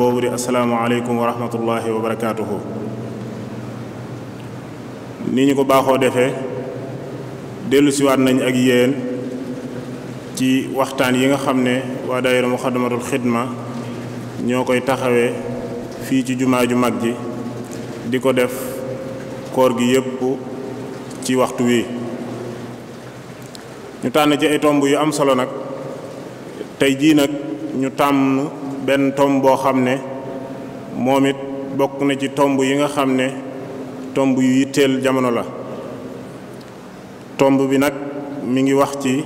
boobu di asalaamualeykum wa rahmatullahi wa barakaatuhu ni ñu ko baaxoo defee dellusiwaat nañ ak yéen ci waxtaan yi nga xam ne waa daayira muxaddamatul xidma ñoo koy taxawee fii ci jumaa ju mag ji di ko def koor gi yépp ci waxtu wi ñu tànn ci ay tomb yu am solo nag tey jii nag ñu tàmm benn tomb boo xam ne moom it bokk na ci tomb yi nga xam ne tomb yu yitteel jamono la tomb bi nag mi ngi wax ci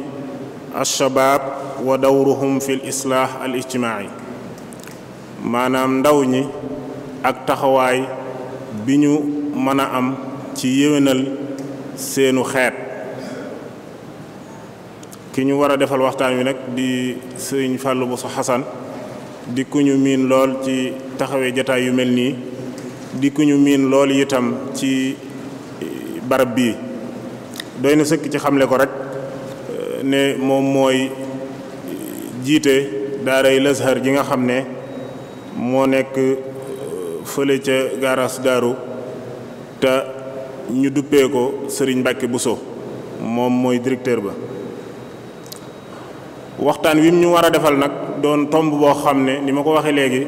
alshabaab wa dawruhum fi l islaax maanaam ndaw ñi ak taxawaay bi ñu mën a am ci yéwénal seenu xeet ki ñu war a defal waxtaan wi nag di sëriñ Fallou Bousso Hassan di ñu miin lool ci taxawee jataay yu mel nii di ñu miin lool itam ci eh, barab bii doy na sëkk ci xamle ko rek eh, ne moom mooy eh, jiite daaray Lazhar ji nga xam ne moo nekk fële ca gaaraas daaru te ñu duppee ko Serigne Mbacke Bousso moom mooy directeur ba waxtaan wi ñu war a defal nag doon tomb boo xam ne ni ma ko waxee léegi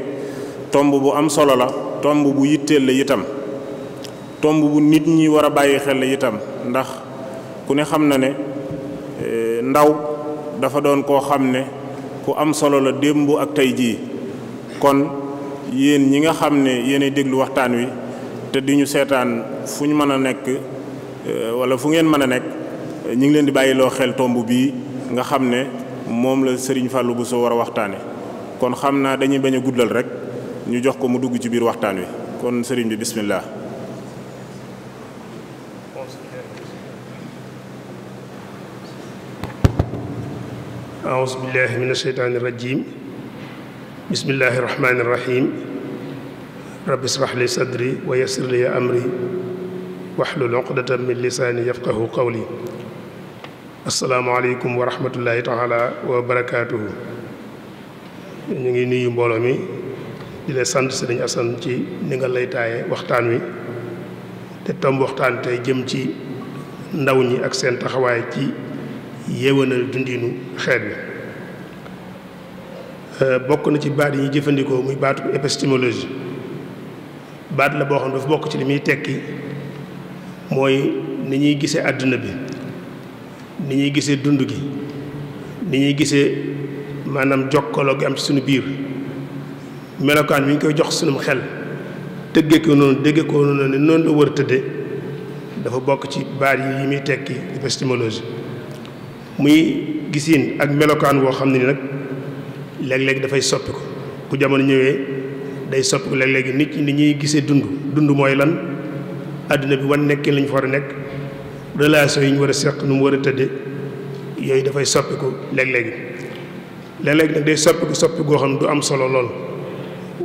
tomb bu am solo la tomb bu yitteel la itam tomb bu nit ñi war a bàyyi xel la itam ndax ku ne xam na ne eh, ndaw dafa doon koo xam ne ku am solo la démb ak tey jii kon yéen ñi nga xam ne yéenay déglu waxtaan wi te di ñu seetaan fu ñu mën a nekk eh, wala fu ngeen mën a nekk eh, ñu ngi leen di bàyyiloo xel tomb bii nga xam ne. moom la Serigne Fallou Bousso war a waxtaane kon xam naa dañuy bañ a guddal rek ñu jox ko mu dugg ci biir waxtaan wi kon Serigne bi bismillah aousubillahi min asheytaani irajim bismillahi irrahmani irrahim rabbi israh li sadri wa yassir li amri lisaani yafqahu qawli asalaamaaleykum wa rahmatullahi taala wa ñu ngi nuyu mbooloo mi di sant si sëriñ Assane ci ni nga lay taaye waxtaan wi te tomb waxtaan tey jëm ci ndaw ñi ak seen taxawaay ci yéwénal dundinu xeet bi euh, bokk na ci baat yi ñuy jëfandikoo muy baatu épistémologie baat la boo xam dafa bokk ci li muy tekki mooy ni ñuy gisee àdduna bi ni ñuy gisee dund gi ni ñuy gisee maanaam jokkaloo gi am ci suñu biir melokaan bi ñu koy jox sunum xel tëggee ko noonu déggee ko noonu ne noonu la war a tëddee dafa bokk ci baat yi yi muy tekki épistémologie muy gisiin ak melokaan woo xam ne ni nag léeg-léeg dafay soppi ko bu jamono ñëwee day soppi ko léeg-léeg nit ñi ni ñuy gisee dund dund mooy lan àdduna bi wan nekkee lañu fa war a nekk relation yi ñu war a seq nu mu war a tëdd yooyu dafay soppiku léeg-léeg léeg-léeg nag day soppiku soppi goo am solo lool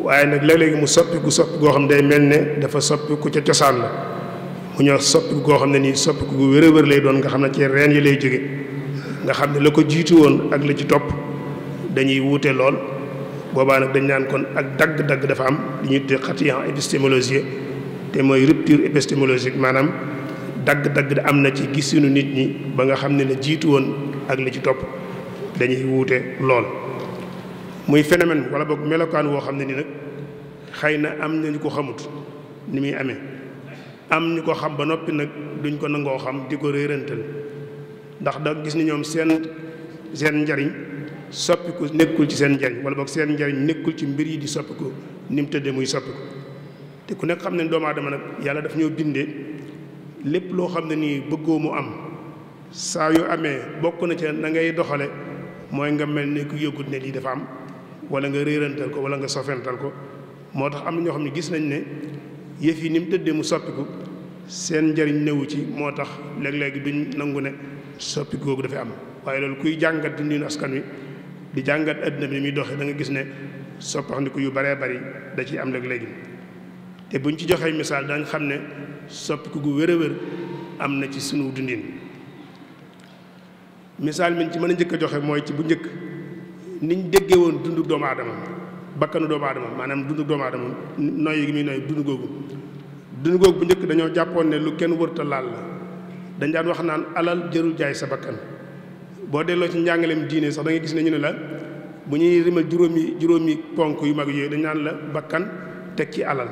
waaye nag léeg-léeg mu soppiku soppi goo xam day mel ne dafa soppiku ca cosaan la mu ñëw soppiku goo xam ne nii soppiku gu wér a wér lay doon nga xam ne ci reen yi lay jóge nga xam ne la ko jiitu woon ak la ci topp dañuy wuute lool boobaa nag dañ naan kon ak dagg-dagg dafa am li ñuy tuddee xatiyan épistémologie te mooy rupture épistémologique maanaam dagg-dagg am na ci gis sunu nit ñi ba nga xam ne la jiitu woon ak li ci topp dañuy wuute lool muy phénomène wala boog melokaan woo xam ne ni nag xëy na am nañu ko xamut ni muy amee am ñu ko xam ba noppi nag duñ ko nangoo xam di ko réerantal ndax da gis ni ñoom seen seen njariñ soppiku nekkul ci seen njariñ wala boog seen njariñ nekkul ci mbir yi di soppiku ni mu tëddee muy soppiku te ku nekk xam ne doomu aadama nag yàlla daf ñoo bindee lépp loo xam ne nii bëggoo mu am saa yu amee bokk na ca na doxale mooy nga mel ne ku yëgut ne lii dafa am wala nga réerantal ko wala nga sofental ko moo tax am na ñoo xam ne gis nañ ne yëf yi ni mu tëddee mu soppiku seen njariñ newu ci moo tax léeg-léegi duñ nangu ne soppiku googu dafa am waaye loolu kuy jàngat dundinu askan wi di jàngat àddina bi ni da nga gis ne soppax yu baree bari da ciy am léeg-léegi te ci joxee misaal dañ xam ne soppiku gu wér a wér am na ci sunu dundin misaal mi ci mën a njëkk a joxe mooy ci bu njëkk niñ déggee woon dundu doomu aadama bakkanu doomu aadama maanaam dundu doomu aadama noyyi gi muy noyyi dundu googu dundu bu njëkk dañoo jàppoon ne lu kenn wërta laal la dañ daan wax naan alal jërul jaay sa bakkan boo delloo ci njàngaleem diine sax da gis ne ñu ne la bu ñuy rimal juróomi juróomi ponk yu mag yooyu dañ naan la bakkan teg ci alal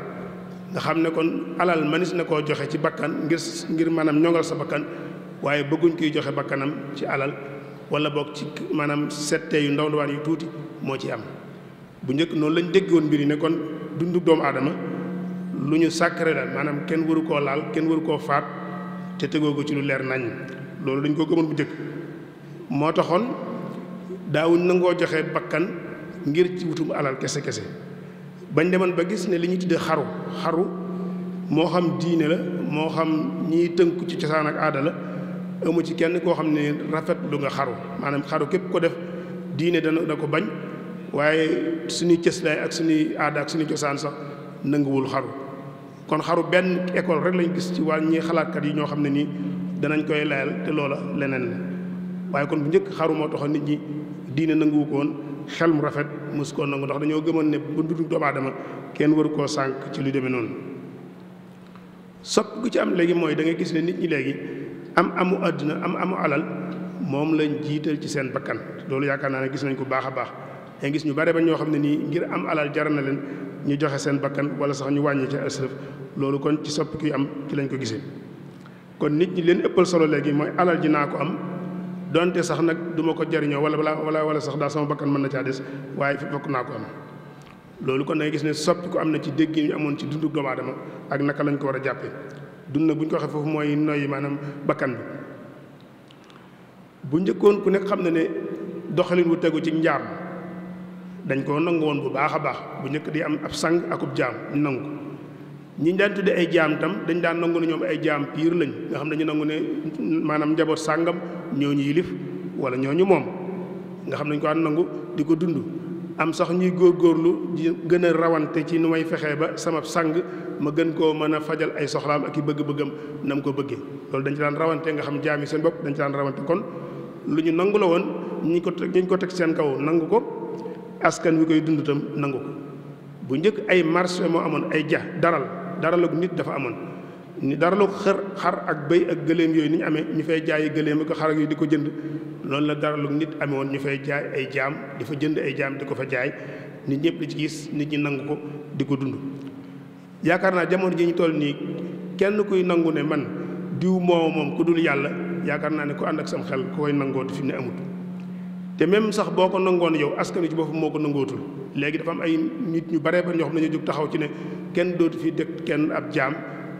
nga xam ne kon alal manis na koo joxe ci bakkan ngir ngir maanaam ñongal sa bakkan waaye bëgguñ kiy joxe bakkanam ci alal wala boog ci maanaam settee yu ndaw ndawaan yu tuuti moo ci am bu njëkk noonu lañ déggoon mbir yi ne kon dundu doomu aadama lu ñu sacré la maanaam kenn waru koo laal kenn waru koo faat te tegoo ko ci lu leer nañ loolu dañ ko gëmoon bu njëkk moo taxoon daawuñ nangoo joxe bakkan ngir ci wutum alal kese kese bañ demoon ba gis ne li ñu tuddee xaru xaru moo xam diine la moo xam ñiy tënku ci cosaan ak aadala la ci kenn koo xam ne rafet lu nga xaru maanaam xaru képp ko def diine dana ko bañ waaye suñuy cëslaay ak suñuy aada ak suñuy cosaan sax nanguwul xaru kon xaru benn école rek lañ gis ci waa ñii xalaatkat yi ñoo xam ne nii danañ koy layal te loola leneen la waaye kon bu njëkk xaru moo taxoon nit ñi diine nanguwu koon xel mu rafet mos koo nangu ndax dañoo gëmoon ne bu dundu doomu aadama kenn waru koo sànq ci lu demee noonu sopp gu ci am léegi mooy da ngay gis ne nit ñi léegi am amu àddina am amu alal moom lañ jiital ci seen bakkan loolu yaakaar naa ne gis nañ ko baax a baax danga gis ñu bare ba ñoo xam ne nii ngir am alal jar na leen ñu joxe seen bakkan wala sax ñu wàññi ci asrëf loolu kon ci sopp kuy am ci lañ ko gisee kon nit ñi leen ëppal solo léegi mooy alal ji naa ko am donte sax nag duma ko jariñoo wala wala wala sax daal sama bakkan mën na caa des waaye fi fokk naa ko am loolu kon da gis ne soppi ko am na ci dégg ñu amoon ci dundu doomu aadama ak naka lañ ko war a jàppee dund nag bu ñu ko waxee foofu mooy noyyi maanaam bakkan bi bu njëkkoon ku nekk xam na ne doxalin wu tegu ci njaam dañ koo nangu woon bu baax a baax bu njëkk di am ab sang akub jaam nangu ñi ñu daan tudde ay jaam tam dañ daan nangu ne ñoom ay jaam piir lañ nga xam dañu nangu ne maanaam njaboot sàngam ñoo ñu yilif wala ñu moom nga xam nañu ko daan nangu di ko dund am sax ñuy góor di gën a rawante ci nu may fexe ba sama sang ma gën koo mën a fajal ay soxlaam ak i bëgg-bëggam na mu ko bëggee loolu dañ ci daan rawante nga xam jaam yi seen bopp dañ ci daan rawante kon lu ñu nangu la woon ñi ko ñi ko teg seen kaw nangu ko askan wi koy dund tam nangu ko bu njëkk ay marché moo amoon ay ja daral dara daralug nit dafa amoon ni daralug xër xar ak bëy ak gëléem yooyu ni ñu amee ñu fay jaayi gëléem ak xar ak yu di ko jënd loolu la daralug nit amee woon ñu fay jaay ay jaam di fa jënd ay jaam di ko fa jaay nit ñëpp di ci gis nit ñi nangu ko di ko dund yaakaar naa jamono ji ñu toll nii kenn kuy nangu ne man diw moo moom ku dul yàlla yaakaar naa ne ku ànd ak sam xel ku koy nangoo fi ne amut te même sax boo ko nangoon yow askan wi ci boppam moo ko nangootul léegi dafa am ay nit ñu bare ba ñoo xam ne jóg taxaw ci ne kenn dootu fi dëkk kenn ab jaam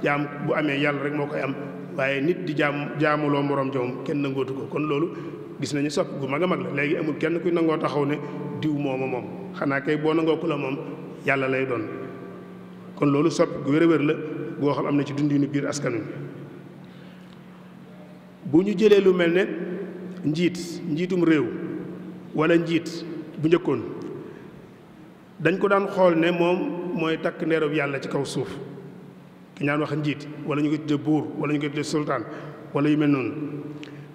jaam bu amee yàlla rek moo koy am waaye nit di jaam jaamuloo moroom jomom kenn nangootu ko kon loolu gis nañu sopp gu mag a mag la léegi amul kenn kuy nangoo taxaw ne diw mooma moom xanaa kay boo nangoo ku la moom yàlla lay doon kon loolu sopp gu wér wér la goo xam am na ci nu biir askan wi bu ñu jëlee lu mel ne njiit njiitum réew wala njiit bu njëkkoon dañ ko daan xool ne moom mooy takk ndeerob yàlla ci kaw suuf ki ñaan wax njiit wala ñu koy tudde buur wala ñu koy tudde sultaan wala yu mel noonu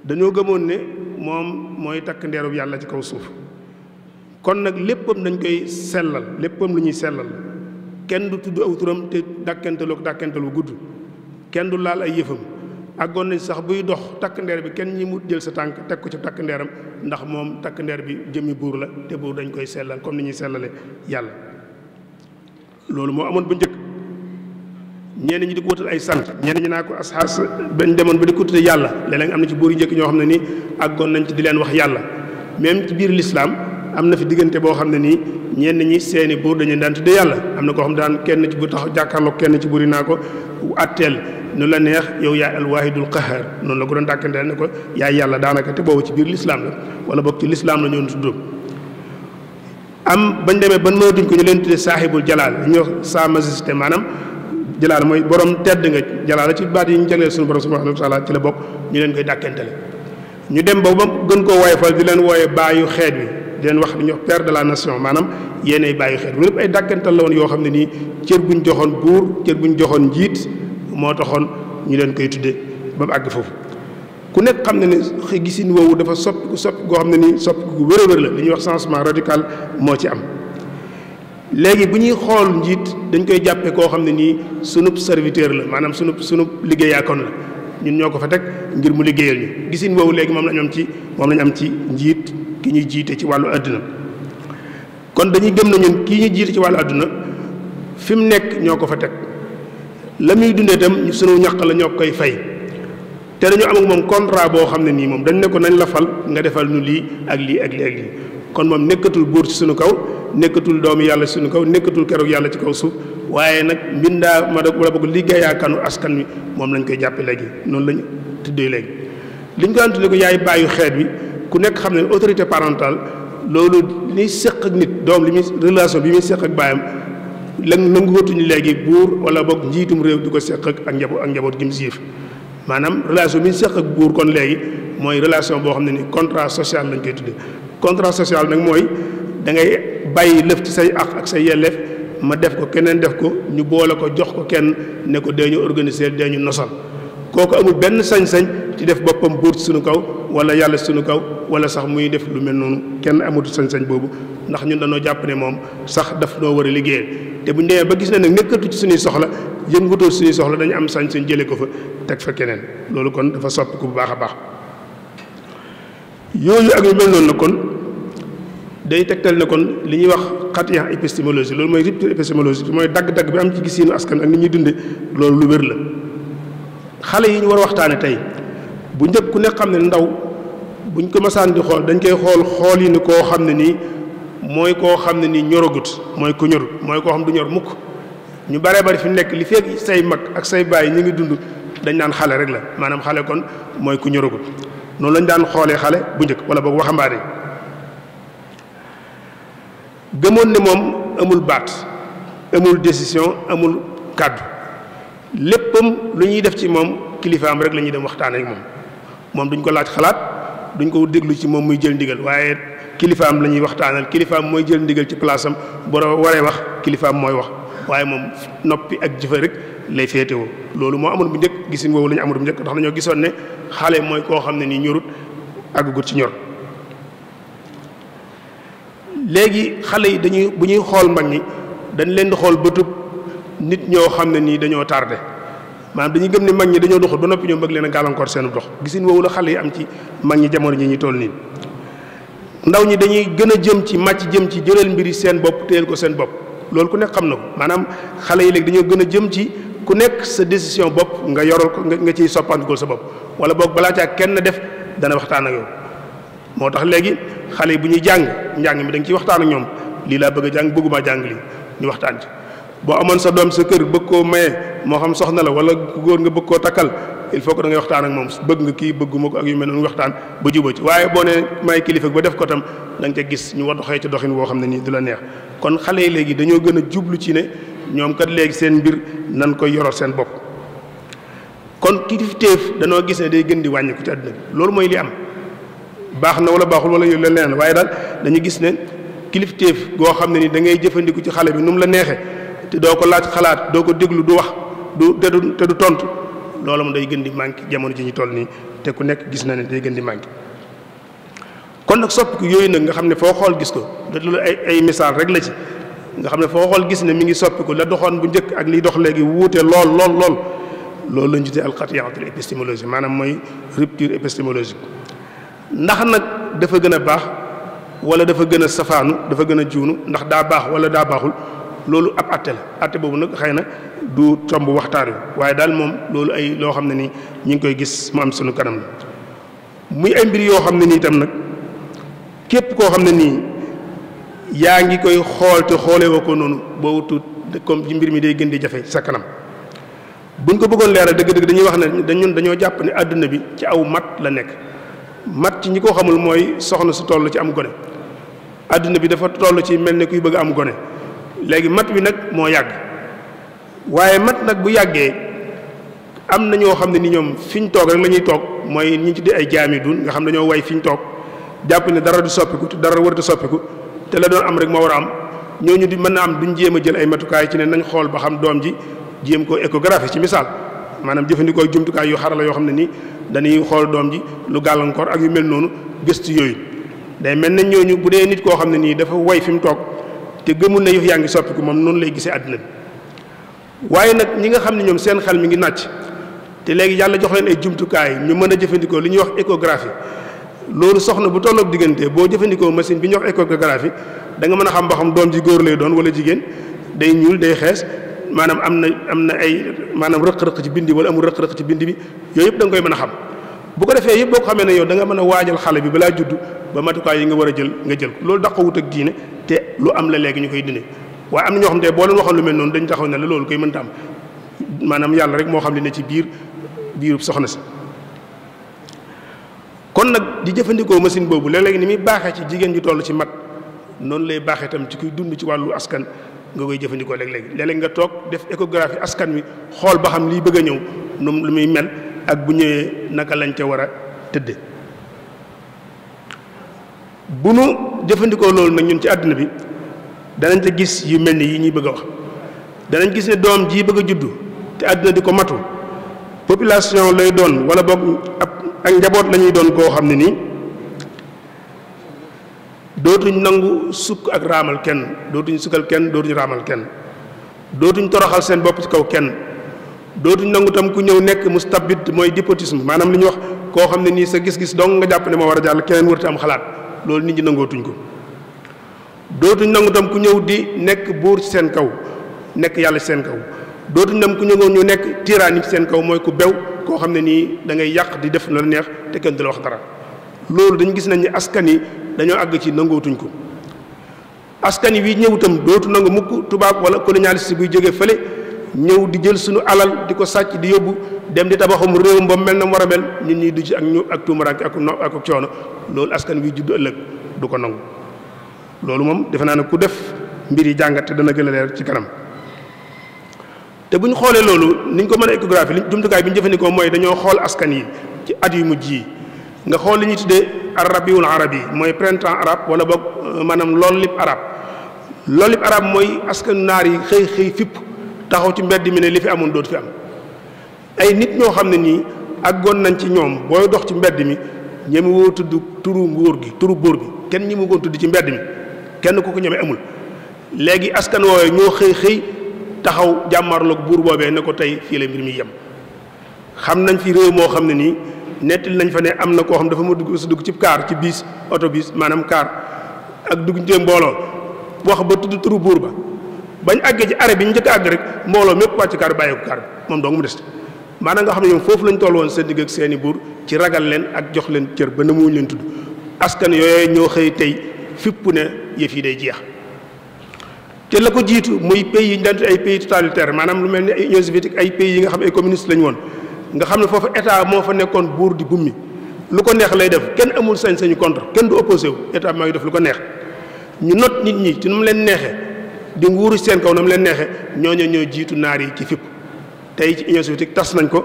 dañoo gëmoon ne moom mooy takk ndeerob yàlla ci kaw suuf kon nag léppam dañ koy sellal léppam lu ñuy sellal kenn du tudd aw turam te dàkkantaloo ak dàkkantal gudd kenn du laal ay yëfam àggoon na sax buy dox takk ndeer bi kenn ñi mu jël sa tànk teg ko ci takk ndeeram ndax moom takk ndeer bi jëmmi buur la te buur dañ koy sellal comme ni ñuy sellale yàlla loolu moo amoon bu njëkk ñenn ñi di ko wutal ay sant ñenn ñi naa ko asxaas dañ demoon ba di ko tuddee yàlla léeg am na ci buur yu njëkk ñoo xam ne nii àggoon nañ ci di leen wax yàlla même ci biir lislaam am na fi diggante boo xam ne nii ñenn ñi seeni buur dañu daan tudde yàlla am na koo xam daan kenn ci bu tax jàkkaarloog kenn ci buri naa ko atteel nu la neex yow yaay alwaahidul qahar noonu la ko doon dàkkanteel ne ko yaay yàlla daanaka te boobu ci biir lislaam la wala boog ci lislaam la ñoon tudd am bañ demee ban mënatuñ ko ñu leen tudde saaxibul jalaal ñu wax sa majesté maanaam jalaal mooy borom tedd nga jalaal ci baat yi ñu jagleel suñu borom subhanahu wa ci la bokk ñu leen koy dàkkantele ñu dem ba ba gën koo woyofal di leen wooye baayu xeet wi leen wax li ñuy wax père de la nation maanaam yéenay bàyyi xel loolu lépp ay dàkkantal la woon yoo xam ne nii cër bu ñu joxoon buur cër bu ñu joxoon njiit moo taxoon ñu leen koy tudde ba mu àgg foofu. ku nekk xam ne ne gisin woowu dafa soppi soppi koo xam ne nii soppi gu wér a wér la li ñuy wax changement radical moo ci am léegi bu ñuy xool njiit dañ koy jàppee koo xam ne nii sunub serviteur la maanaam sunub sunub liggéeyaakoon la. ñun ñoo ko fa teg ngir mu liggéeyal ñu gisin woowu léegi moom lañu am ci moom lañu am ci njiit ki ñuy jiite ci wàllu àdduna kon dañuy gëm na ñun kii ñu jiite ci wàllu àdduna fi mu nekk ñoo ko fa teg la muy dundee itam sunu ñaq la ñoo koy fay te dañu am moom contrat boo xam ne nii moom dañ nekkoon ko nañ la fal nga defal nu lii ak lii ak lii ak kon moom nekkatul buur ci suñu kaw nekkatul doomu yàlla ci sunu kaw nekkatul keroog yàlla ci kaw suuf waaye nag mbindaa ma da wala boog liggéeyaakanu askan wi moom lañ koy jàppe léegi noonu lañ tuddee léegi liñ ko daan tuddee ko yaay bàyyu xeet bi ku nekk xam ne autorité parentale loolu liy séq ak nit doom li muy relation bi muy seq ak baayam lan nanguwatuñu léegi buur wala boog njiitum réew di ko séq ak ak njaboot njaboot gi mu siif maanaam relation bi ñu ak buur kon léegi mooy relation boo xam ne ni contrat social lañ koy tuddee contrat social nag mooy da ngay bàyyi lëf ci say àq ak say yelleef ma def ko keneen def ko ñu boole ko jox ko kenn ne ko dee ñu organiser dee ñu nosal kooku amul benn sañ-sañ ci def boppam buur suñu kaw wala yàlla suñu kaw wala sax muy def lu mel noonu kenn amul sañ-sañ boobu ndax ñun dañoo jàpp ne moom sax daf noo war a liggéeyal te bu ñu demee ba gis na nag nekkatu ci suñuy soxla yëngatoo suñuy soxla dañu am sañ-sañ jëlee ko fa teg fa keneen loolu kon dafa sopp ko bu baax a baax yooyu ak yu mel day tegtal ne kon li ñuy wax xatiya épistémologie loolu mooy rupture épistémologique mooy dagg-dagg bi am ci gis askan ak ni ñuy dunde loolu lu wér la xale yi ñu war a waxtaane tey bu njëkk ku ne xam ne ndaw buñ ko masaan di xool dañ koy xool xool yi ni koo xam ne nii mooy koo xam ne nii ñoragut mooy ku ñor mooy koo xam du ñor mukk ñu baree bari fi nekk li fekk say mag ak say baay ñu ngi dund dañ naan xale rek la maanaam xale kon mooy ku ñoragut noonu lañ daan xoolee xale bu njëkk wala boog waxambaane gëmoon ne moom amul baat amul décision amul kàddu léppam lu ñuy def ci moom kilifaam rek la ñuy dem waxtaan ak moom moom duñ ko laaj xalaat duñ ko déglu ci moom muy jël ndigal waaye kilifaam la ñuy waxtaanal kilifaam mooy jël ndigal ci place am bu waree wax kilifaam mooy wax waaye moom noppi ak jëfe rek lay féetewoo loolu moo amoon bu njëkk gisin woowu la ñu bu njëkk ndax dañoo gisoon ne xale mooy koo xam ne nii ñorut àggagut ci ñor léegi xale yi dañuy bu ñuy xool mag ñi dañ leen di xool bëtub nit ñoo xam ne nii dañoo tardé maanaam dañuy gëm ne mag ñi dañoo doxul ba noppi ñoom bëgg leen a gàllankoor seen dox gisin woowu la xale yi am ci mag ñi jamono ji ñu toll nii ndaw ñi dañuy gën a jëm ci màcc jëm ci jëlal mbir seen bopp téyel ko seen bopp loolu ku nekk xam na ko maanaam xale yi léegi dañoo gën a jëm ci ku nekk sa décision bopp nga yoral ko nga ciy soppandikoo sa bopp wala boog balaa caa kenn def dana waxtaan ak moo tax léegi xale yi bu ñuy jàng njàng mi da nga ciy waxtaan ak ñoom lii laa bëgg a jàng bëgguma jàng lii ñu waxtaan ci boo amoon sa doom sa kër bëgg koo maye moo xam soxna la wala ku góor nga bëgg koo takkal il faut que da ngay waxtaan ak moom bëgg nga kii bëgguma ko ak yu mel noonu waxtaan ba juba ci waaye boo nee may kilifa ba def ko tam da nga ca gis ñu war doxee ci doxin woo xam ne nii du la neex kon xale yi léegi dañoo gën a jublu ci ne ñoom kat léegi seen mbir nan koy yoral seen bopp kon kilifteef danoo gis day gën di wàññiku ci àdduna loolu mooy li am baax na wala baaxul wala yow leneen waaye daal dañu gis ne kilifteef goo xam ne ni da ngay jëfandiku ci xale bi nu mu la neexee te doo ko laaj xalaat doo ko déglu du wax du te du te du tontu loolu moom day gën di manqué jamono ji ñu toll nii te ku nekk gis na ne day gën di manqué. kon nag soppiku yooyu nag nga xam ne foo xool gis ko loolu ay ay misaal rek la ci nga xam ne foo xool gis ne mi ngi soppiku la doxoon bu njëkk ak liy dox léegi wuute lool lool loolu lañ ñu tuddee alxatiyatul maanaam mooy rupture épistémologique. ndax nag dafa gën a baax wala dafa gën a safaanu dafa gën a juunu ndax daa baax wala daa baaxul loolu ab àtte la àtte boobu nag xëy na du tomb waxtaan wi waaye daal moom loolu ay loo xam ne nii ñu ngi koy gis mu am sunu kanam la muy ay mbir yoo xam ne nii itam nag képp koo xam ne nii yaa ngi koy xool te xoolee woo ko noonu boo wutut comme ci mbir mi day gën di jafe sa kanam buñ ko bëggoon leeral dëgg-dëgg dañuy wax ne dañun dañoo jàpp ne àdduna bi ci aw mat la nekk mat ci ñi ko xamul mooy soxna su toll ci am gone àdduna bi dafa toll ci mel ne kuy bëgg am gone léegi mat wi nag moo yàgg waaye mat nag bu yàggee am na ñoo xam ne ni ñoom fi ñu toog rek la ñuy toog mooy ñi ci di ay jaami dun nga xam dañoo way fi ñu toog jàpp ne dara du soppiku te dara war a soppiku te la doon am rek moo war a am ñu di mën na am duñ jéem a jël ay matukaay ci ne nañ xool ba xam doom ji jéem koo échographie ci misaal maanaam jëfandikoo jumtukaay yu xarala yoo xam ne nii dañuy xool doom ji lu gàllankoor ak yu mel noonu gëstu yooyu day mel nañ ñooñu bu dee nit koo xam ne nii dafa woy fi mu toog te gëmul ne yëf yaa ngi ko moom noonu lay gisee àddina bi waaye nag ñi nga xam ne ñoom seen xel mi ngi nàcc te léegi yàlla jox leen ay jumtukaay ñu mën a jëfandikoo li ñu wax échographie loolu soxna bu tolloog diggante boo jëfandikoo machine bi ñu wax échographie da nga mën a xam ba xam doom ji góor lay doon wala jigéen day ñuul day xees maanaam am na am na ay maanaam rëq-rëq ci bindi wala amul rëq-rëq ci bind bi yooyu yëpp danga koy mën a xam bu ko defee yëpp boo ko xamee ne yow da nga mën a waajal xale bi balaa judd ba matukaay yi nga war a jël nga jël loolu ko loolu daqawut ak diine te lu am la léegi ñu koy dindi waaye am na ñoo xam te boo leen waxoon lu mel noonu dañ taxaw ne la loolu koy mënta am maanaam yàlla rek moo xam li ne ci biir biirub soxna si kon nag di jëfandikoo machine boobu léeg-léeg ni muy baaxee ci jigéen ju ci mat noonu lay baaxee itam ci kuy dund ci wàllu askan nga koy jëfandikoo léeg-léeg léeg nga toog def échographie askan wi xool ba xam liy bëgg a ñëw nu lu muy mel ak bu ñëwee naka lañ ca war a tëdde bu nu jëfandikoo loolu nag ñun ci àdduna bi danañ ca gis yu mel ni yi ñuy bëgg a wax danañ gis ne doom jii bëgg a juddu te àdduna di ko matu population lay doon wala boog ab ak njaboot lañuy doon koo xam ne nii dootuñ nangu sukk ak raamal kenn dootuñ sukkal kenn dootuñu raamal kenn dootuñ toroxal seen bopp ci kaw kenn dootuñ nangu tam ku ñëw nekk mustabit mooy dipotisme maanaam li ñuy wax koo xam ne nii sa gis-gis dong nga jàpp ne moo war a jàll keneen warta am xalaat loolu nit ñi nangootuñ ko dootuñ nangu tam ku ñëw di nekk buur ci seen kaw nekk yàlla seen kaw dootuñ nam ku ñëwoon ñu nekk tyran ci seen kaw mooy ku bew koo xam ne nii da ngay yàq di def lu neex te kenn du la wax dara loolu dañu gis nañ ni askan yi dañoo àgg ci nangootuñ ko askan wi ñëw dootu nangu mukk tubaab wala colonialiste buy jóge fële ñëw di jël suñu alal di ko sàcc di yóbbu dem di tabaxum réewam ba mel na war a mel ñun ñuy du ci ak ñu ak tuumaraanke ak no ak coono loolu askan wi judd ëllëg du ko nangu loolu moom defe naa ne ku def mbir yi jàngat te dana gën a leer ci kanam te bu ñu xoolee loolu ni ñu ko mën a échographie li jumtukaay bi ñu jëfandikoo mooy dañoo xool askan yi ci at yu mujj yi nga xool li ñu tuddee arabiwul arab yi mooy printemps arabe wala boog euh, maanaam loolu lib arab loolu lib arab mooy askan naar yi xëy xëy fipp taxaw ci mbedd mi ne li fi amoon dootu fi am ay nit ñoo xam ne nii ak àggoon nañ ci ñoom booy dox ci mbedd mi ñeme woo tudd turu nguur gi turu buur bi kenn ñi mu tudd ci mbedd mi kenn ku ko ñeme amul léegi askan woowe ñoo xëy xëy taxaw jàmmarloog buur boobee ne ko tey fii la mbir mi yem xam nañ fi réew moo xam ne nii nettil nañ fa ne am na koo xam dafa ma dugg sa dugg ci kaar ci biis autobus maanaam kaar ak dugg ci mbooloo wax ba tudd turu buur ba bañ àggee ci arrêt bi njëkk àgg rek mbooloo mépp wàcc kaar bàyyi ko kaar bi moom dong mu des maanaam nga xam ne yooyu foofu lañ toll woon seen digg ak seen buur ci ragal leen ak jox leen cër ba na muñ leen tudd askan yooyu ñoo xëy tey fipp ne yëf yi day jeex te la ko jiitu muy pays yi ñu daan ay lu mel ni Union soviétique ay pays yi nga xam ay communiste lañ woon nga xam ne foofu état moo fa nekkoon buur di bummi lu ko neex lay def kenn amul sañ-sañu contre kenn du opposé wu état maa ngi def lu ko neex ñu not nit ñi ci nu mu leen neexee di nguuru seen kaw na mu leen neexee ñooñu ñoo jiitu naar yi ci fipp tey ci union tas nañ ko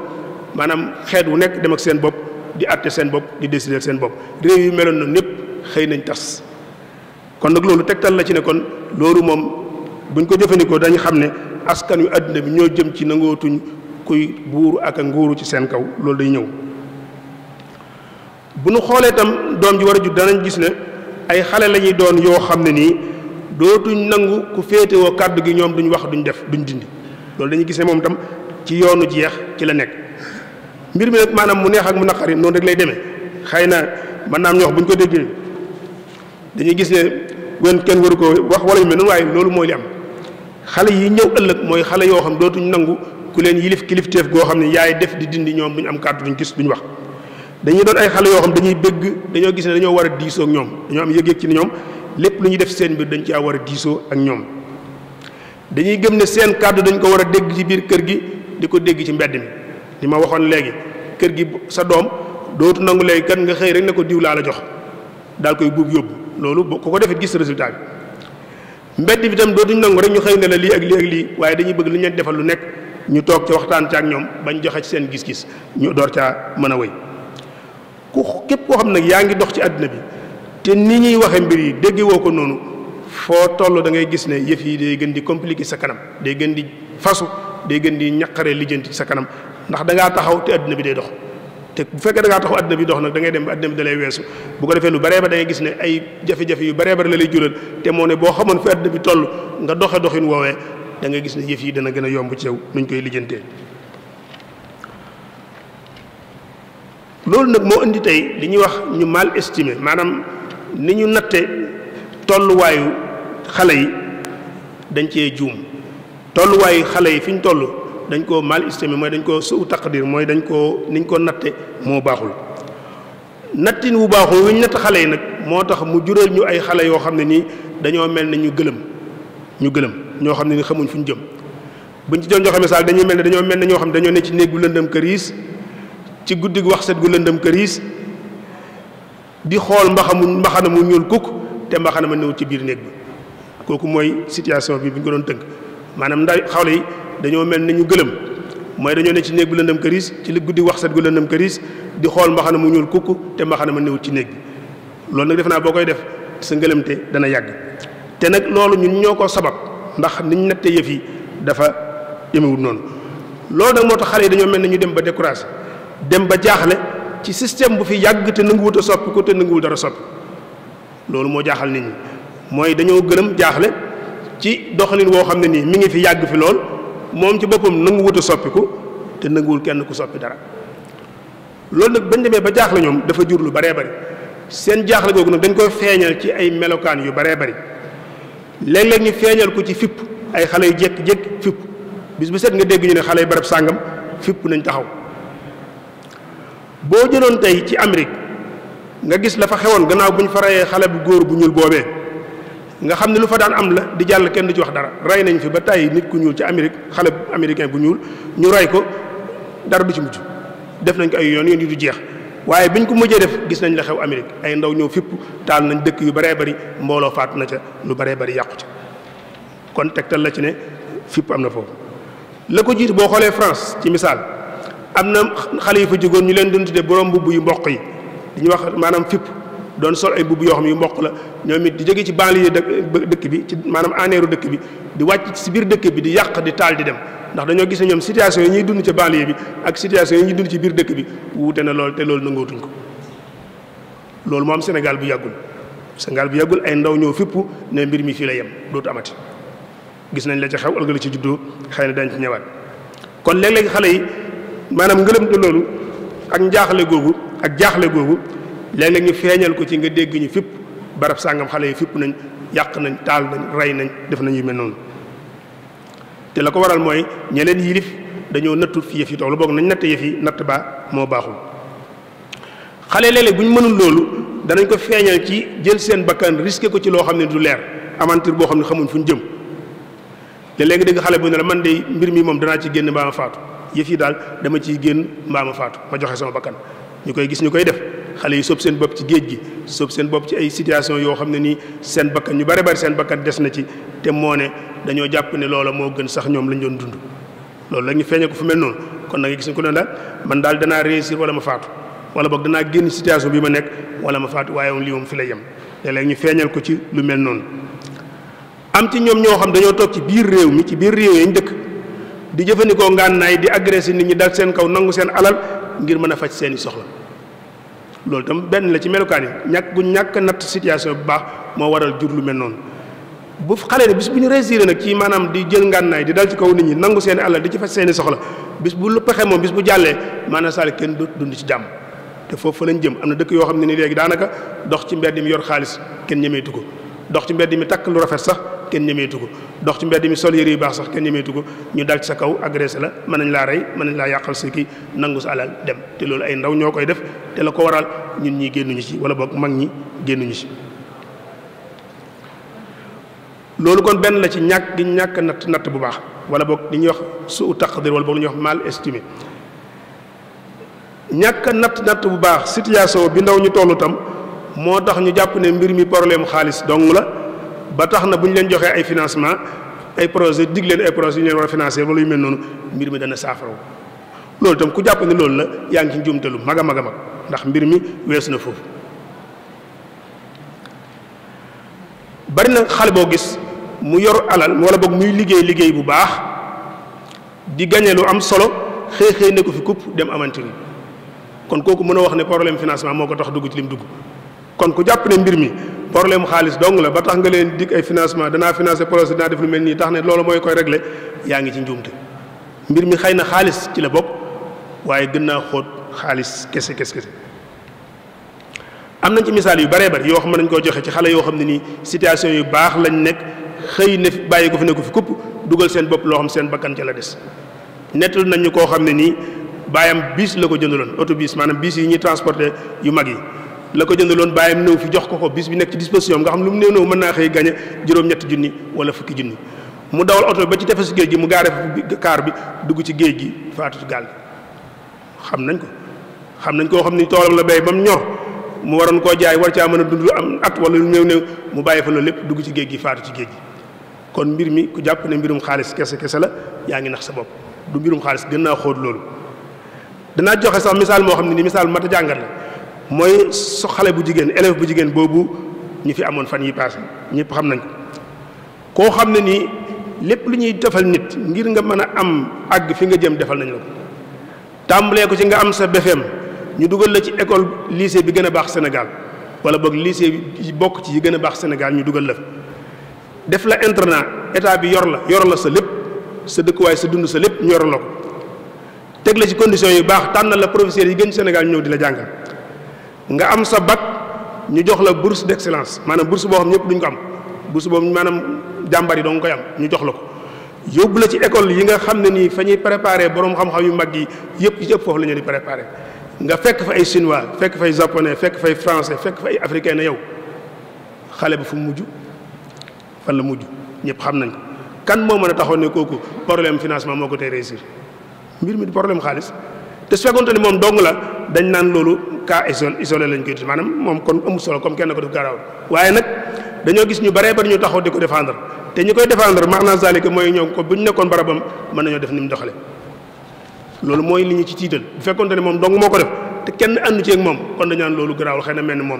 maanaam xeet wu nekk dem ak seen bopp di àtte seen bopp di décider seen bopp réew yu meloon na népp xëy nañ tas kon nag loolu teg tal la ci ne kon loolu moom buñ ko jëfandikoo dañu xam ne askan wi àddina bi ñoo jëm ci nangootuñ kuy buur ak a nguuru ci seen kaw loolu day ñëw bu nu xoolee tam doom ji war a jur danañ gis ne ay xale lañuy ñuy doon yoo xam ne nii dootuñ nangu ku féetewoo kàddu gi ñoom duñ wax duñu def duñ dindi loolu dañuy gis ne moom tam ci yoonu jeex ci la nekk mbir mi nag maanaam mu neex ak mu naqari noonu rek lay deme xëy na man naa am ñu wax bu ñu ko déggee dañuy gis ne wen kenn waru ko wax wala ñu mel noonu waaye loolu mooy li am xale yi ñëw ëllëg ku leen yilif kilifteef goo xam ne yaay def di dindi ñoom duñ am kàddu duñ gis duñ wax dañuy doon ay xale yoo xam dañuy bëgg dañoo gis ne dañoo war a diisoo ak ñoom dañoo ci ne ñoom lépp lu ñuy def seen mbir dañ caa war a diisoo ak ñoom dañuy gëm ne seen kàddu dañ ko war a dégg ci biir kër gi di ko dégg ci mbedd mi li ma waxoon léegi kër gi sa doom dootu nangu léegi kat nga xëy rek ne ko diw laa la jox daal koy buub yóbbu loolu ku ko defit gis résultat bi mbedd bi tam dootuñ nangu rek ñu xëy ne la lii ak lii ak waaye dañuy bëgg lu ñu defal lu nekk ñu toog ca waxtaan ca ak ñoom bañ joxe ci seen gis-gis ñu door caa mën a wéy ku képp koo xam nag yaa ngi dox ci àddina bi te ni ñuy waxe mbir yi dégg ko noonu foo toll dangay gis ne yëf yi day gën di compliqué sa kanam day gën di fasu day gën di ñaqare lijjanti sa kanam ndax da ngaa taxaw te àddina bi day dox te bu fekkee da ngaa taxaw àddina bi dox nag da ngay dem ba àddina bi da lay weesu bu ko defee lu baree ba da gis ne ay jafe-jafe yu baree bari la lay jural te moo ne boo xamoon fi bi toll nga doxe doxin woowee da nga gis ne yëf yi dana gën a yomb ci yow nuñ koy lijjante loolu nag moo indi tey li ñuy wax ñu mal estimé maanaam ni ñu natte tolluwaayu xale yi dañ cee juum tolluwaayu xale yi fi ñu toll dañ koo mal estimé mooy dañ koo su taqdir mooy dañ koo niñ ko natte moo baaxul nattin wu baaxul wi ñu natt xale yi nag moo tax mu jural ñu ay xale yoo xam ne nii dañoo mel na ñu gëlëm ñu gëlëm ñoo xam ne ni xamuñ fu ñu jëm buñ ci doon joxe misaal dañuy mel ne dañoo mel ne ñoo xam dañoo ci néeg bu ci guddi wax set gu lëndëm këriis di xool mbaxamu mbaxana mu ñuul kukk te mbaxana ma néew ci biir néeg bi kooku mooy situation bi bi ñu ko doon tënk maanaam ndaw xawle yi dañoo mel ne ñu gëlëm mooy dañoo ne ci néeg lëndëm këriis ci li guddi wax set gu lëndëm këriis di xool mbaxana mu ñuul kukk te mbaxana ma néew ci néeg bi loolu nag def naa boo koy def sa ngëlëmte dana yàgg te nag loolu ñun ñoo ko sabab ndax niñ natte yëf yi dafa yemewul noonu loolu nag moo tax xale yi dañoo mel na ñu dem ba découragé dem ba jaaxle ci système bu fi yàgg te nanguwut a soppi ko te nanguwul dara soppi loolu moo jaaxal nit mooy dañoo gënam jaaxle ci doxalin woo xam ne nii mi ngi fi yàgg fi lool moom ci boppam nanguwut a soppiku te nanguwul kenn ku soppi dara loolu nag bañ demee ba jaaxle ñoom dafa jur lu baree bari seen jaaxle googu nag dañ koy feeñal ci ay melokaan yu baree bari léeg-léeg ñu feeñal ko ci fipp ay xale yu jékki-jékki fipp bis bu set nga dégg ñu ne xale yu barab sàngam fipp nañ taxaw boo jëloon tey ci Amérique nga gis la fa xewoon gannaaw bu ñu fa reyee xale bu góor bu ñuul boobee nga xam ne lu fa daan am la di jàll kenn du ci wax dara rey nañ fi ba tey nit ku ñuul ci Amérique xale bu américain bu ñuul ñu rey ko dara du ci mujj def nañ ko ay yoon yoon yi du jeex waaye biñ ko mujjee def gis nañ la xew Amérique ay ndaw ñëw fipp taal nañ dëkk yu baree bari mbooloo faatu na ca lu baree bari yàqu ca kon tegtal la ci ne fipp am na foofu. la ko jiitu boo xoolee France ci misaal am na xale yu fa jógoon ñu leen doon tuddee borom mbubb yu mboq yi di ñu wax maanaam fipp. doon sol ay bubb yoo xam yu mboq la ñoom it di jóge ci banlieue dëkk bi ci maanaam aneeru dëkk bi di wàcc si biir dëkk bi di yàq di taal di dem ndax dañoo gis ñoom situation yi ñuy dund ci banlieue bi ak situation yi ñuy dund ci biir dëkk bi wuute na lool te loolu nangaatuñ ko loolu moo am Sénégal bu yàggul Sénégal bu yàggul ay ndaw ñoo fippu ne mbir mi fii la yem dootu amati gis nañ la ci xew alga la ci juddoo xëy na dañ ci ñëwaat kon léeg xale yi maanaam ngërëm ak njaaxle googu ak jaaxle googu léeg-léeg ñu feeñal ko ci nga dégg ñu fipp barab sàngam xale yi fipp nañ yàq nañ taal rey nañ def nañ yu noonu te la ko waral mooy ñeneen yilif dañoo nattu fi yëf yi toog nañ natt yëf natt ba moo baaxul xale léeg-léeg bu ñu mënul loolu danañ ko feeñal ci jël seen bakkan risqué ko ci loo xam ne du leer amantir boo xam ne xamuñ fu ñu jëm léeg-léeg nga dégg xale bu ne la man de mbir mi moom danaa ci génn mbaa ma faatu yëf yi daal dama ciy génn mbaa ma faatu ma joxe sama bakkan ñu koy gis ñu koy def xale yi soob seen bopp ci géej gi soob seen bopp ci ay situation yoo xam ne nii seen bakkan ñu bare bari seen bakkan des na ci te moo ne dañoo jàpp ne loola moo gën sax ñoom lañ doon dund loolu la ñu feeñee ko fu mel noonu kon nag gis nga ko doon daal man daal danaa réussir wala ma faatu wala boog danaa génn situation bi ma nekk wala ma faatu waaye moom lii moom fi la yem léeg ñu feeñal ko ci lu mel noonu am ci ñoom ñoo xam dañoo toog ci biir réew mi ci biir réew yañ dëkk di jëfandikoo ngànnaay di agressé nit ñi dal seen kaw nangu seen alal ngir mën a faj seeni soxla loolu itam benn la ci melukaan yi ñàkk gu ñàkk natt situation bu baax moo waral jur lu mel noonu bu xale ne bis bu ñu réussir nag ci maanaam di jël ngànnaay di dal ci kaw nit ñi nangu seeni alal di ci faj seeni soxla bis bu lu pexe moom bis bu jàllee maanaam saali kenn dund ci jàmm te foofu fa lañ jëm am na dëkk yoo xam ne ni léegi daanaka dox ci mbedd mi yor xaalis kenn ñemeetu ko dox ci mbedd mi takk lu rafet sax kenn ñemeetu ko dox ci mbedd mi sol yére yu baax sax kenn ñemeetu ko ñu dal ci sa kaw agressé la mën nañ laa rey mën nañ laa yàqal si kii nangu sa alal dem te loolu ay ndaw ñoo koy def te la ko waral ñun ñi génnuñu ci wala boog mag ñi génnuñu ci. loolu kon benn la ci ñàkk gi ñàkk natt natt bu baax wala boog li ñuy wax su taqdir wala boog li ñuy wax mal estimé ñàkk natt natt bu baax situation bi ndaw ñu tollu tam. moo tax ñu jàpp ne mbir mi problème xaalis dong la ba tax na bu ñu leen joxee ay financement ay projet dig leen ay projet yu ñu leen war a financer wala yu mel noonu mbir mi dana saafaraw loolu itam ku jàpp ne loolu la yaa ngi ci njuumte lu mag a mag a mag ndax mbir mi weesu na foofu bari na xale boo gis mu yor alal wala boog muy liggéey liggéey bu baax di gañe lu am solo xëy xëy ne ko fi kupp dem amantir kon kooku mën a wax ne problème financement moo ko tax dugg ci lim dugg kon ku jàpp ne mbir mi problème xaalis dong la ba tax nga leen dig ay financement danaa financé projet dinaa def lu mel nii tax ne loolu mooy koy réglé yaa ngi ci njuumte mbir mi xay na xaalis ci la bokk waaye gën naa xóot xaalis kese kese kese am nañ ci misaal yu bare bari yoo xam ne dañ koo joxe ci xale yoo xam ne nii situation yu baax lañ nekk xëy na bàyyi ko fi ne ko fi kupp dugal seen bopp loo xam seen bakkan ca la des nettal nañ ñu koo xam ne nii baayam biis la ko jëndaloon auto biis maanaam biis yi ñuy transporté yu mag yi la ko jëndaloon bàyyam néew fi jox ko ko bis bi nekk ci disposition nga xam lu mu néew néew mën naa xëy gañe juróom wala fukki junni mu dawal oto ba ci tefesu géej gi mu gaare kaar bi dugg ci géej gi faatu ci gaal xam xam nañ koo xam ni toolam la bay ba mu ñor mu waroon koo jaay war caa mën a dund am at wala lu néew néew mu bàyyi fa la lépp dugg ci géej gi faatu ci géej gi kon mbir mi ku jàpp ne mbirum xaalis kese kese la yaa ngi nax sa bopp du mbirum xaalis gën naa xóot loolu danaa joxe sax misaal moo xam ne ni misaal mat a jàngat la mooy su xale bu jigéen élève bu jigéen boobu ñu fi amoon fan yi paase ñëpp xam nañ ko koo xam ne nii lépp lu ñuy defal nit ngir nga mën a am àgg fi nga jëm defal nañ la ko tàmbalee ko ci nga am sa BFEM ñu dugal la ci école lycée bi gën a baax Sénégal wala boog lycée bi bokk ci yi gën a baax Sénégal ñu dugal la fa def la internat état bi yor la yor la sa lépp sa dëkkuwaay sa dund sa lépp ñor la ko teg la ci conditions yu baax tànnal la professeur yi gën Sénégal ñëw di la jàngal nga am sa bac ñu jox la bourse d'excellence maanaam bourse boo xam ñëpp duñ ko am bourse boobu maanaam jàmbar yi dong koy am ñu jox la ko yóbbu la ci école yi nga xam ne nii fa ñuy préparé borom xam-xam yu mag yi yëpp ci foofu la ñu di préparé nga fekk fa ay chinois fekk fay japonais fekk fay français fekk fa ay africain na yow xale bi fu mu mujj fan la mujj ñëpp xam nañ kan moo mën a taxoon ne kooku problème financement moo ko tey réussir mbir mi problème xaalis te su fekkoonte ni moom dong la dañ naan loolu cas isolé lañ koy tudd maanaam moom kon amul solo comme kenn ko def garaawul waaye nag dañoo gis ñu baree bari ñu taxoo di ko défendre te ñu koy défendre maanaam zalika mooy ñoom ko bu ñu nekkoon barabam mën nañoo def ni mu loolu mooy li ñu ci tiital bu fekkoonte ne moom dong moo ko def te kenn àndu ci ak moom kon dañ naan loolu garaawul xëy na mel ni moom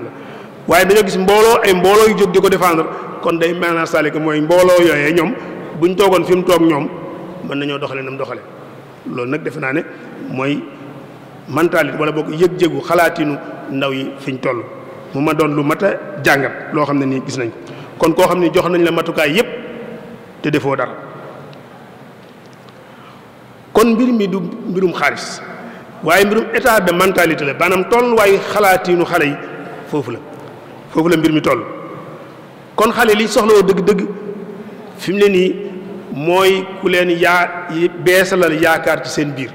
waaye dañoo gis mbooloo ay mbooloo yu jóg ko défendre kon day maanaam zalika mooy mbooloo yooyee ñoom bu ñu toogoon fi mu toog ñoom mën nañoo doxale na mu doxale loolu nag defe naa ne mooy mentalité wala boog yëg-yëgu xalaatinu ndaw yi fiñ toll mu ma doon lu mat a jàngat loo xam ne nii gis nañ kon koo xam ne jox nañ la matukaay yépp te defoo dara kon mbir mi du mbirum xaalis waaye mbirum état de mentalité la maanaam toll waaye xalaatinu xale yi foofu la foofu la mbir mi toll kon xale li soxlawoo dëgg-dëgg fim mu ne nii mooy ku leen yaa beesalal yaakaar ci seen biir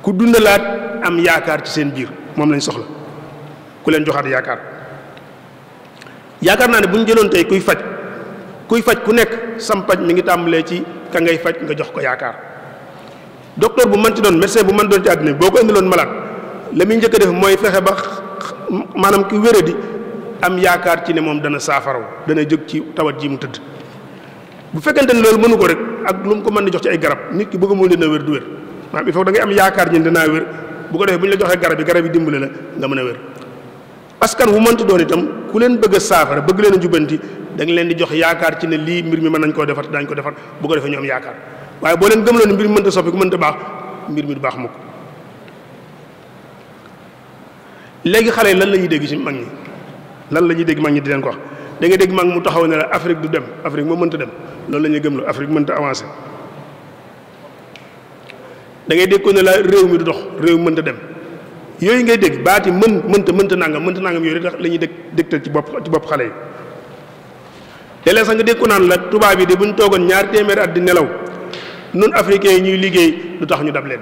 ku dundalaat am yaakaar ci seen biir moom lañ soxla ku leen joxaat yaakaar yaakaar naa ne bu ñu jëloon tey kuy faj kuy faj ku nekk sam paj mi ngi tàmbalee ci ka ngay faj nga jox ko yaakaar docteur bu mën ci doon médecin bu mën doon ci àddina boo ko indiloon malade la muy njëkk def mooy fexe ba maanaam ki wéradi am yaakaar ci ne moom dana saafaraw dana jóg ci tawat ji mu tëdd bu fekkente ne loolu mënu ko rek ak lu mu ko mën di jox ci ay garab nit ki bëgg mu leen a du wér maanaam il faut da am yaakaar ñun dinaa wér bu ko defee bu ñu la joxee garab yi garab yi dimbali la nga mën a wér askan wu mënti doon itam ku leen bëgg saafara bëgg leen a jubanti da nga leen di jox yaakaar ci ne lii mbir mi mën nañ koo defar daañ ko defar bu ko defee ñu am yaakaar waaye boo leen gëmloo ne mbir mi mënta soppi ku mënta baax mbir mi du baax mukk léegi xale lan la ñuy dégg ci mag ñi lan la ñuy dégg mag ñi di leen ko wax da dégg mag mu taxaw ne la Afrique du dem Afrique moo mënta dem loolu la ñuy gëmloo Afrique mënta avancer da ngay dégg ko ne la réew mi du dox réew mi mënta dem yooyu ngay dégg baati mën mënta mënta nangam mënta nangam yooyu tax la ñuy dég dégtal ci bopp ci bopp xale yi léeg sax nga dégg ko naan la tubaab yi de bu ñu toogoon ñaari téeméeri at di nelaw nun africains yi ñuy liggéey lu tax ñu dab leen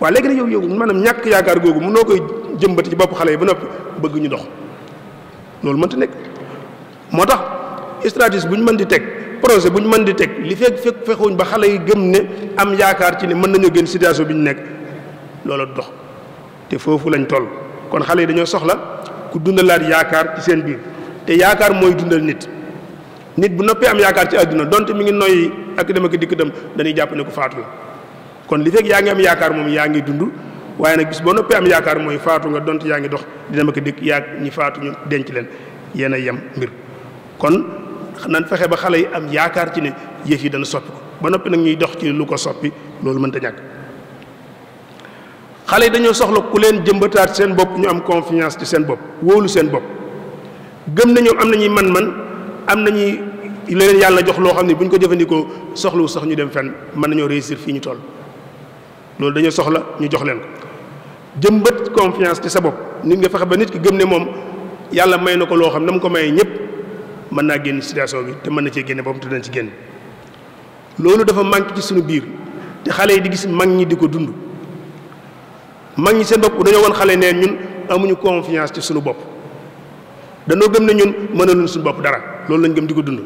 waa léegi na yow yow maanaam ñàkk yaakaar googu mënoo koy jëmbati ci bopp xale yi ba noppi bëgg ñu dox loolu mënta nekk moo tax stratégie bu ñu mën di teg projet bu ñu mën di teg li fekk fekk fexuñ ba xale yi gëm ne am yaakaar ci ne mën nañoo génn situation bi ñu nekk loola dox te foofu lañ toll kon xale yi dañoo soxla ku dundalaat yaakaar ci seen biir te yaakaar mooy dundal nit nit bu noppee am yaakaar ci àdduna donte mi ngi noyyi ak dem dikk dem dañuy jàpp ne ko faatu kon li fekk yaa ngi am yaakaar moom yaa ngi dund waaye nag bis boo noppee am yaakaar mooy faatu nga dont yaa ngi dox di dem ak dikk yaa ñi faatu ñu denc leen yéen a yem mbir kon nan fexe ba xale yi am yaakaar ci ne yëf yi dana soppi ko ba noppi nag ñuy dox ci lu ko soppi loolu mënta ñàkk xale yi dañoo soxla ku leen jëmbataat seen bopp ñu am confiance ci seen bopp wóolu seen bopp gëm na ñoom am nañuy man-man am nañuy leen yàlla jox loo xam ne bu ko jëfandikoo soxlawu sax ñu dem fenn mën nañoo réussir fii ñu toll loolu dañoo soxla ñu jox leen ko jëmbat confiance ci sa bopp nit nga fexe ba nit ki gëm ne moom yàlla may na ko loo xam ne mu ko mayee ñëpp mën naa génn situation bi te mën na cee génne boppam te dana ci génn loolu dafa manqué ci suñu biir te xale yi di gis mag ñi di ko dund mag ñi seen bopp dañoo woon xale ne ñun amuñu confiance ci suñu bopp dañoo gëm ne ñun mën mënaluñ suñu bopp dara loolu lañ gëm di ko dund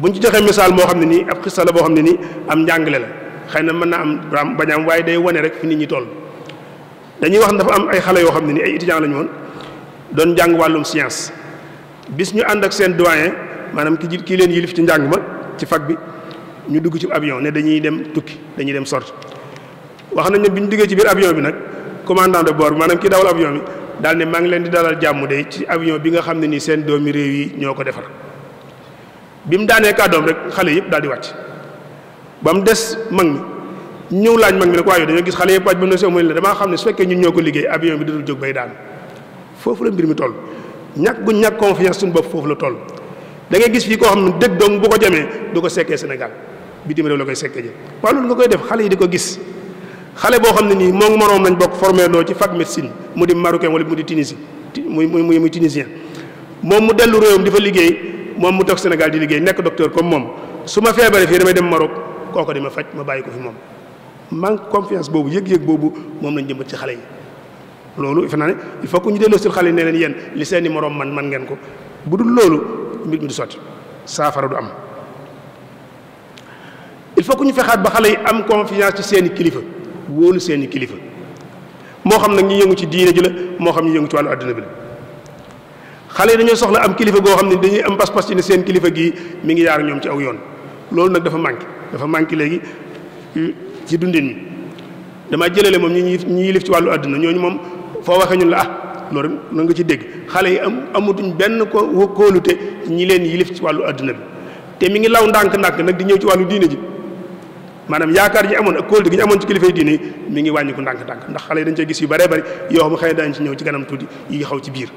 buñ ci joxee misaal moo xam ne nii ab xista la boo xam ne nii am njàngale la xëy na mën naa am bañ am waaye day wane rek fi nit ñi tool dañuy wax dafa am ay xale yoo xam ne nii ay étudiants la woon doon jàng wàllum science bis ñu ànd ak seen doyen maanaam ki kii leen yilif ci njàng ma ci fag bi ñu dugg ci avion ne dañuy dem tukki dañuy dem sort wax nañ ne bi ñu duggee ci biir avion bi nag commandant de bord bi maanaam kii dawal avion bi daal ne maa ngi leen di dalal jàmm de ci avion bi nga xam ne nii seen doomi ñoo ko defar bi mu daanee kàddoom rek xale yëpp daal di wàcc ba mu des mag mi ñëw laaj mag mi nag waaye yow dañoo gis xale yëpp wàcc ba mu ne soo mu ne la damaa xam ne su fekkee ñun ñoo ko liggéey avion bi dudul jóg bay daan foofu la mbir mi toll ñàkk gu ñàkk confiance suñu bopp foofu la tool da ngay gis fii koo xam ne dëgg dong bu ko jamee du ko sekkee Sénégal bitim réew la koy sekkee ji waaw loolu nga koy def xale yi di ko gis xale boo xam ne nii moom moroom lañ bokk formé loo ci fac médecine mu di marocain wala mu di tunisien muy muy muy tunisien moom mu dellu réewam di fa liggéey moom mu toog Sénégal di liggéey nekk docteur comme moom su ma feebaree fii damay dem Maroc kooku di ma faj ma bàyyi ko fi moom manque confiance boobu yëg-yëg boobu moom lañ jëmbat ci xale yi loolu fi naa il faut ñu delloo si xale yi ne leen yéen li seeni moroom man man ngeen ko bu dul loolu mbir mi du sotti saafara du am il faut ñu fexaat ba xale yi am confiance ci seeni kilifa wóolu seeni kilifa moo xam nag ñu yëngu ci diine ji moo xam ñu yëngu ci wàllu àdduna bi la xale yi dañoo soxla am kilifa goo xam ne dañuy am pas-pas ci ne seen kilifa gii mi ngi yaar ñoom ci aw yoon loolu nag dafa manqué dafa manqué léegi euh, ci dundin mi damaa moom ñi ñi yilif àdduna ñooñu moom foo waxee ñun la ah loolu nga ci dégg xale yi am amatuñ benn ko kóolute ñi leen yilif ci wàllu adduna bi te mi ngi law ndànk-ndànk nag di ñëw ci wàllu diine ji maanaam yaakaar ji amoon ak kóolute gi ñu ci kilifay diine mi ngi wàññi ko ndànk-ndànk dañ cee gis yu bëree bëri yoo xam xëy daañ ci ñëw ci kanam tuuti biir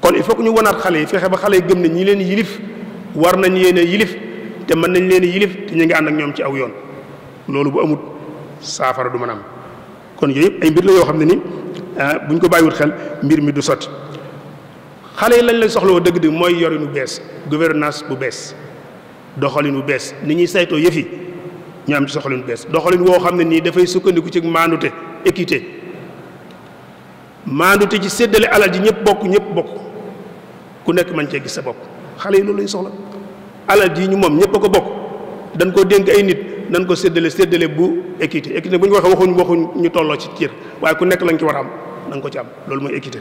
kon il faut ñu wanaat xale yi fexe ba xale yi gëm ne ñi leen yilif war nañ leen a yilif te mën nañ leen a ñu ngi ànd ak ñoom ci aw yoon loolu bu amut saafara du mën kon yooyu yëpp ay mbir la yoo xam ne ni ah bu ñu ko bàyyiwut xel mbir mi du sot xale yi lañ lay soxla woo dëgg di mooy yorin bu bees gouvernance bu bees doxalin bu bees ni ñuy saytoo yëf yi ñoo am ci soxalin bu bees woo xam ne nii dafay sukkandiku ci maandute équité maandute ci seddale alal ji ñëpp bokk ñëpp bokk ku nekk mañ cee gis sa bopp xale yi loolu lay soxla alal ji ñu moom ñëpp a ko bokk dañ koo dénk ay nit nañ ko séddale séddale bu équité équité bu ñu waxee waxuñ waxuñ ñu tolloo ci cër waaye ku nekk lañ ci war a am na ko ci am loolu mooy équité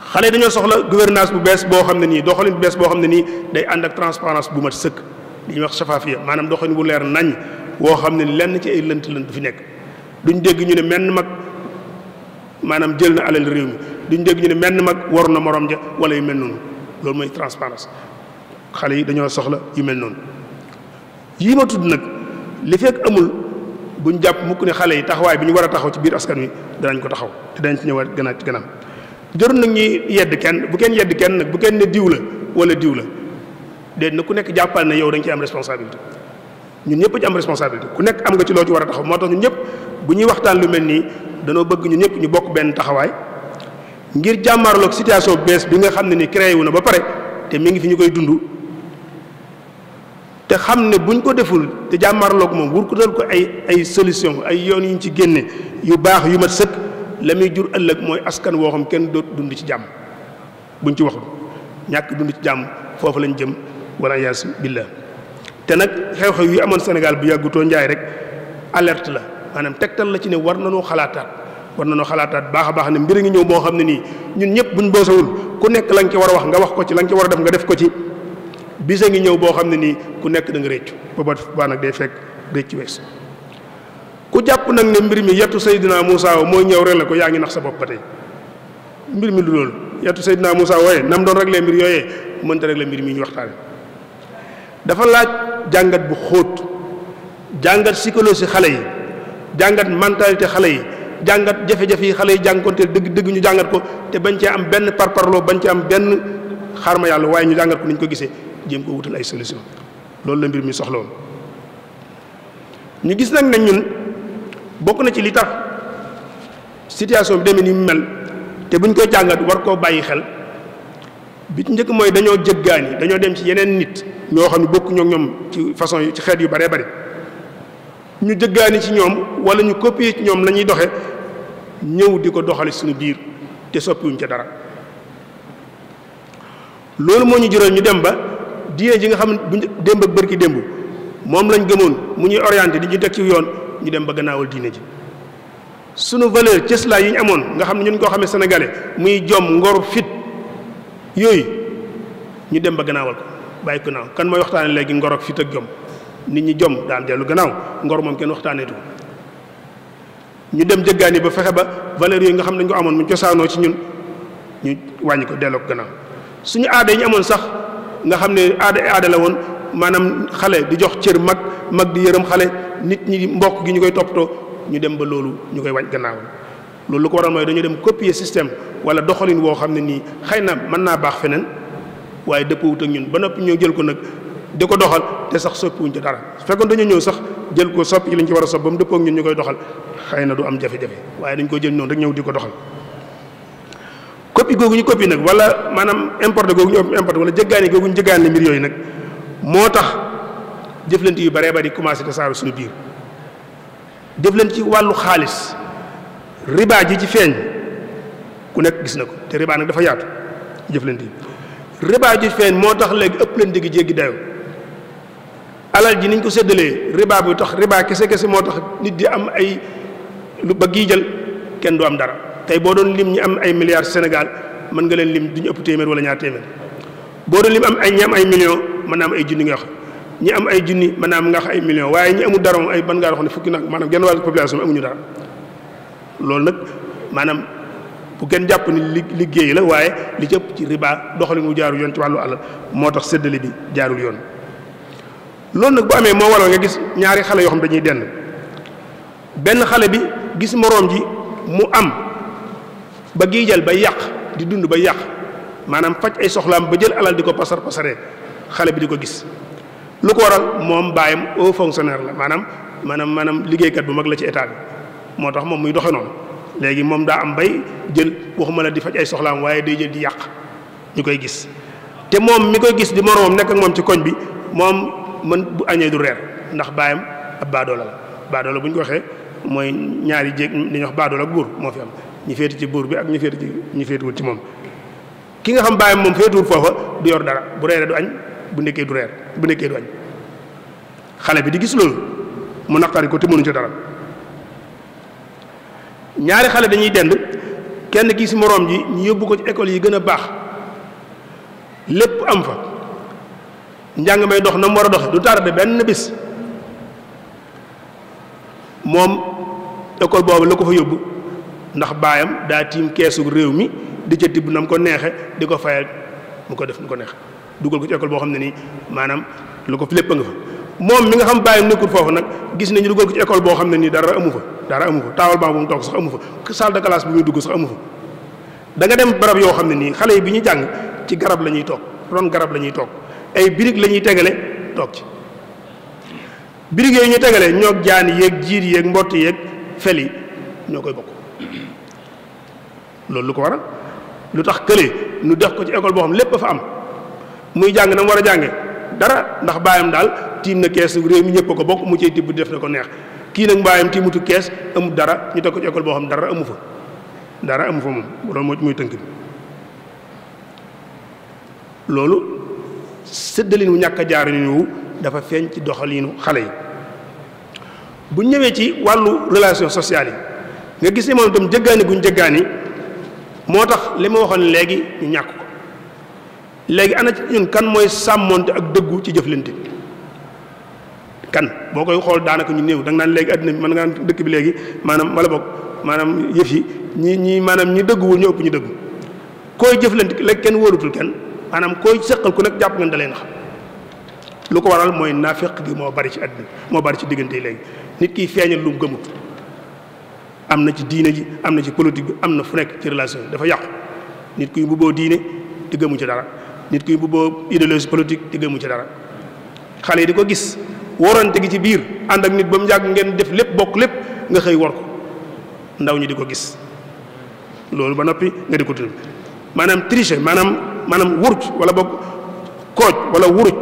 xale yi dañoo soxla gouvernance bu bees boo xam ne nii doxalin bu bees boo xam ne nii day ànd ak transparence bu mat sëkk ñuy wax safaafiya maanaam doxalin bu leer nañ woo xam ne lenn ci ay lënt lënt du fi nekk duñ dégg ñu ne menn mag maanaam jël na alal réew mi duñ dégg ñu ne menn mag war na morom ja wala yu mel noonu loolu mooy transparence xale yi dañoo soxla yu mel noonu yii ma tudd nag li fekk amul buñ jàpp mukk ne xale yi taxawaay bi ñu war a taxaw ci biir askan wi danañ ko taxaw te danañ ci ñëwaat ci a ganam jarul nag ñuy yedd kenn bu kenn yedd kenn nag bu kenn ne diw la wala diw la déet na ku nekk jàppal ne yow da ci am responsabilité ñun ñëpp ci am responsabilité ku nekk am nga ci loo ci war a taxaw moo tax ñun ñëpp bu ñuy waxtaan lu mel nii danoo bëgg ñun ñëpp ñu bokk benn taxawaay ngir jàmmaarloog situation bees bi nga xam ne ni créé wu na ba pare te mi ngi fi ñu koy dund te xam ne buñ ko deful te jàmmarloog moom wurkutal ko ay ay solution ay yoon yuñ ci génne yu baax yu mat sëkk la muy jur ëllëg mooy askan woo xam kenn doot dund ci jàmm buñ ci waxul ñàkk dund ci jàmm foofu lañu jëm wala yaas billah te nag xew-xew yi amoon Sénégal bu yàggutoo njaay rek alerte la maanaam tegtal la ci ne war na noo xalaataat war nanoo xalaataat baax baax ne mbir ngi ñëw moo xam ne nii ñun ñëpp buñ boosawul ku nekk lañ nga war a wax nga wax ko ci la nga war a def def ko ci bis a ngi ñëw boo xam ne nii ku nekk da nga réccu booba baa nag day fekk réccu wees ku jàpp nag ne mbir mi yettu Seydina Moussa wa mooy ñëw rek la ko yaa ngi nax sa bopp ba tey mbir mi lu loolu yettu Seydina musa wooyee nam doon rek réglé mbir yooyee mënta réglé mbir mi ñu waxtaane dafa laaj jàngat bu xóot jàngat psychologie xale yi jàngat mentalité xale yi jàngat jafe-jafe yi xale yi jànkonteel dëgg dëgg ñu jàngat ko te bañ cee am benn parparloo bañ ci am benn xarma yàlla waaye ñu jàngat ko ko gisee jéem ko wutal ay solution loolu la mbir mi soxloon ñu gis nag ne ñun bokk na ci li tax situation bi demee ni mu mel te buñ koy jàngat war koo bàyyi xel bi ci njëkk mooy dañoo jëggaani dañoo dem ci yeneen nit ñoo xam ne bokk ñoo ñoom ci façon ci xeet yu bare bari ñu jëggaani ci ñoom wala ñu copier ci ñoom lañuy doxe ñëw di ko doxale suñu biir te soppiwuñ ca dara loolu moo ñu jural ñu dem ba diine ji nga xam bu démb ak bërki démb moom lañ gëmoon mu ñuy orienté di ñu teg ci yoon ñu dem ba gannaawal diine ji sunu valeur cëslaa yi ñu amoon nga xam ne ñun koo xamee sénégalais muy jom ngor fit yooyu ñu dem ba gannaawal ko bàyyi ko naaw kan mooy waxtaane léegi ngor ak fit ak jom nit ñi jomb daan dellu gannaaw ngor moom kenn waxtaaneetu ñu dem jëggaani ba fexe ba valeur yooyu nga xam ne ñu ko amoon mu cosaanoo ci ñun ñu wàññi ko delloo ko gannaaw suñu aada yi ñu amoon sax nga xam ne aada aada la woon maanaam xale di jox cër mag mag di yërëm xale nit ñi mbokk gi ñu koy toppatoo ñu dem ba loolu ñu koy wañ gannaaw loolu lu ko waral mooy dañoo dem copier système wala doxalin woo xam ne nii xëy na mën naa baax feneen waaye dëppwut ak ñun ba noppi ñoo jël ko nag di ko doxal te sax soppiwuñ ci dara fekkoon dañoo ñëw sax jël ko sopp yi lañ ci war a sopp ba mu dëppoo ñun ñu koy doxal xëy na du am jafe-jafe waaye dañ ko jël noonu rek ñëw di ko doxal copie googu ñu copie nag wala maanaam importé googu ñu importé wala jëggaane googu ñu jëggaane mbir yooyu nag moo tax jëflante yi baree bari commencé tasaaroo suñu biir jëflante ci wàllu xaalis riba ji ci feeñ ku nekk gis na ko te riba nag dafa yaatu jëflante yi riba ji feeñ moo tax léegi ëpplante gi jéggi dayo alal ji niñ ko seddalee riba bu tax riba kese kese moo tax nit di am ay lu ba gii jël kenn du am dara tey boo doon lim ñi am ay milliards Sénégal mën nga leen lim du ñu ëpp téeméer wala ñaar téeméer boo doon lim am ay ñi am ay millions mën naa am ay junni nga wax ñi am ay junni mën naa am nga wax ay millions waaye ñi amul dara ay ban ngaa wax ne fukki nag man genn wàllu population amuñu dara loolu nag maanaam bu kenn jàpp ni li liggéey la waaye li ci ëpp ci riba doxali mu jaarul yoon ci wàllu àll moo tax séddale bi jaarul yoon loolu nag boo amee moo waral nga gis ñaari xale yoo xam dañuy dend xale bi gis moroom ji mu am ba giijal bay yàq di dund bay yàq maanaam faj ay soxlaam ba jël alal di ko pasar pasaree xale bi di ko gis lu ko waral moom baayam haut fonctionnaire la maanaam maanaam maanaam liggéeykat bu mag la ci état bi moo tax moom muy doxe noonu léegi moom daa am bay jël waxuma la di faj ay soxlaam waaye day jël di yàq ñu koy gis te moom mi koy gis di moroomam nekk ak moom ci koñ bi moom man bu añee du reer ndax baayam ab baadoola la baadoola bu ñu ko waxee mooy ñaari jéeg li ñuy wax baadoola ak buur moo ñu feetu ci buur bi ak ñu féete ci ñu féetuwul ci moom ki nga xam bàyyam moom féetuwul foofa du yor dara bu reeree du añ bu nekkee du reer bu nekkee du añ xale bi di gis loolu mu naqari ko te mënu ci dara ñaari xale dañuy dend kenn kii si moroom ji ñu yóbbu ko ci école yi gën a baax lépp am fa njàng may dox na mu war a doxe du de benn bis moom école boobu la ko fa yóbbu ndax baayam daa tiim keesu réew mi di ca tibb na mu ko neexe di ko fayal mu ko def mu ko neexe dugal ko ci école boo xam ne nii maanaam lu ko fi lépp fa moom mi nga xam bàyyam nekkul foofu nag gis nañu dugal ko ci école boo xam ne nii dara amu fa dara amu fa taawal baa bu mu toog sax amu fa salle de classe bi muy dugg sax amu fa da dem barab yoo xam ne nii xale yi bi ñu jàng ci garab la ñuy toog ron garab la ñuy toog ay birig la ñuy tegale toog ci birig yooyu ñu tegale ñoog jaan yéeg jiir yéeg mbott yéeg fel yi ñoo koy bokk loolu lu ko waral lu tax kële nu def ko ci école boo xam lépp fa am muy jàng na mu war a jànge dara ndax baayam daal tiim na kees réew mi ñëpp ko bokk mu cey tibb def na ko neex kii nag baayam tiimutu kees amul dara ñu teg ko ci école boo xam dara amu fa dara amu fa moom loolu moo muy tënk loolu séddalin wu ñàkk a jaar wu dafa feeñ ci doxaliinu xale yi bu ñëwee ci wàllu relation sociale yi nga gis ne moom itam jëggaani guñ jëggaani moo tax li ma waxoon léegi ñu ñàkk ko léegi ana ci ñun kan mooy sàmmoonte ak dëggu ci jëflante bi kan boo koy xool daanaka ñu néew da nga naan léegi àddina bi mën nga naan dëkk bi léegi maanaam wala boog maanaam yëf yi ñi ñi maanaam ñi dëgguwul ñu ëpp ñu dëggu koy jëflante léegi kenn wóorutul kenn maanaam koy sëqal ku nekk jàpp nga da leen xam lu ko waral mooy naafeq gi moo bari ci àddina moo bari ci diggante yi léegi nit kiy feeñal lu mu gëmut am na ci diine ji am na ci politique bi am na fu nekk ci relation yi dafa yàqu nit kuy mbubboo diine te gëmu ci dara nit kuy mbubboo idéologie politique te gëmu ci dara xale yi di ko gis warante gi ci biir ànd ak nit ba mu yàgg ngeen def lépp bokk lépp nga xëy war ko ndaw ñi di ko gis loolu ba noppi nga di ko tudd maanaam tricher maanaam maanaam wuruj wala boog kooj wala wuruj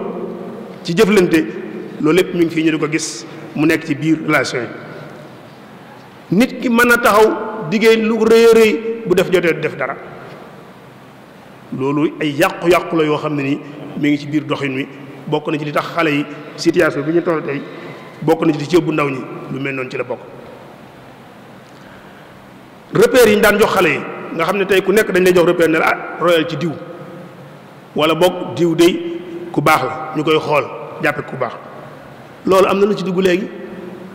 ci jëflante loolu lépp mi ngi fii ñu di ko gis mu nekk ci biir relation yi nit ki mën a taxaw diggéen lu rëy a rëy bu def jotee def dara loolu ay yàqu-yàqu la yoo xam ne ni mu ngi ci biir doxin wi bokk na ci li tax xale yi situation bi ñu toll tey bokk na ci li ci bu ndaw ñi lu mel noonu ci la bokk repères yi ñu daan jox xale yi nga xam ne tey ku nekk dañ lay jox repère ne la ah royal ci diw wala bokk diw dey ku baax la ñu koy xool jàppe ku baax loolu am na lu ci diggu léegi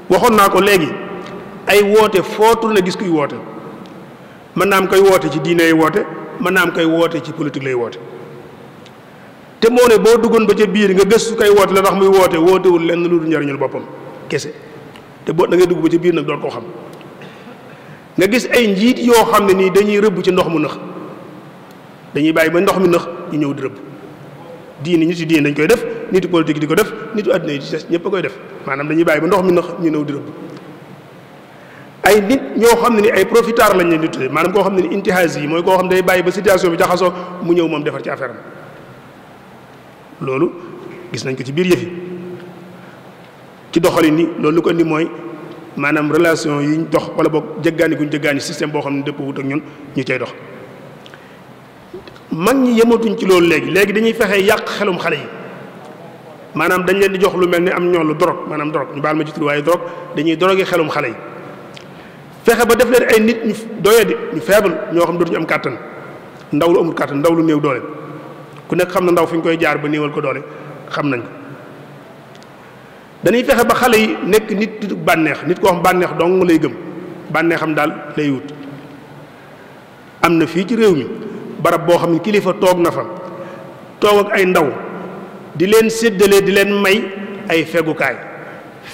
waxoon naa ko léegi ay woote foo na gis kuy woote mën naa am koy woote ci diine yi woote mën naa am koy woote ci politique lay woote te moo ne boo duggoon ba ca biir nga gëstu koy woote la tax muy woote wootewul lenn lu dul njariñul boppam kese te boo da ngay dugg ba ca biir nag doon koo xam nga gis ay njiit yoo xam ne nii dañuy rëbb ci ndox mu nëx dañuy bàyyi ba ndox mi nëx ñëw di rëbb diini ñu ci diini koy def nitu politique di ko def nitu àddina yi ci des ñëpp koy def maanaam dañuy bàyyi ba ndox mi nëx ñu ñëw di rëbb ay nit ñoo xam ne ni ay profiteur lañ leen di tuddee maanaam koo xam ne ni intihaas yi mooy koo xam ne day bàyyi ba situation bi mu ñëw moom defar ci gis nañ ko ci biir yëfi ci doxalin ni loolu lu mooy maanaam relation yi ñu dox wala boog jëggaani guñ jëggaani système boo xam ne dëpp wut ak ñu cay dox mag ñi yematuñ ci loolu léegi léegi dañuy fexe yàq xelum xale yi maanaam dañ leen di jox lu mel ni am ñoom lu dorog maanaam dorog ñu baal ma jiitu waaye dorog dañuy dorogi xelum xale yi fexe ba def leen ay nit ñu doyadi ñu faible ñoo xam dootuñu am kàttan ndaw lu amul kàttan ndaw lu néew doole ku nekk xam na ndaw fi ñu koy jaar ba néewal ko doole xam nañ ko dañuy fexe ba xale yi nekk nit bànneex nit koo xam bànneex dong lay gëm bànneexam daal lay wut am na fii ci réew mi barab boo xam ne kilifa toog na fa toog ak ay ndaw di leen séddale di leen may ay fegukaay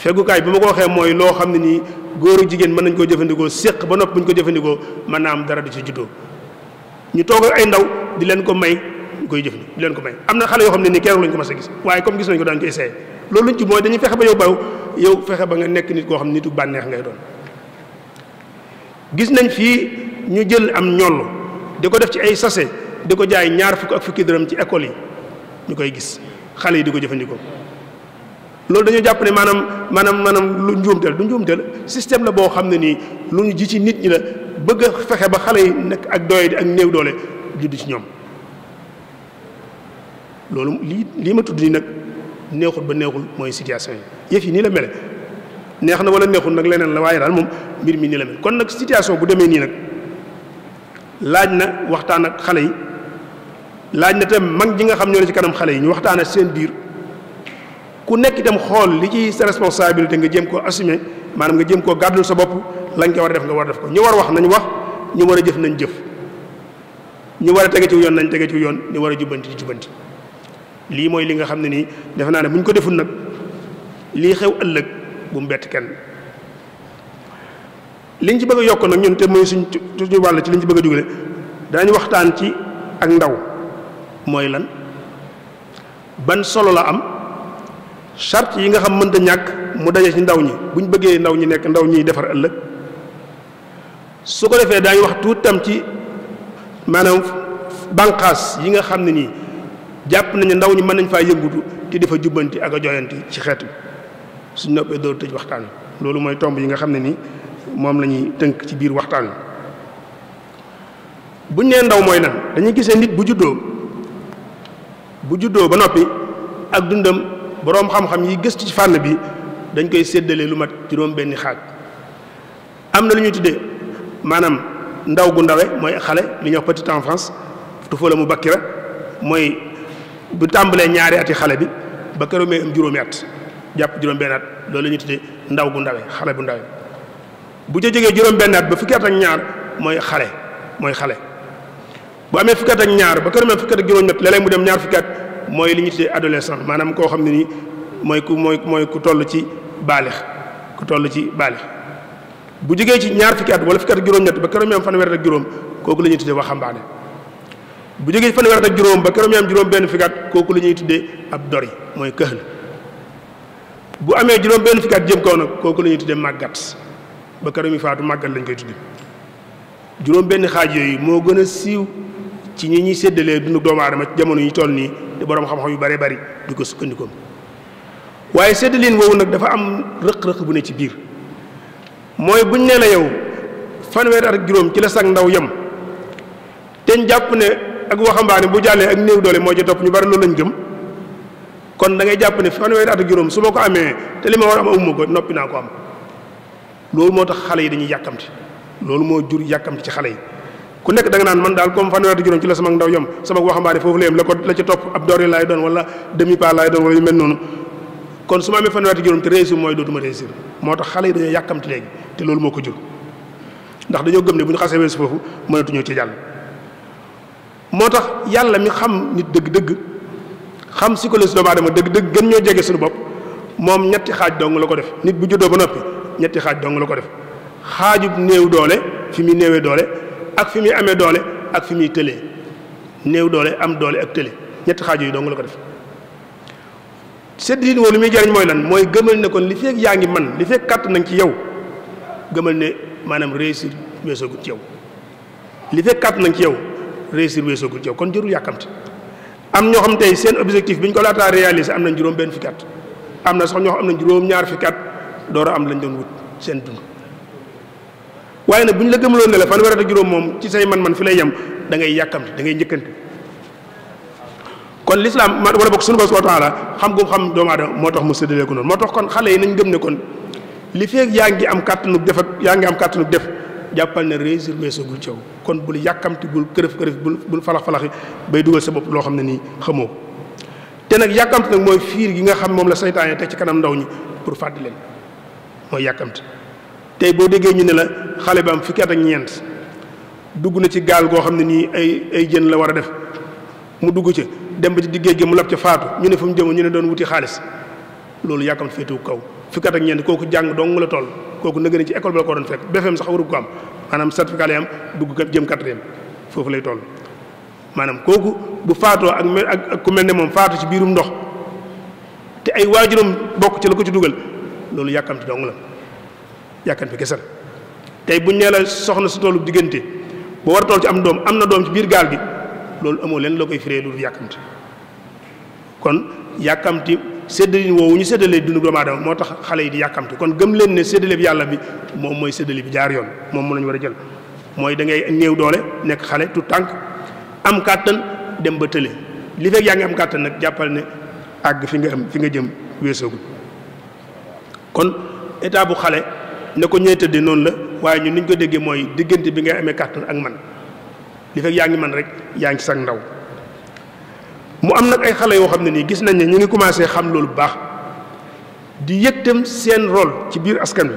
fegukaay bi ma ko waxee mooy loo xam ne nii góor ak jigéen mën nañ koo jëfandikoo séq ba nopp bu ñu ko jëfandikoo mën na am dara di ci juddoo ñu toog ak ay ndaw di leen ko may ñu koy jëfandikoo di leen ko may am na xale yoo xam ne nii keroog lañ ko mas a waaye comme gis nañ ko daan ko essayé loolu luñ ci mooy dañuy ba nga nekk nit koo xam ne nitu bànneex nañ fii ñu jël am ñollu di ko def ci ay sachet di ko jaay ñaar fukk ak fukki dërëm ci école yi ñu koy gis xale yi di ko jëfandikoo loolu dañoo jàpp ne maanaam maanaam maanaam lu njuumteel du njuumteel système la boo xam ne nii lu ñu ji ci nit ñi la bëgg a fexe ba xale yi nekk ak doye ak néew doole juddu ci ñoom loolu lii lii ma tudd nii nag neexul ba neexul mooy situation yi yëf yi nii la mele neex na wala neexul nag leneen la waaye daal moom mbir mi nii la mel kon nag situation bu demee nii nag laaj na waxtaan ak xale yi laaj na tam mag ji nga xam ñoo ne ci kanam xale yi ñu waxtaan ak seen biir ku nekk itam xool li ci sa responsabilité nga jëm ko assumer maanaam nga jëm koo gàddul sa bopp la nga war a def nga war a def ko ñu war a wax nañ wax ñu war a jëf nañ jëf ñu war a tege ci yoon nañ tege yoon ñu war a jubbanti di jubbanti lii mooy li nga xam ne nii defe naa ne bu ko deful nag lii xew ëllëg bu mu bett liñ ci bëgg a nag ñun te mooy suñ suñu wàll ci liñ ci bëgg a jugale danañ waxtaan ci ak ndaw mooy lan ban solo la am charte yi nga xam mënta ñàkk mu daje ci ndaw ñi bu ñu bëggee ndaw ñi nekk ndaw ñuy defar ëllëg su ko defee daañu wax tuuti tam ci maanaam banqaas yi nga xam ne ni jàpp nañu ndaw ñi mën nañ fa yëngutu di dafa jubbanti ak a ci xeet bi suñ noppee dooru tëj waxtaan loolu mooy tomb yi nga xam ne nii moom la ñuy tënk ci biir waxtaan buñ nee ndaw mooy lan dañu gisee nit bu juddoo bu juddoo ba noppi ak dundam boroom xam-xam yi gëstu ci fànn bi dañ koy séddalee lu mat juróom benni xaaj am na lu ñuy tuddee maanaam ndaw gu ndawe mooy xale li ñuy wax petite enfance tufa la mu bakkira mooy bu tàmbalee ñaari ati xale bi ba kër may am juróomi jàpp juróom benn at loolu la ñuy tuddee ndaw bu ndawe xale bu ndawe bu ca jógee juróom benn at ba fukki at ak ñaar mooy xale mooy xale bu amee fukki ak ñaar ba keroog may fukki at ak juróom ñett léeg mu dem ñaar fukki mooy li ñu tuddee adolescent maanaam koo xam ne nii mooy ku mooy mooy ku toll ci baalix ku toll ci baalix bu jegee ci ñaar fukki at wala juróom-ñett ba keroog mi am fanweer ak juróom kooku la ñuy tuddee waxambaane bu jógee ci ak juróom ba keroog mi am juróom benn fukki kooku la ñuy tuddee ab dori mooy këhël bu amee juróom benn fukki jëm kaw nag kooku la ñuy tuddee màggat ba keroog mi faatu màggat lañ koy tuddee juróom benn xaaj yooyu moo gën a siiw ci ñi ñuy séddalee dundu doomu adama jamono yi toll nii di borom xam-xam yu bare bari di ko sukkandikoom waaye séddaleen woowu nag dafa am rëq-rëq bu ne ci biir mooy buñ nee la yow fanweer ak juróom ci la sag ndaw yem teñ jàpp ne ak waxambaane bu jàllee ak néew doole moo ci topp ñu bari loolu lañ gëm kon da jàpp ne fanweeri at ak juróom su ma ko amee te li ma war am amuma ko noppi naa ko am loolu moo tax xale yi dañuy yàkkamti loolu moo jur yàkkamti ci xale yi ku nekk da naan man daal comme fanweer juróom ci la sama ndaw yom sama waxambaane foofu la yem la ko la ci topp ab wala demi pas laay doon wala yu mel noonu kon su ma amee fanweer di juróom te réussir mooy dootuma réussir moo tax xale yi dañoo yàkkamti léegi te loolu moo ko jur ndax dañoo gëm ne bu ñu xasee weesu foofu mënatuñu ci jàll moo tax yàlla mi xam nit dëgg-dëgg xam si ko psychologie doomu aadama dëgg-dëgg gën ñoo jege suñu bopp moom ñetti xaaj dong la ko def nit bu juddoo ba noppi ñetti dong la ko def xaajub néew doole fi muy néewee doole ak fi muy amee doole ak fi muy tëlee néew doole am doole ak tële ñetti xaaju yi dong la ko def seddin woo lu muy jariñ mooy lan mooy gëmal ne kon li fekk yaa ngi man li fekk kàtt nañ ci yow gëmal ne maanaam réussir weesoogut ci yow li nañ ci yow réussir weesoogut ci yow kon jërul yàkkamti am ñoo xam tey seen objectif bi ñu ko laataa réaliser am nañ juróom benn fukki am na sax ñoo xam am nañ juróom ñaar fukki at door am lañ doon wut seen dund waaye nag bu ñu la gëmaloon ne la fanweer ak juróom moom ci say man-man fi lay yem da yàkkamti dangay ngay njëkkante kon lislaam man wala bokk sunu bopp subhaanahu wa taala xam gu xam doomu aadama moo tax mu séddalee ko noonu moo tax kon xale yi nañ gëm ne kon li feeg yaa ngi am kàttanu def ak yaa ngi am kàttanu def jàppal ne réussir weesagul caw kon bul yàkkamti bul kërëf kërëf bul bul falax-falaxi bay dugal sa bopp loo xam ne nii xamoo te nag yàkkamti nag mooy fiir gi nga xam moom la seytaane teg ci kanam ndaw ñi pour fàttali leen mooy yàkkamti tey boo déggee ñu ne la xale bi am fukki ak ñeent dugg na ci gaal goo xam ne nii ay ay jën la war a def mu dugg ca dem ba ci diggéej gi mu lab ca faatu ñu ne fa mu jëmoon ñu ne doon wuti xaalis loolu yàkkam féetu kaw fukki at ak ñeent kooku jàng dong la toll kooku nëgë ni ci école ba la ko doon fekk BFEM sax waru ko am maanaam certificat lay am dugg kat jëm quatrième foofu lay toll maanaam kooku bu faatoo ak ak ku mel ne moom faatu ci biirum ndox te ay waajuram bokk ci la ko ci dugal loolu yàkkamti dong la yàkkamti kese tey bu nee la soxna si toolu diggante boo war a toll ci am doom am na doom ci biir gaal gi loolu amoo leen loo koy firee lu yàkkamti kon yàkkamti séddalin woowu ñu séddalee dundu doomu moo tax xale yi di yàkkamti kon gëm leen ne séddaleeb bi yàlla bi moom mooy séddale bi jaar yoon moom mu lañu war a jël mooy dangay ngay néew doole nekk xale tout tànk am kàttan dem ba tële li fekk yaa ngi am kàttan nag jàppal ne àgg fi nga am fi nga jëm weesoogu kon ne ko ñee tëddee noonu la waaye ñun niñ ko déggee mooy diggante bi ngay amee kàttan ak man li fekk yaa ngi man rek yaa ngi sag ndaw mu am nag ay xale yoo xam ne nii gis nañ ne ñu ngi commencé xam loolu baax di yëgtam seen rôle ci biir askan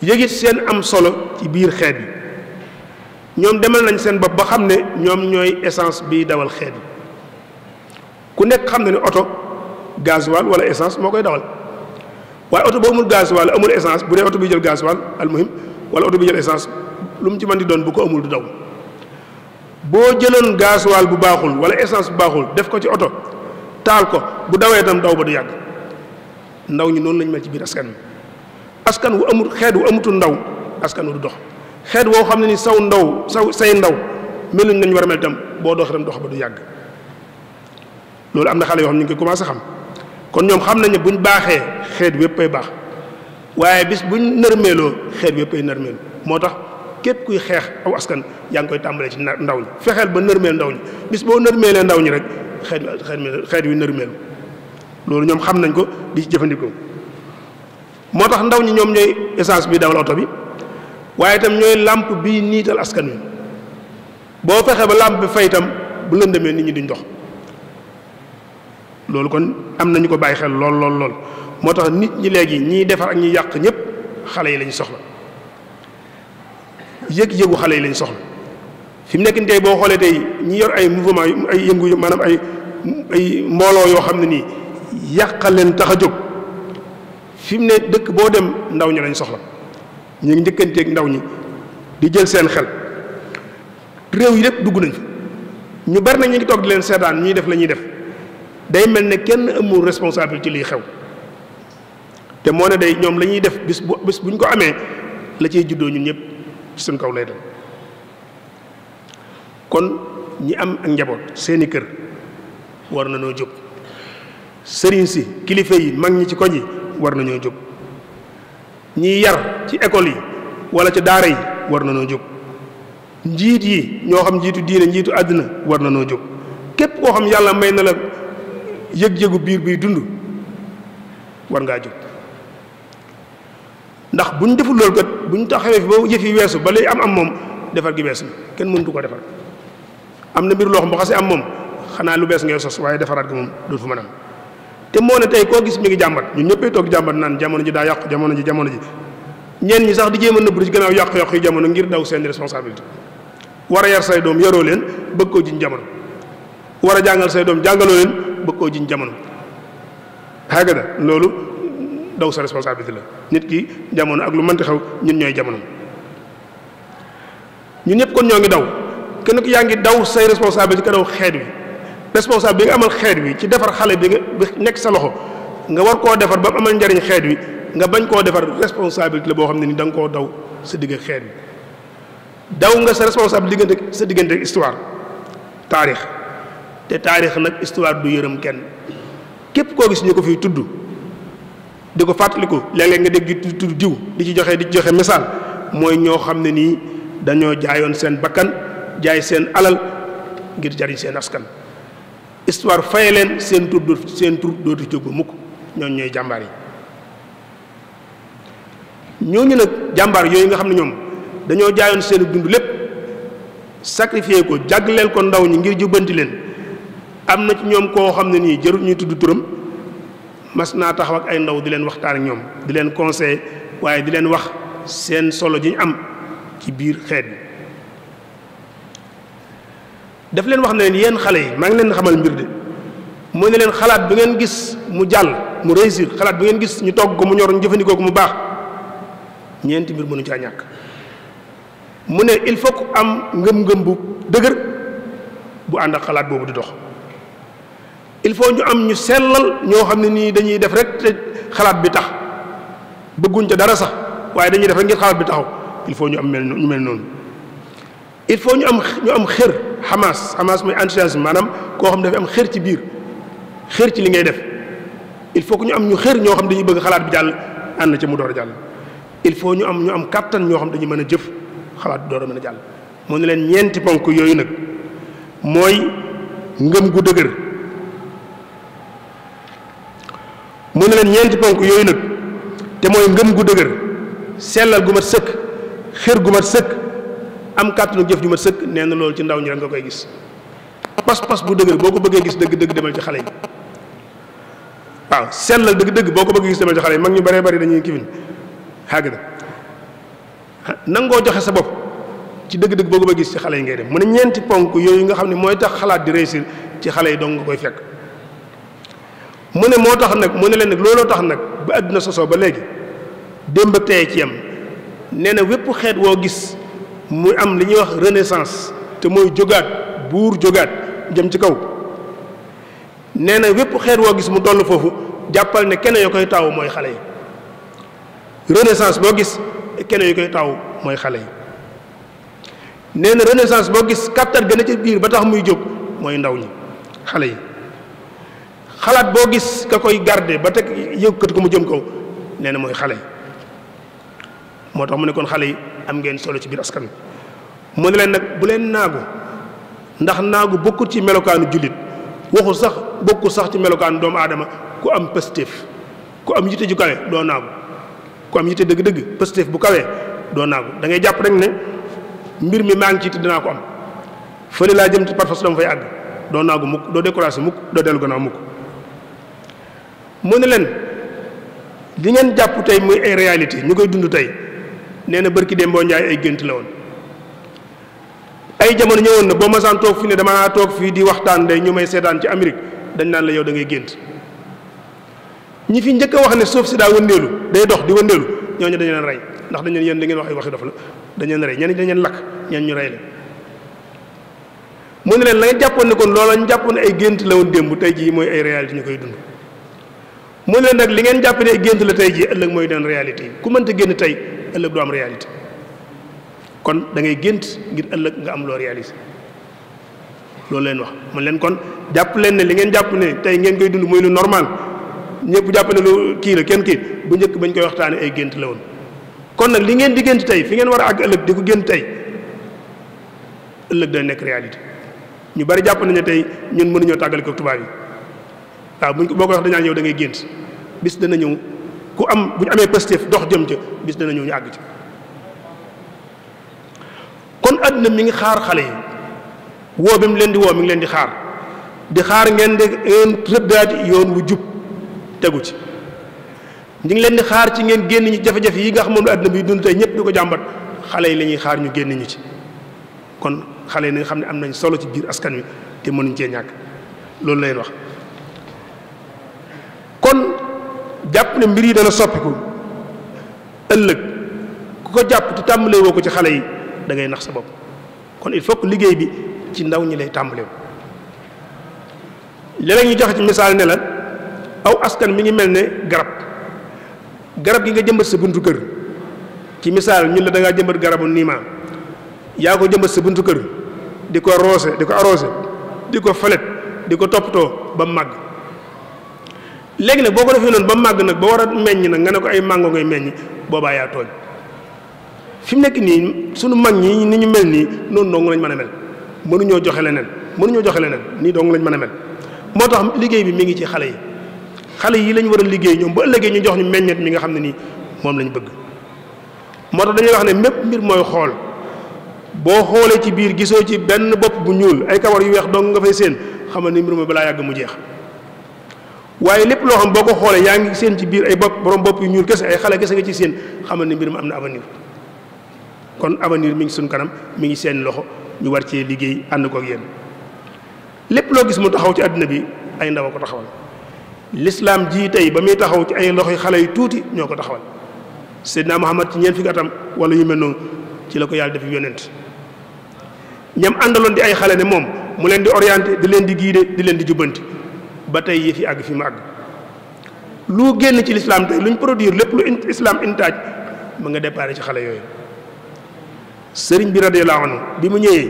wi yëgit seen am solo ci biir xeet bi ñoom demal nañ seen bopp ba xam ne ñoom ñooy essence biy dawal xeet bi ku nekk xam na ne oto gasoil wala essence moo koy dawal waaye oto bu amul gasoil amul essence bu dee oto bi jël gasoil almuhim wala oto bi jël essence lu mu ci man di doon bu ko amul du daw boo jëloon gasoil bu baaxul wala essence bu baaxul def ko ci oto taal ko bu dawee itam daw ba du yàgg ndaw ñi noonu lañ mel ci biir askan mi askan wu amul xeet wu amutul ndaw askan wu du dox xeet woo xam ne ni saw ndaw saw say ndaw meluñ nañ war a mel itam boo dox itam dox ba du yàgg loolu am na xale yoo xam ñu ngi koy commencé xam kon ñoom xam nañ ne buñ baaxee xeet wéppay baax waaye bis buñ nërmeeloo xeet wéppay nërmeel moo tax képp kuy xeex aw askan yaa ngi koy tàmbalee ci ndaw ñi fexeel ba nërmeel ndaw ñi bis boo nërmeelee ndaw ñi rek xeet xeet wi nërmeelu loolu ñoom xam nañ ko di jëfandikoo moo tax ndaw ñi ñoom ñoy essence bi dawal oto bi waaye tam ñooy làmp bi niital askan wi boo fexe ba làmp bi fay itam bu lëndamee nit ñi duñ dox loolu kon am nañu ko bàyyi xel lool lool lool moo tax nit ñi léegi ñiy defar ak ñiy yàq ñëpp xale yi lañu soxla yëg-yëgu xale yi lañ soxla fi mu nekk nii boo xoolee tey ñi yor ay mouvement ay yëngu maanaam ay ay mbooloo yoo xam ne nii yàqal leen tax a jóg fi mu ne dëkk boo dem ndaw ñi lañ soxla ñu ngi njëkkanteeg ndaw ñi di jël seen xel réew yi lépp dugg nañ ñu bari na ñu ngi toog di leen seetaan ñuy def la ñuy def. day mel ne kenn amul responsable ci liy xew te moo ne day ñoom la ñuy def bis bu bis bu ñu ko amee la ciy juddoo ñun ñëpp ci suñ kaw lay dal kon ñi am ak njaboot seeni kër war na noo jóg sëriñ si kilifa yi mag ñi ci koñ yi war na ñoo jóg ñiy yar ci école yi wala ci daara yi war na noo jóg njiit yi ñoo xam njiitu diine njiitu àddina war na noo jóg képp koo xam yàlla may na la yëg-yëgu biir bii dund war ngaa jóg ndax bu ñu deful lool kat bu ñu xawee fi ba yëf yi weesu ba lay am am moom defar gi bees na kenn mëntu ko defar am na mbir loo xam bu xasee am moom xanaa lu bees ngay sos waaye defaraat gi moom dootu fa mën am te moo ne tey koo gis mi ngi jàmbat ñun ñëppay toog jàmbat naan jamono ji daa yàqu jamono ji jamono ji ñenn ñi sax di jéem a nëbbu ci gannaaw yàqu-yàqu yi jamono ngir daw seen responsabilité war a yar say doom yaroo leen bëgg koo jiñ jamono war a jàngal say doom jàngaloo leen bëgg koo jiñ jamono xaagada loolu daw sa responsabilité la nit ki jamono ak lu mënti xew ñun ñooy jamono ñun ñëpp kon ñoo ngi daw kenn ku yaa ngi daw say responsabilité ka daw xeet wi responsable bi nga amal xeet wi ci defar xale bi nga nekk sa loxo nga war koo defar ba mu amal njariñ xeet wi nga bañ koo defar responsabilité la boo xam ne ni danga koo daw sa digg xeet wi daw nga sa responsable diggante sa diggante histoire taarix te taarix nag histoire du yërëm kenn képp koo gis ñu ko fiy tudd di ko fàttaliku léeg-léeg nga dégg di tudd diw di ci joxe di ci joxe misaal mooy ñoo xam ne nii dañoo jaayoon seen bakkan jaay seen alal ngir jariñ seen askan histoire faye leen seen tur seen tur dootu jóg ba mukk jàmbaar yi ñooñu nag jàmbaar yooyu nga xam ne ñoom dañoo jaayoon seen dund lépp sacrifié ko leen ko ndaw ñi ngir jubbanti leen am na ci ñoom koo xam ne nii jarul ñuy tudd turam mas naa taxaw ak ay ndaw di leen waxtaan ak ñoom di leen conseil waaye di leen wax seen solo ji ñu am ci biir xeet bi daf leen wax ne leen yéen xale yi maa ngi leen xamal mbir de mooy ne leen xalaat bi ngeen gis mu jàll mu réussir xalaat bi ngeen gis ñu togg ko mu ñor ñu jëfandikoo ko mu baax ñeenti mbir mënu caa ñàkk mu ne il faut am ngëm-ngëm bu dëgër bu ànd ak xalaat boobu di dox il faut ñu am ñu sellal ñoo xam ne nii dañuy def rek xalaat bi tax bëgguñ ca dara sax waaye dañuy def rek ngir xalaat bi taxaw il faut ñu am mel ñu mel noonu il faut ñu am ñu am xër xamaas xamaas mooy enthousiasme maanaam koo xam ne dafay am xër ci biir xër ci li ngay def il faut ñu am ñu xër ñoo xam dañuy bëgg xalaat bi jàll ànd ci mu door a jàll il faut ñu am ñu am kàttan ñoo xam dañuy mën a jëf xalaat bi door a mën a jàll moo ne leen ñeenti ponk yooyu nag mooy ngëm gu dëgër mu ne leen ñeenti ponk yooyu nag te mooy ngëm gu dëgër sellal gu mat sëkk xër gu mat sëkk am kàttanu jëf ju mat sëkk nee na loolu ci ndaw ñi rek nga koy gis pas-pas bu dëgër boo ko bëggee gis dëgg-dëgg demal ci xale yi waaw sellal dëgg boo ko bëggee gis demal ci xale mag ñu baree bari dañuy kifin xàgg na nangoo joxe sa bopp ci dëgg-dëgg boo ko bëggee gis ci xale yi ngay dem mu ne ñeenti ponk yooyu nga xam ne mooy tax xalaat di réussir ci xale yi dong nga koy fekk mu ne moo tax nag mu ne leen nag looloo tax nag ba àdduna sosoo ba léegi démb ak tey ci yem nee na wépp xeet woo gis mu am li ñuy wax renaissance te mooy jógaat buur jógaat jëm ci kaw nee na wépp xeet woo gis mu toll foofu jàppal ne keneen yoo koy taaw mooy xale yi renaissance boo gis keneen yu koy taaw mooy xale yi nee na renaissance boo gis kàttan gën a ci biir ba tax muy jóg mooy ndaw ñi xale yi xalaat boo gis ka koy garde ba teg yëkkati ko mu jëm kaw nee na mooy xale yi moo tax mu ne kon xale yi am ngeen solo ci biir askan wi mu ne leen nag bu leen naagu ndax naagu bokkul ci melokaanu jullit waxul sax bokkul sax ci melokaanu doomu aadama ku am pëstéef ku am yitte ju kawe doo naagu ku am yitte dëgg-dëgg pëstéef bu kawee doo naagu da ngay jàpp rek ne mbir mi maa ngi ci te dinaa ko am fële laa jëm ci parfas dama fay àgg doo naagu mukk doo découragé mukk doo dellu gannaaw mu ne leen li ngeen jàpp tey muy ay réalité ñu koy dund tey nee na barki Demba Njaay ay gént la woon ay jamono ñëwoon na boo masaan toog fii ne damaa toog fii di waxtaan day ñu may seetaan ci Amérique dañ naan la yow da ngay gént ñi fi njëkk wax ne suuf si daa wëndeelu day dox di wëndeelu ñooñu dañ leen rey ndax dañu leen yéen da ngeen wax ay waxi dof la dañu leen rey ñenn dañu leen lakk ñenn ñu rey la mu ne leen la nga jàppoon ne kon loola ñu jàppoon ay gént la woon tey jii mooy ay réalité ñu koy dund mu leen nag li ngeen jàpp ne gént la tey jii ëllëg mooy doon réalité yi ku mënta génn tey ëllëg du am réalité kon dangay gént ngir ëllëg nga am loo réalisé loolu leen wax mu leen kon jàpp leen ne li ngeen jàpp ne tey ngeen koy dund mooy lu normal ñëpp jàpp ne lu kii la kenn kii bu njëkk bañ koy waxtaanee ay gént la woon kon nag li ngeen di gént tey fi ngeen war a àgg ëllëg di ko génn tey ëllëg day nekk réalité ñu bari jàpp nañu ne tey ñun mënuñoo tàggale ko tubaab yi waaw buñ ko boo ko wax dañaa ñëw da ngay gént bis dana ñëw ku am bu ñu amee positif dox jëm ca bis dana ñu àgg ci kon àdduna mi ngi xaar xale yi woo bi leen di woo mi ngi leen di xaar di xaar ngeen di ngeen rëddaat yoon wu tegu ci ñu ngi leen di xaar ci génn ñi jafe-jafe nga xam moom àdduna bi dund ñëpp di ko jàmbat xale yi la ñuy xaar ñu génn ci kon xale yi na xam ne am nañ solo ci biir askan wi te mënuñ cee ñàkk loolu lay wax kon jàpp ne mbir yi dana soppiku ëllëg ku ko jàpp te tàmbalee ko ci xale yi dangay nax sa bopp kon il faut liggéey bi ci ndaw ñi lay tàmbalee wu léeg ñu joxe ci misaal ne la aw askan mi ngi mel ne garab garab gi nga jëmbat si buntu kër ci misaal ñun la da ngaa jëmbat garabu niimaa yaa ko jëmbat sa buntu kër di ko roose di ko arrosé di ko falet di ko toppatoo ba màgg léegi nag boo ko defee noonu ba màgg nag ba war a meññ nag nga ne ko ay màngo ngay meññ boobaa tooñ fi mu nekk nii sunu mag ñi ni ñu mel nii noonu dong lañ mën a mel mënuñoo joxe leneen mënuñoo joxe leneen nii dong lañ mën a mel moo tax liggéey bi mi ngi ci xale yi xale yi lañ war a liggéey ñoom ba ëllëgee ñu jox ñu meññet mi nga xam ne nii moom lañu bëgg moo tax dañuy wax ne mépp mbir mooy xool boo xoolee ci biir gisoo ci benn bopp bu ñuul ay kawar yu weex dong nga fay séen xamal ni mbir mooy balaa yàgg mu jeex waaye lépp loo xam boo ko xoolee yaa ngi seen ci biir ay bopp borom bopp yu ñuul kese ay xale kese nga ci seen xamal ne mbir mi am na avenir kon avenir mi ngi suñ kanam mi ngi seen loxo ñu war cee liggéey ànd ko ak lépp loo gis mu taxaw ci àddina bi ay ndaw a ko taxawal lislaam ji tey ba muy taxaw ci ay loxoy xale yi tuuti ñoo ko taxawal Seydina Muhammad ci ñeent fukki atam wala yu mel noonu ci la ko yàlla def yonent ñam àndaloon di ay xale ne moom mu leen di orienté di leen di guider di leen di jubbanti ba tey yëf yi àgg fi mu àgg lu génn ci lislaam tey luñ produire lépp lu islaam intaaj mu nga déparé ci xale yooyu sëriñ bi radiyallahu anhu bi mu ñëwee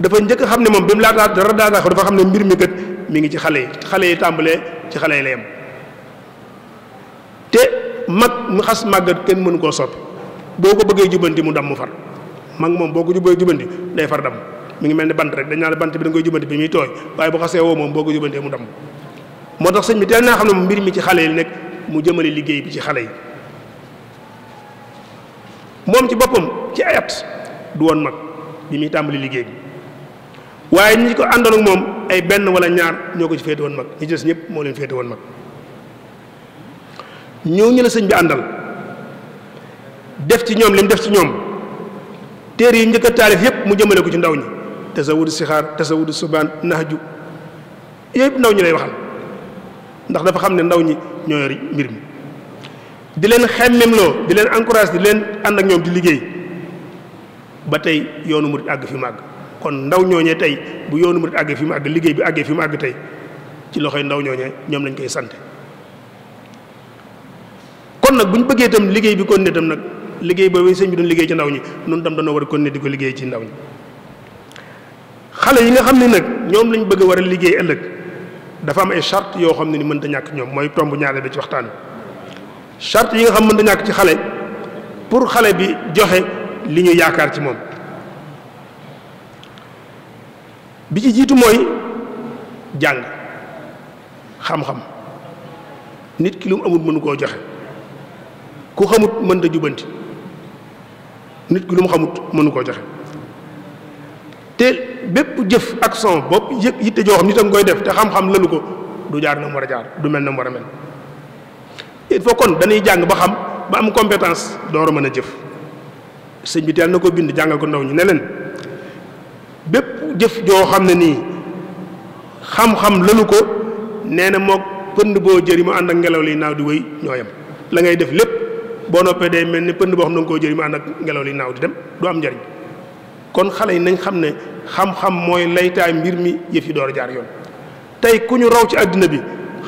dafa njëkk xam ne moom bi mu laataa dara daataako dafa xam ne mbir mi kat mi ngi ci xale yi xale yi tàmbalee ci xale yi la yem te mag mu xas màggat kenn mënu koo soppi boo ko bëggee jubanti mu dam mu far mag moom boo ko bëggee jubanti day far dam mu ngi mel ni bant rek dañ naa bant bi da nga bi muy tooy waaye bu xasee woo moom boo ko jubantee mu damm moo tax sëñ bi teel naa xam ne moom mbir mi ci xale yi nekk mu jëmale liggéey bi ci xale ci boppam ci ayat du woon mag bi muy tàmbali liggéey waaye ñi ko àndoon moom ay benn wala ñaar ñoo ko ci féete woon mag ñi des ñëpp moo leen féete woon mag ñëw ñu la sëñ bi àndal def ci ñoom li def ci ñoom teer yi njëkk a taalif yëpp mu jëmale ko ci ndaw ñi tasawudu sixaar tasawudu subaan nahju yëpp ndaw ñi lay waxal ndax dafa xam ne ndaw ñi ñoo mbir mi di leen xemmemloo di leen encourage di leen ànd ak ñoom di liggéey ba tey yoonu murit àgg fi mu àgg kon ndaw ñooñee tey bu yoonu murit àggee fi mu àgg liggéey bi àggee fi mu àgg tey ci loxoy ndaw ñooñee ñoom lañ koy sant kon nag bu ñu bëggee itam liggéey bi kon ne itam nag liggéey boobu sëñ bi doon liggéey ci ndaw ñi noonu tam dañoo war a kon di ko liggéey ci ndaw ñi xale yi nga xam ne nag ñoom lañu bëgg a war a liggéey ëllëg dafa am ay charte yoo xam ne ni mën ta ñàkk ñoom mooy tomb ñaare bi ci waxtaan charte yi nga xam mën ta ci xale pour xale bi joxe li ñu yaakaar ci moom bi ci jiitu mooy jàng xam-xam nit ki lu mu amul mënu koo joxe ku xamut mën ta jubanti nit ki lu mu xamut mënu koo joxe bépp jëf ak son bopp yëpp yitte joo xam ni tam koy def te xam-xam lalu ko du jaar na mu war a jaar du mel na mu war a mel il faut kon dañuy jàng ba xam ba am compétence door a mën a jëf sëñ bi teel na ko bind jàngal ko ndaw ñu ne leen bépp jëf joo xam ne nii xam-xam lalu ko nee na moog pënd boo jëri mu ànd ak ngelaw li naaw di wéy ñooyam la ngay def lépp boo noppee day mel ni pënd boo xam ne danga koo jëri mu ànd ak ngelaw li naaw di dem du am kon xale yi nañ xam ne xam-xam mooy laytaay mbir mi yëf yi door jaar yoon tey ku ñu raw ci àddina bi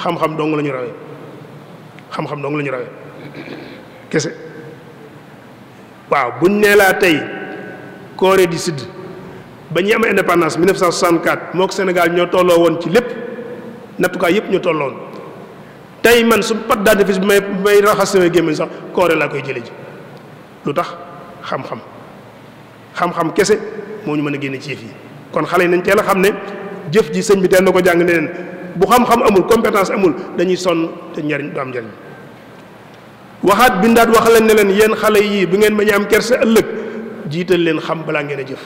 xam-xam dong la ñu rawee xam-xam dong la ñu rawee kese waaw buñ nee laa tey Corée du Sud ba ñuy am indépendance 1964 moo mook Sénégal ñoo tolloo woon ci lépp nattukaay yëpp ñoo tolloon tey man su pat dentifrice bi may may raxas sama gémmiñ sax Corée laa koy jële ji lu tax xam-xam xam-xam kese moo ñu mën a génne ci yi kon xale yi nañ teel a xam ne jëf ji sëñ bi teel na ko jàng ne leen bu xam-xam amul compétence amul dañuy sonn te njariñ du am njariñ waxaat bindaat wax leen ne leen yéen xale yii bu ngeen bañ am kerse ëllëg jiital leen xam balaa ngeen a jëf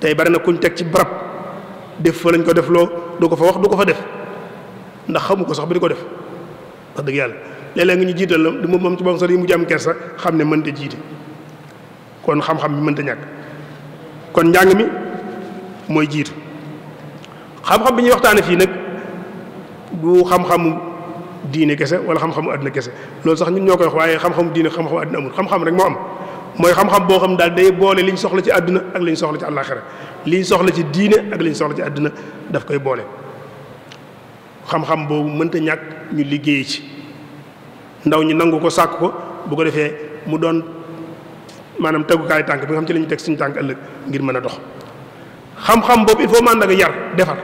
tey bari na kuñ teg ci barab def foo lañ ko def loo du ko fa wax du ko fa def ndax xamu ko sax bi di ko def wax dëgg yàlla léeg nga ñu jiital la moom moom ci boppam sax yi mu ci am kersa xam ne mën te jiite kon xam-xam bi mënta ñàkk kon njàng mi mooy jiitu xam-xam bi ñuy waxtaane fii nag bu xam-xamu diine kese wala xam-xamu àdduna kese loolu sax ñun ñoo koy waaye xam-xamu diine xam-xamu àdduna amul xam-xam rek moo am mooy xam-xam boo xam daal day boole liñ soxla ci àddina ak liñ soxla ci àllaaxira liñ soxla ci diine ak liñ soxla ci àddina daf koy boole xam-xam boobu mënta ñàkk ñu liggéey ci ndaw ñu nangu ko sàkk ko bu ko defee mu doon maanaam tegukaay tànk bi nga xam ci la ñu teg suñu tànk ëllëg ngir mën a dox xam-xam boobu il faut man yar defar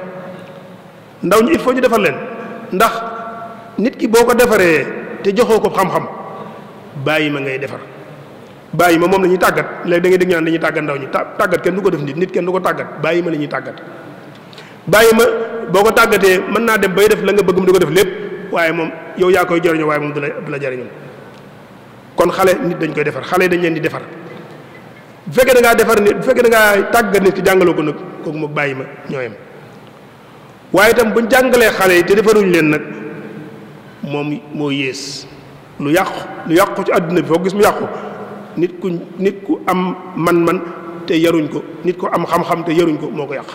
ndaw ñi il faut ñu defar leen ndax nit ki boo ko defaree te joxoo ko xam-xam bàyyi ma ngay defar bàyyi ma moom la tàggat léegi da ngay dégg ñaan dañuy tàggat ndaw ñi tàggat kenn du ko def nit nit kenn du ko tàggat bàyyi ma la ñuy tàggat bàyyi ma boo ko tàggatee mën naa dem bay def la nga bëgg mu di ko def lépp waaye moom yow yaa koy jariñoo waaye moom du la du la jariñoo kon xale nit dañ koy defar xale dañ leen di defar bu fekkee da ngaa defar nit bu fekkee da ngaa tàggat nit ki jàngaloo ko nag kooku moom bàyyi ma ñooyam waaye tam buñ jàngalee xale yi te defaruñ leen nag moom moo yées lu yàq lu yàqu ci àdduna bi foo gis mu yàqu nit ku nit ku am man-man te yaruñ ko nit ku am xam-xam te yaruñ ko moo ko yàq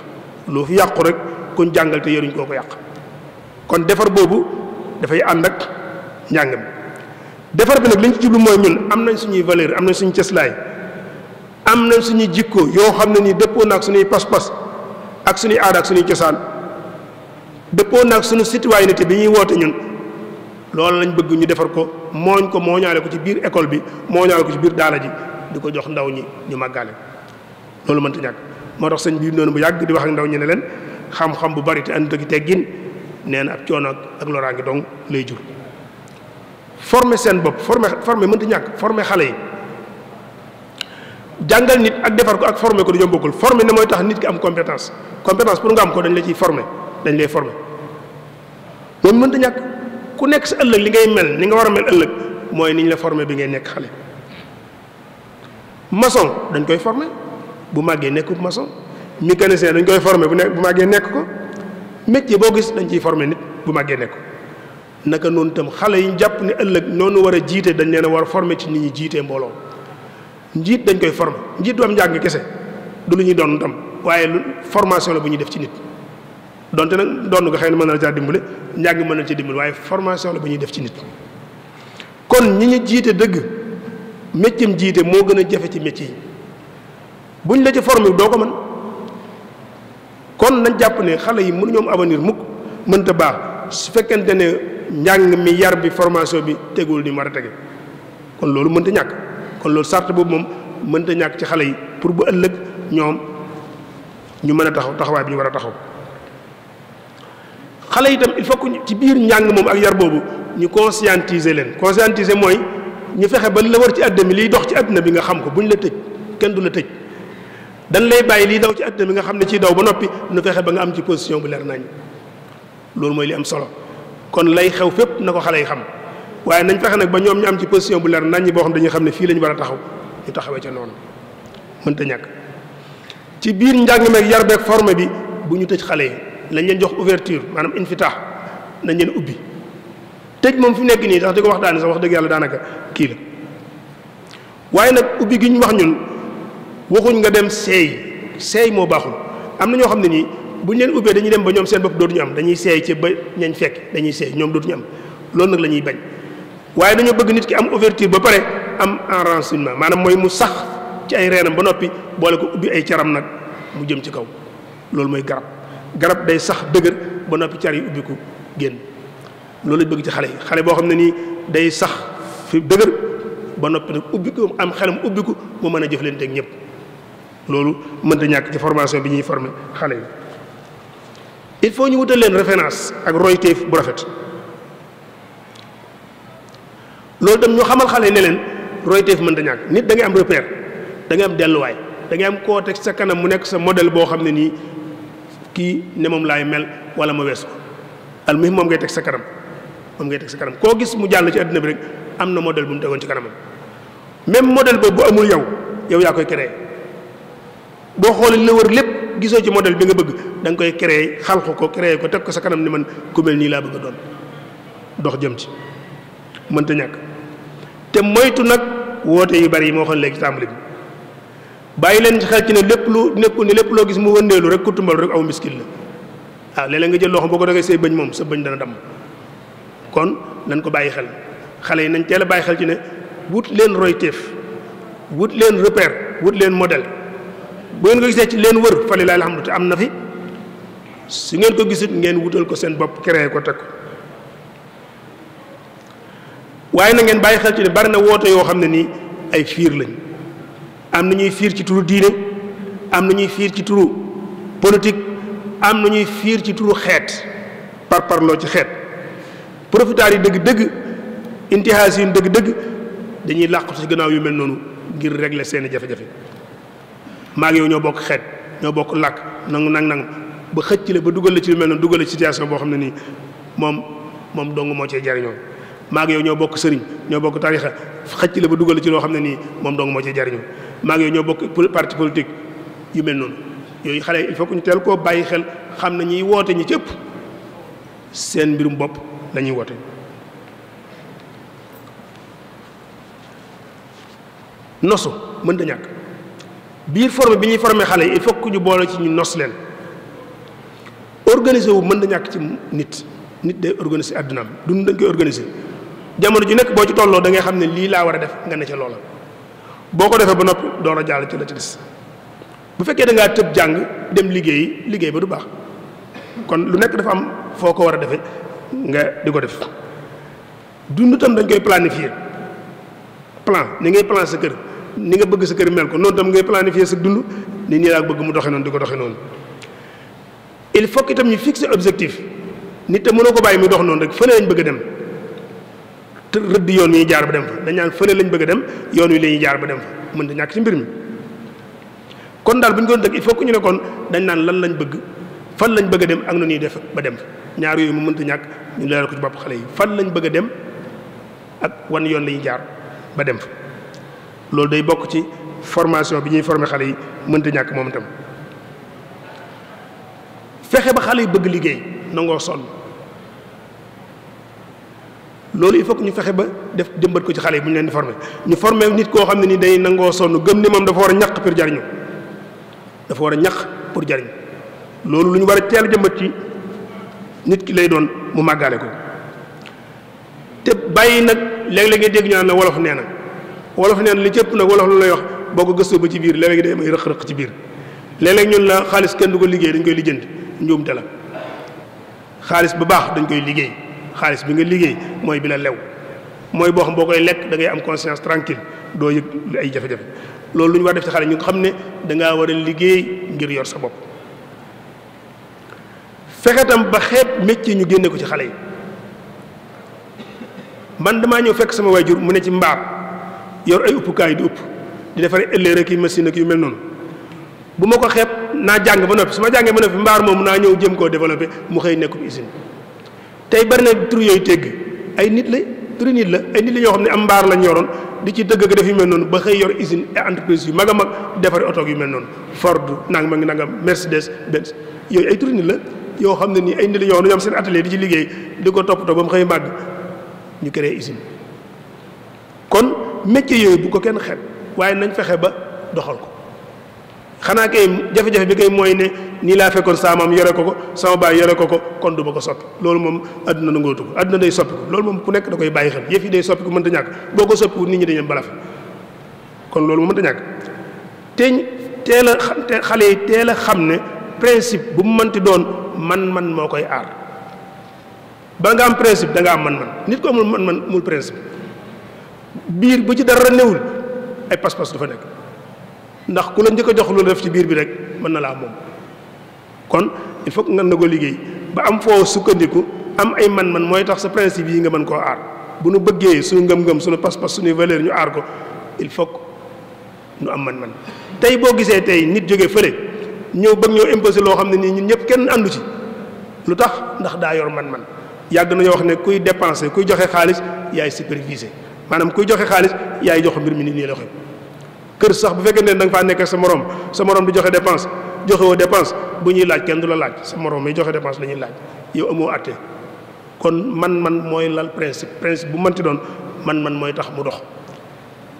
loo fi yàqu rek kuñ jàngal te yaruñ koo ko yàq kon defar boobu dafay ànd ak njàng mi defar bi nag lu ci jublu mooy ñun am nañ suñuy valeur am nañ suñu ceslaay am na suñu jikko yoo xam ne nii dëppoon na ak suñuy pas-pas ak suñuy aada ak suñuy cosaan dëppoon na ak suñu citoyenneté bi ñuy woote ñun loolu lañ bëgg ñu defar ko mooñ ko mooñaale ko ci biir école bi mooñaale ko ci biir daara ji di ko jox ndaw ñi ñu màggaale loolu mënta ñàkk moo tax sëñ bi noonu bu yàgg di wax ak ndaw ñi ne leen xam-xam bu bari te àndut ak teggin nee na ak coono ak loraange dong lay jur former seen bopp former former mënta ñàkk former xale yi jàngal nit ak defar ko ak former ko dañoo bokkul former ne mooy tax nit ki am compétence compétence pour nga am ko dañ la ciy former dañ lay former loolu mënta ñàkk ku nekk si ëllëg li ngay mel ni nga war a mel ëllëg mooy ni ñu la former bi ngay nekk xale. maçon dañ koy former bu màggee nekkub maçon mécanicien dañ koy former bu nekk bu màggee nekk ko métier boo gis dañ ciy former nit bu màggee nekk ko naka noonu tam xale yi ñu jàpp ne ëllëg noonu war a jiite dañ leen a war a former ci nit ñi jiitee mbooloo. njiit dañ koy former njiit du njàng kese du lu ñuy doon tam waaye lu formation la bu ñuy def ci nit donte nag doon na mën na la caa dimbale njàng mën na ci dimbale waaye formation la bu ñuy def ci nit kon ñi ñu jiite dëgg méccam jiite moo gën a jafe ci métier yi buñ la ci formé doo ko mën kon nañ jàpp ne xale yi mënu ñoom avenir mukk mënta baax su fekkente ne njàng mi yar bi formation bi tegul ni mu war a tege kon loolu mënta ñàkk kon loolu sart boobu moom mënta ñàkk ci xale yi pour bu ëllëg ñoom ñu mën a taxaw taxawaay bi ñu war a taxaw xale yi itam il faut que ci biir njàng moom ak yar boobu ñu conscientiser leen conscientiser mooy ñu fexe ba la war ci àddina bi liy dox ci àddina bi nga xam ko bu ñu la tëj kenn du la tëj dañ lay bàyyi liy daw ci àddina bi nga xam ne ci daw ba noppi ñu fexe ba nga am ci position bu leer nañ loolu mooy li am solo kon lay xew fépp na ko xale yi xam waaye nañ fexe nag ba ñoom ñu am ci position bu leer nañ ñi boo xam dañuy xam ne fii lañu war a taxaw ñu taxawee ca noonu mënta ñàkk ci biir njàng meeg yar beeg forme bi bu ñu tëj xale yi lañ leen jox ouverture maanaam infitah nañ leen ubbi tëj moom fu nekk nii tax di ko wax daani sax wax dëgg yàlla daanaka kii la waaye nag ubbi gi ñu wax ñun waxuñ nga dem seey seey moo baaxul am na ñoo xam ne nii bu ñu leen ubbee dañuy dem ba ñoom seen bopp dootuñu am dañuy seey ci ba ñañ fekk dañuy seey ñoom dootuñu am loolu nag la ñuy bañ waaye dañoo bëgg nit ki am ouverture ba pare am enracinement maanaam mooy mu sax ci ay reenam ba noppi boole ko ubbi ay caram nag mu jëm ci kaw loolu mooy garab garab day sax dëgër ba noppi car yi ubbi ko génn loolu lañ bëgg ci xale yi xale boo xam ne nii day sax fi dëgër ba noppi nag ubbi ko am xelam ubbi ko mu mën a jëf leen ak ñëpp loolu mënta ñàkk ci formation bi ñuy former xale yi il faut ñu wutal leen référence ak royteef bu rafet. loolu dem ñu xamal xale ne leen royteef mën da ñàkk nit da ngay am repère da ngay am delluwaay da am koo teg sa kanam mu nekk sa modèle boo xam ne nii kii ne moom lay mel wala ma weesu ko al muhim moom ngay teg sa kanam moom ngay teg sa kanam koo gis mu jàll ci àddina bi rek am na model bu mu tegoon ci kanamam même modèle ba bu amul yow yow yaa koy créé boo xoolee la wër lépp gisoo ci modèle bi nga bëgg da koy créé xalxu ko créé ko teg ko sa kanam ni man ku mel laa bëgg a doon dox jëm ci mënta ñàkk te moytu nag woote yu bari yi moo xam léegi tàmbali bi bàyyi leen xel ci ne lépp lu nekkul ne lépp loo gis mu wëndeelu rek ku rek aw miskil la waaw ah, léeg-léeg nga jël loxo boo ko degee say bëñ moom sa bëñ dana damm kon nañ ko bàyyi xel xale yi nañ teel a bàyyi xel ci ne wut leen royteef wut leen repère wut leen model bu ngeen ko gisee ci leen wër fa lilaay alhamdu te am na fi su ngeen ko gisut ngeen wutal ko seen bopp créé ko teg waaye na ngeen bàyyi xel ci ne bari na woote yoo xam ne nii ay fiir lañ am na ñuy fiir ci turu diine am na ñuy fiir ci turu politique am na ñuy fiir ci turu xeet par parloo ci xeet profitaar yi dëgg-dëgg intihaas yi dëgg-dëgg dañuy làqatu ci gannaaw yu mel noonu ngir régler seeni jafe-jafe maa ngi yow ñoo bokk xeet ñoo bokk làkk nangu nang nang ba xëcc la ba dugal la ci lu mel noonu dugal la ci boo xam ne nii moom moom dong moo cee jariñoo maa ngi yow ñoo bokk sëriñ ñoo bokk tarixa xëcc la ba dugale ci loo xam ne nii moom dong moo ci jariñu maa ngi yow ñoo bokk parti politique yu mel noonu yooyu xale il faut que ñu koo bàyyi xel xam ne ñiy woote ñi cëpp seen mbirum bopp la woote nosu mën da ñàkk biir bi ñuy formé xale yi il faut que ñu boole ci ñu nos leen organiser wu mën da ñàkk ci nit nit day organiser àddunaam dund dañ koy organiser jamono ju nekk boo ci tolloo da ngay xam ne lii laa war a def nga ne ca loola boo ko defee ba noppi door a jàll ci la ci des bu fekkee da ngaa tëb jàng dem liggéey liggéey ba du baax kon lu nekk dafa am foo ko war a defee nga di ko def dund tam dañ koy planifier plan ni ngay plan sa kër ni nga bëgg sa kër mel ko noonu tam ngay planifier sa dund ni nii laa bëgg mu doxee noonu di ko doxee noonu il faut que itam ñu fixer objectif nit te mënoo ko bàyyi mu dox noonu rek fële lañ a dem te rëdd yoon wi jaar ba dem fa dañ naan fële lañ bëgg dem yoon wi la ñuy jaar ba dem fa mën ñàkk ci mbir mi kon daal bu ñu ko doon il faut que ñu ne dañ naan lan lañ bëgg fan lañu bëgg dem ak na ñuy def ba dem fa ñaar yooyu mu mënta ñàkk ñu bopp xale yi fan lañ a dem ak wan yoon la jaar ba dem fa loolu day bokk ci formation bi ñuy former xale yi mënta ñàkk moom tam fexe ba xale yi bëgg liggéey nangoo sonn loolu il faut ñu fexe ba def jëmbat ko ci xale yi bu ñu leen di formé ñu formé nit koo xam ne ni day nangoo sonn gëm ne moom dafa war a ñaq pour jariñu dafa war a ñaq pour jariñu loolu lu ñu war a teel jëmbat ci nit ki lay doon mu màggaale ko te bàyyi nag léeg-léeg nga dégg ñu ne wolof nee na wolof nee na li cëpp nag wolof lu lay wax boo ko gëstoo ba ci biir léeg-léeg day am ay ci biir léeg ñun la xaalis kenn du ko liggéey dañ koy lijjanti njuumte la xaalis bu baax dañ koy liggéey. xaalis bi nga liggéey mooy bi la lew mooy boo xam boo koy lekk da ngay am conscience tranquille doo yëg ay jafe-jafe loolu lu ñu war def ci xale ñu nga xam ne dangaa liggéey ngir yor sa bopp fexe ba xeeb métier ñu génne ko ci xale yi man damaa ñëw fekk sama way jur mu ne ci mbaar yor ay uppukaay di upp di defaree ëllëg rek yi machine ak yu mel noonu bu ma ko xeeb naa jàng ba noppi su ma jàngee ba noppi mbaar moom naa ñëw jëm koo développé mu xëy nekk usine tey bari na tur yooyu tégg ay nit la turi nit la ay nit la xam ne am mbaar lañ yoroon di ci dëgg ak def yu mel noonu ba xëy yor usine et entreprise yu mag a mag defari oto yu mel noonu Ford nangam ak nangam Mercedes Benz yooyu ay turi nit la yoo xam ne nii ay nit la xam seen atelier di ci liggéey di ko toppatoo ba mu xëy màgg ñu créé usine kon métier yooyu bu ko kenn xel waaye nañ fexe ba doxal ko xanaa kay jafe-jafe bi kay mooy ne nii laa fekkoon saa yore ko ko sama baay yore ko ko kon du ma ko soppi loolu moom àdduna nangootu ko adduna day soppi loolu moom ku nekk da koy bàyyi xel yëf yi day soppi ko mënta ñàkk boo ko soppiwul nit loolu moom mënta ñàkk teñ teel a xale yi teel a xam ne principe bu mu mënti doon man-man moo koy aar ba nga am principe da am man-man nit ko amul man-man mul principe biir bu ci dara newul ay pas-pas dafa nekk ndax ku la njëkk a jox lu def ci biir bi rek mën na laa moom kon il faut que na ko liggéey ba am foo sukkandiku am ay man-man mooy tax sa principe yi nga mën koo aar bu nu bëggee suñu ngëm-ngëm suñu pas-pas suñu valeur ñu aar ko il faut que nu am man-man tey boo gisee tey nit jóge fële ñëw bëgg ñoo imposé loo xam ne nii ñun ñëpp kenn àndu ci lu tax ndax daa yor man-man yàgg nañoo wax ne kuy dépensé kuy joxe xaalis yaay supervisé maanaam kuy joxe xaalis yaay jox mbir mi ni nii kër sax bu fekkee ne da nga faa nekk sa morom sa morom di joxe dépense joxe woo dépense bu ñuy laaj kenn du la laaj sa morom mi joxe dépense la ñuy laaj yow amoo àtte kon man-man mooy lal principe principe bu mënti doon man-man mooy tax mu dox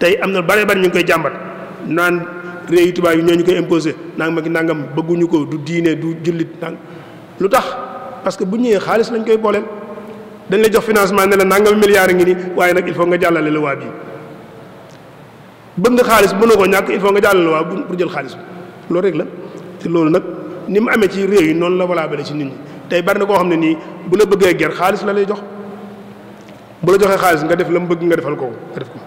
tey am na bare bare ñu ngi koy jàmbat naan réew yu tubaab yi ñoo ñu koy imposé nangam ak nangam bëgguñu ko du diine du jullit nang lu tax parce que bu ñëwee xaalis lañ koy booleel dañ lay jox financement ne la nangam milliards ngi nii waaye nag il faut nga jàllale la waa bëgg nga xaalis mënoo ko ñàkk il faut nga jàllale waa pour jël xaalis bi loolu rek la te loolu nag ni mu amee ci réew yi noonu la valable ci nit ñi tey bari na koo xam ne nii bu la bëggee ger xaalis la lay jox bu la joxee xaalis nga def la mu bëgg nga defal ko def ko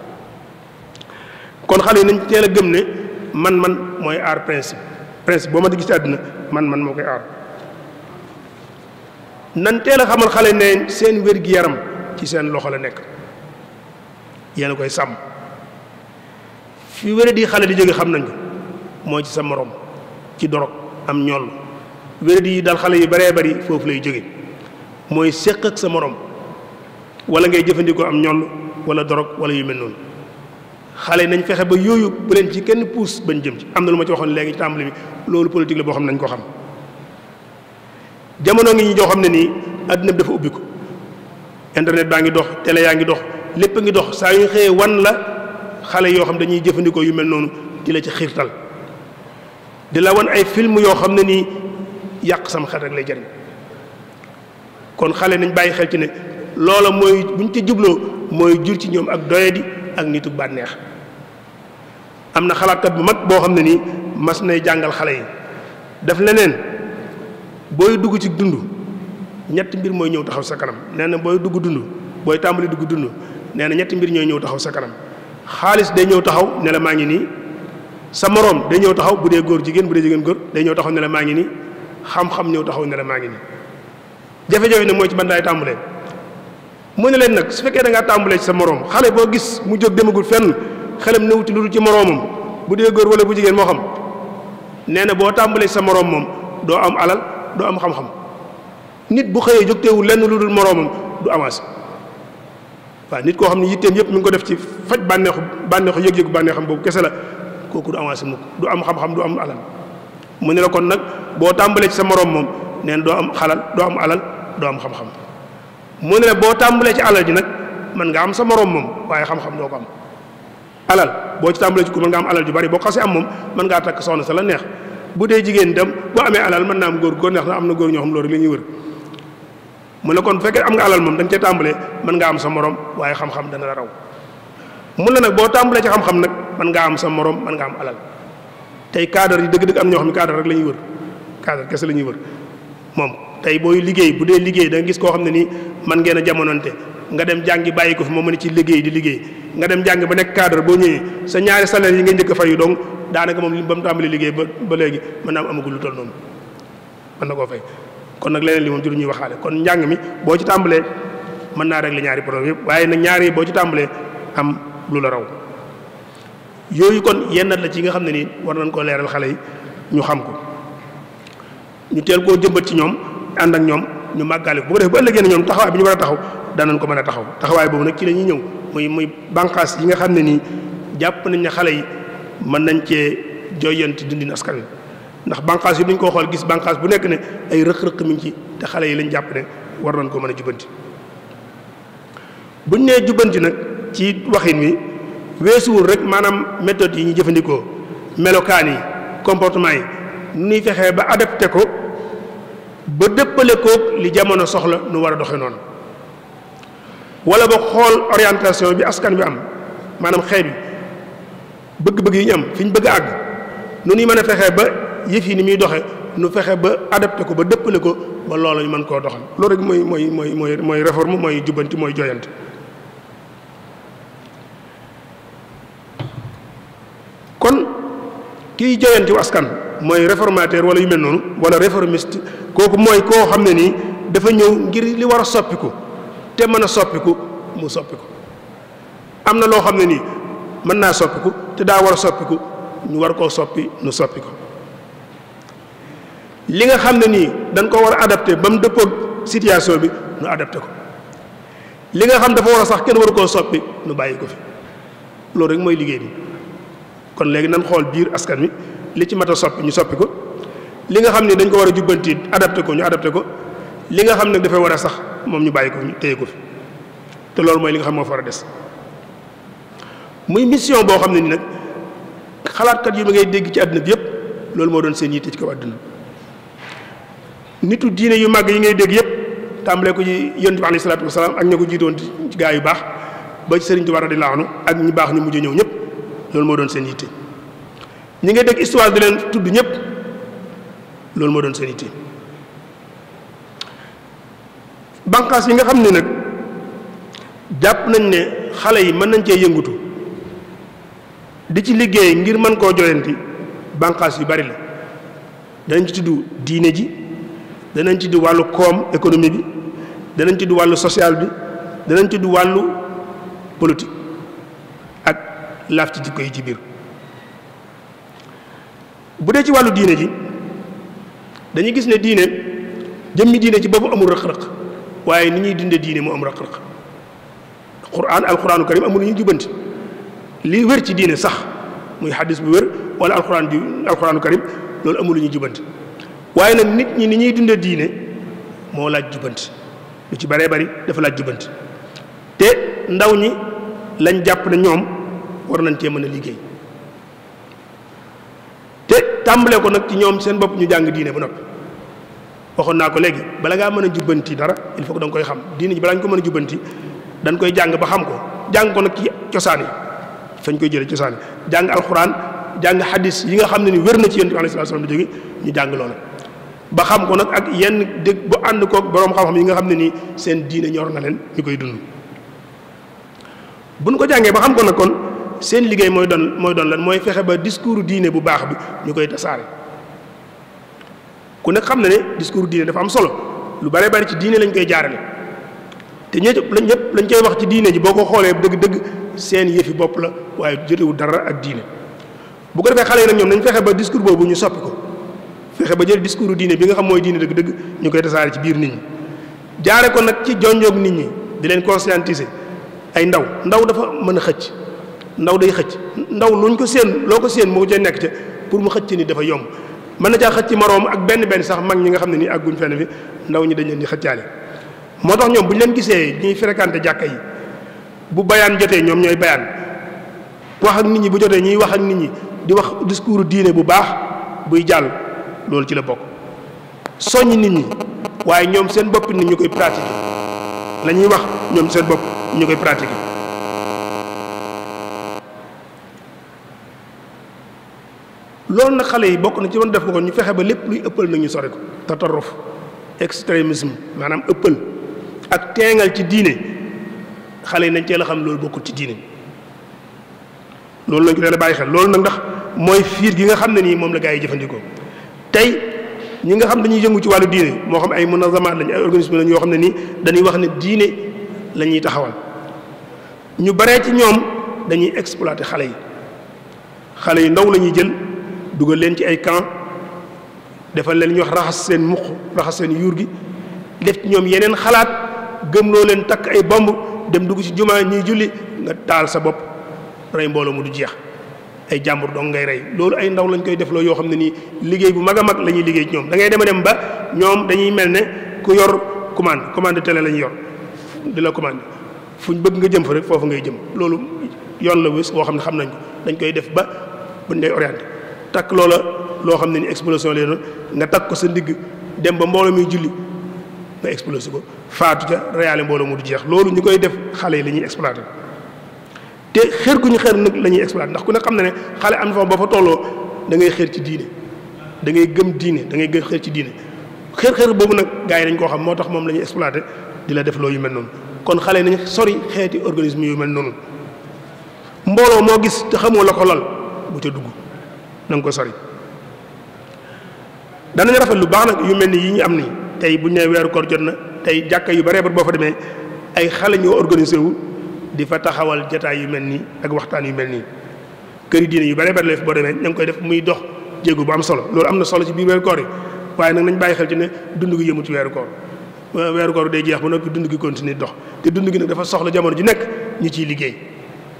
kon xale yi nañ teel a gëm ne man man mooy aar principe principe boo ma di gis ci àddina man man moo koy aar nan teel a xamal xale ne seen wér-gi-yaram ci seen loxo la nekk yéen a koy sàmm. fi wére di xale di jóge xam nañ ko mooy ci sa morom ci dorog am ñoll wére di dal xale yu baree bari foofu lay jóge mooy séq ak sa morom wala ngay jëfandikoo am ñoll wala dorog wala yu mel noonu xale yi nañ fexe ba yooyu bu leen ci kenn puus bañ jëm ci am na lu ma ci waxoon léegi ci tàmbali bi loolu politique la boo xam nañ ko xam jamono ngi ñu joo xam ne nii àddina bi dafa ubbi ko internet baa ngi dox tele yaa ngi dox lépp ngi dox saa yu xëyee wan la xale yoo xam dañuy jëfandikoo yu mel noonu di la ci xiirtal di la wan ay film yoo xam ne nii yàq sam xel rek lay jëriñ kon xale nañ bàyyi xel ci ne loola mooy buñ ci jubloo mooy jur ci ñoom ak doyadi ak nitu bànneex am na xalaatkat bu mag boo xam ne nii mas nay jàngal xale yi daf leneen booy dugg ci dund ñetti mbir mooy ñëw taxaw sa kanam nee na booy dugg dund booy tàmbali dugg dund nee na ñetti mbir ñooy ñëw taxaw sa kanam xaalis day ñëw taxaw ne la maa ngi nii sa moroom day ñëw taxaw bu dee góor jigéen bu dee jigéen góor day ñëw taxaw ne la maa ngi nii xam-xam ñëw taxaw ne la maa ngi nii jafe-jafe nag mooy ci ban laay tàmbalee mu ne leen nag su fekkee da ngaa tàmbalee ci sa moroom xale boo gis mu jóg demagul fenn xelam ne wuti lu dul ci moroomam bu dee góor wala bu jigéen moo xam nee na boo tàmbalee ci sa moroom moom doo am alal doo am xam-xam nit bu xëyee jógteewul lenn lu dul moroomam du avancé waaw nit koo xam ne yitteem yëpp mi ngi ko def ci faj bànneexu bànneexu yëg-yëgu bànneexam boobu kese la kooku du avancé mukk du am xam-xam du am alal mu ne la kon nag boo tàmbalee ci sa moroom moom neen doo am alal doo am xam-xam mu ne la boo tàmbalee ci alal ji nag mën nga am sa moroom moom waaye xam-xam doo ko am alal boo ci tàmbalee ci ku mën nga am alal ju bari boo xasee am moom mën ngaa takk soxna sa la neex bu dee jigéen itam boo amee alal mën naa am góor góor neex na am na góor ñoo xam loolu li ñuy wër mu ne kon bu fekkee am nga alal moom da nga cee tàmbalee mën nga am sa morom waaye xam-xam dana la raw mun la nag boo tàmbalee ci xam-xam nag mën nga am sa morom mën nga am alal tey cadre yi dëgg-dëgg am ñoo xam ne cadre rek la ñuy wër cadre kese la ñuy wër moom tey booy liggéey bu dee liggéey da gis koo xam ne nii mën ngeen jamononte nga dem jàngi bàyyi ko fi moo mën a ci liggéey di liggéey nga dem jàngi ba nekk cadre boo ñëwee sa ñaari salaire yi nga njëkk a fayu donc daanaka moom ba mu tàmbali liggéey ba ba léegi mën naa am amagul mën na koo fay kon nag leneen li moom jur ñuy waxaale kon njàng mi boo ci tàmbalee mën naa rek régler ñaari problème yëpp waaye nag ñaari boo ci tàmbalee am lu la raw yooyu kon yennat la ci nga xam ne nii war nañ koo leeral xale yi ñu xam ko ñu teel koo jëmbat ci ñoom ànd ak ñoom ñu màggaale ko bu ko def ba ëllëgee ñoom taxawaay bi ñu war a taxaw danañ ko mën a taxaw taxawaay boobu nag ci lañuy ñëw muy muy bànqaas yi nga xam ne nii jàpp nañ ne xale yi mën nañ cee joyanti dundin askan wi ndax bànqaas yi bu ñu koo xool gis bànqaas bu nekk ne ay rëq-rëq mi ngi ci te xale yi lañ jàpp ne war nañ ko mën a jubanti buñ nee jubbanti nag ci waxin wi weesuwul rek maanaam méthode yi ñu jëfandikoo melokaan yi comportement yi nu ñuy fexee ba adapté ko ba dëppale koog li jamono soxla nu war a doxe noonu wala ba xool orientation bi askan bi am maanaam xeet bi bëgg-bëgg yi ñu am fi ñu bëgg a àgg nu ñuy mën a fexee ba yëf yi ni muy doxe nu fexe ba adapté ko ba dëppale ko ba loola ñu mën koo doxal loolu mooy mooy mooy mooy mooy réforme jubbanti mooy joyante kon kiy joyanti wu askan mooy réformateur wala yu mel noonu wala réformist kooku mooy koo xam ne nii dafa ñëw ngir li war a soppiku te mën a soppiku mu soppiku am na loo xam ne nii mën naa soppiku te daa war a soppiku ñu war koo soppi nu soppi ko li nga xam ne nii dañ ko war a adapté ba mu dëppoog situation bi nu adapté ko li nga xam dafa war a sax kenn waru koo soppi nu bàyyi ko fi loolu rek mooy liggéey bi kon léegi nan xool biir askan wi li ci mat a soppi ñu soppi ko li nga xam ne dañ ko war a jubbanti adapté ko ñu adapté ko li nga xam ne dafay war a sax moom ñu bàyyi ko ñu téye ko fi te loolu mooy li nga xam moo fa war a des muy mission boo xam ne ni nag xalaatkat yi mu ngay dégg ci àdduna bi yëpp loolu moo doon seen ci kaw àdduna nitu diine yu màgg yi ngay dégg yépp tàmbale ko ci yonent bi alayhi ak ñoo ko jiitoon ci gaa yu baax ba ci Sëriñ Tuubaa di anhu ak ñu baax ñu mujj ñëw ñëpp loolu moo doon seen yitte ñi nga dégg histoire di leen tudd ñëpp loolu moo doon seen yitte banqaas yi nga xam ne nag jàpp nañ ne xale yi mën nañ cee yëngutu di ci liggéey ngir mën koo joyanti banqaas yu bari la danañ ci tudd diine ji danañ ci di wàllu koom économie bi danañ ci di wàllu social bi danañ ci di wàllu politique ak laaf ci jikko yi ci biir bu dee ci wàllu diine ji dañuy gis ne diine jëmmi diine ci boobu amul rëq-rëq waaye ni ñuy dundee diine mu am rëq-rëq quraan alquraanu karim amul ñu jubanti lii wér ci diine sax muy xadis bu wér wala alquraan ju alquraanu karim loolu amul ñu jubanti waaye nag nit ñi ni ñuy dund diine moo laaj jubanti lu ci baree bari dafa laaj jubanti te ndaw ñi lañ jàpp ne ñoom war nañ cee mën a liggéey te tàmbalee ko nag ci ñoom seen bopp ñu jàng diine ba nopp waxoon naa ko léegi bala ngaa mën a jubbanti dara il faut que da koy xam diine ji bala ko mën a jubbanti dañ koy jàng ba xam ko jàng ko nag ci cosaan yi fañ koy jëlee cosaan yi jàng alxuraan jàng xadis yi nga xam ne ni wér na ci yonent bi alayhi salaam la ñu jàng ba xam ko nag ak yenn dëgg bu ànd kook boroom xam-xam yi nga xam ne nii seen diine ñor na leen ñu koy dund bu ñu ko jàngee ba xam ko nag kon seen liggéey mooy doon mooy doon lan mooy fexe ba discours diine bu baax bi ñu koy tasaare ku nekk xam na ne discours diine dafa am solo lu bare bari ci diine lañ koy jaarale te ñëpp lañ ñëpp lañ koy wax ci diine ji boo ko xoolee dëgg-dëgg seen yëfi bopp la waaye jotewul dara ak diine bu ko defee xale yi nag ñoom dañ fexe ba discours boobu ñu soppi ko. fexe ba jël discours diine bi nga xam mooy diine dëgg-dëgg ñu koy tasaare ci biir nit ñi jaare ko nag ci jonjook nit ñi di leen conscientiser ay ndaw ndaw dafa mën a xëcc ndaw day xëcc ndaw luñ ko séen loo ko séen moo ca nekk ca pour mu xëcc ni dafa yomb mën na caa xëcc moroom ak benn benn sax mag ñi nga xam ne nii àgguñ fenn fi ndaw ñi dañ leen di xëccaale moo tax ñoom bu ñu leen gisee ñuy fréquenté jàkka yi bu bayaan jotee ñoom ñooy bayaan wax ak nit ñi bu jotee ñuy wax ak nit ñi di wax discours diine bu baax buy jàll loolu ci la bokk soññ nit ñi waaye ñoom seen bopp nit ñu koy pratiquer la wax ñoom seen bopp ñu koy pratiquer loolu nag xale yi bokk na ci doon def ko ñu fexe ba lépp luy ëppal nañu ñu sori ko tatarruf extrémisme maanaam ëppal ak teengal ci diine xale yi nañ teel a xam loolu bokkul ci diine loolu nañ ko teel a bàyyi xel loolu nag ndax mooy fiir gi nga xam ne nii moom la gaa yi jëfandikoo tey ñi nga xam dañuy jëngu ci wàllu diine moo xam ay munazamaat lañ ay organisme yoo xam ne nii dañuy wax ne diine lañuy taxawal ñu baree ci ñoom dañuy exploiter xale yi xale yu ndaw lañuy ñuy jël dugal leen ci ay camp defal leen ñu wax raxas seen muq raxas seen yuur gi def ci ñoom yeneen xalaat gëmloo leen takk ay bomb dem dugg ci jumaa ñuy julli nga taal sa bopp rey mbooloo mu du jeex ay jàmbur donc ngay rey loolu ay ndaw lañ koy def loo yoo xam ne nii liggéey bu mag a mag la ñuy liggéey ci ñoom da ngay dem ba ñoom dañuy mel ne ku yor commande commande tele la ñu yor di la commande fu ñu bëgg nga jëm fa rek foofu ngay jëm loolu yoon la wis boo xam ne xam nañ dañ koy def ba buñ lay orienté takk loola loo xam ne ni explosion lay doon nga takk ko sa ndigg dem ba mbooloo muy julli nga explosé ko faatu ca reyaale mbooloo mu du jeex loolu ñu koy def xale yi la ñuy exploité te xër gu ñu xër nag la ñuy exploité ndax ku ne xam ne ne xale am na fa ba fa tolloo da ngay xër ci diine da ngay gëm diine dangay ngay gëm xër ci diine xër-xër boobu nag gars dañ koo xam moo tax moom la ñuy di la def loo yu mel noonu kon xale nañ sori xeeti organisme yu mel noonu mbooloo moo gis te xamoo la ko lal bu te dugg na ko sori danañ rafet lu baax nag yu mel ni yi ñu am nii tey bu ñu nee weeru koor jot na tey jàkka yu bare ba boo fa demee ay xale organisé wu di fa taxawal jataay yu mel nii ak waxtaan yu mel nii kër diine yu bare bare la fi boo demee ña ngi koy def muy dox jéego bu am solo loolu am na solo ci biir weeru koor yi waaye nag nañ bàyyi xel ci ne dund gi yëmu ci weeru koor weeru koor day jeex ba noppi dund gi continuer dox te dund gi nag dafa soxla jamono ji nekk ñu ciy liggéey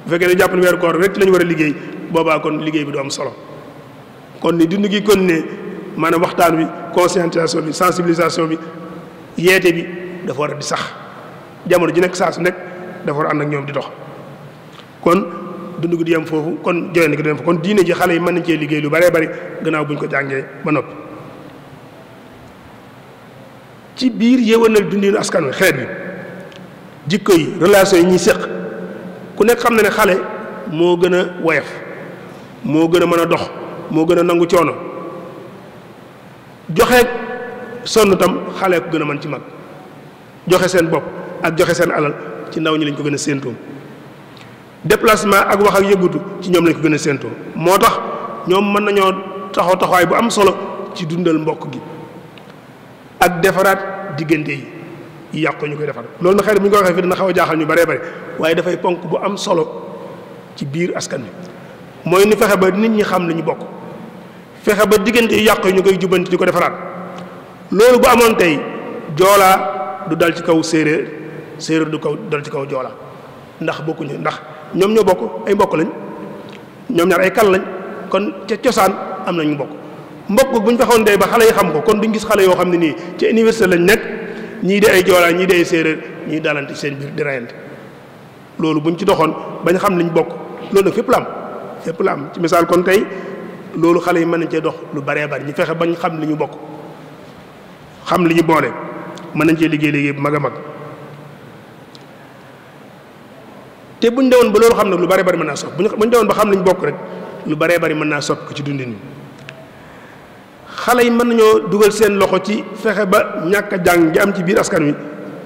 bu ne jàpp ne weeru koor rek lañu war a liggéey boobaa kon liggéey bi du am solo kon ni dund gi continuer maanaam waxtaan bi conscientisation bi sensibilisation bi yeete bi dafa war a di sax jamono ji nekk saa su nekk dafa war ànd ak ñoom di dox kon dund gi di yem foofu kon joxe na ko di yem foofu kon diine ji xale yi mën nañ cee liggéey lu bëree bëri gannaaw bu ko jàngee ba noppi. ci biir yéwénal dundinu askan wi xeet bi jikko yi relation yi ñuy séq ku nekk xam na ne xale moo gën a woyof moo gën a mën a dox moo gën a nangu coono joxe sonn tam xale ko gën a mën ci mag joxe seen bopp ak joxe seen alal ci ndaw ñi lañ ko gën a séentoo déplacement ak wax ak yëgutu ci ñoom lañ ko gën a séentoo moo tax ñoom mën nañoo taxaw taxawaay bu am solo ci dundal mbokk gi ak defaraat diggante yi yi yàqu koy defar loolu na xëy na waxee fii dina jaaxal ñu baree bare waaye dafay ponk bu am solo ci biir askan bi mooy ni fexe ba nit ñi xam li bokk fexe ba diggante yi ñu koy jubanti di ko defaraat loolu bu amoon tey joolaa du dal ci kaw séeréer séeréer du kaw dal ci kaw joola ndax bokkuñu ndax ñoom ñoo bokk ay mbokk lañ ñoom ñaar ay kal lañ kon ca cosaan am nañu mbokk mbokk bu ñu fexoon dee ba xale yi xam ko kon duñ gis xale yoo xam ne nii ci université lañ nekk ñii de ay joolaa ñii di ay séeréer ñii daalante seen biir di rayante loolu buñ ci doxoon bañ xam liñ bokk loolu nag fépp la am fépp la am ci misaal kon tey loolu xale yi mën nañ cee dox lu baree bari ñu fexe bañ xam li ñu bokk xam li ñu boole mën nañ cee liggéey liggéey bu mag a mag te buñ dewoon ba loolu xam nag lu bëree bari mën naa sopp buñ buñ dewoon ba xam nañ bokk rek lu bëree bari mën naa sopp ko ci dundin bi xale yi mën nañoo dugal seen loxo ci fexe ba ñàkk a jàng ji am ci biir askan wi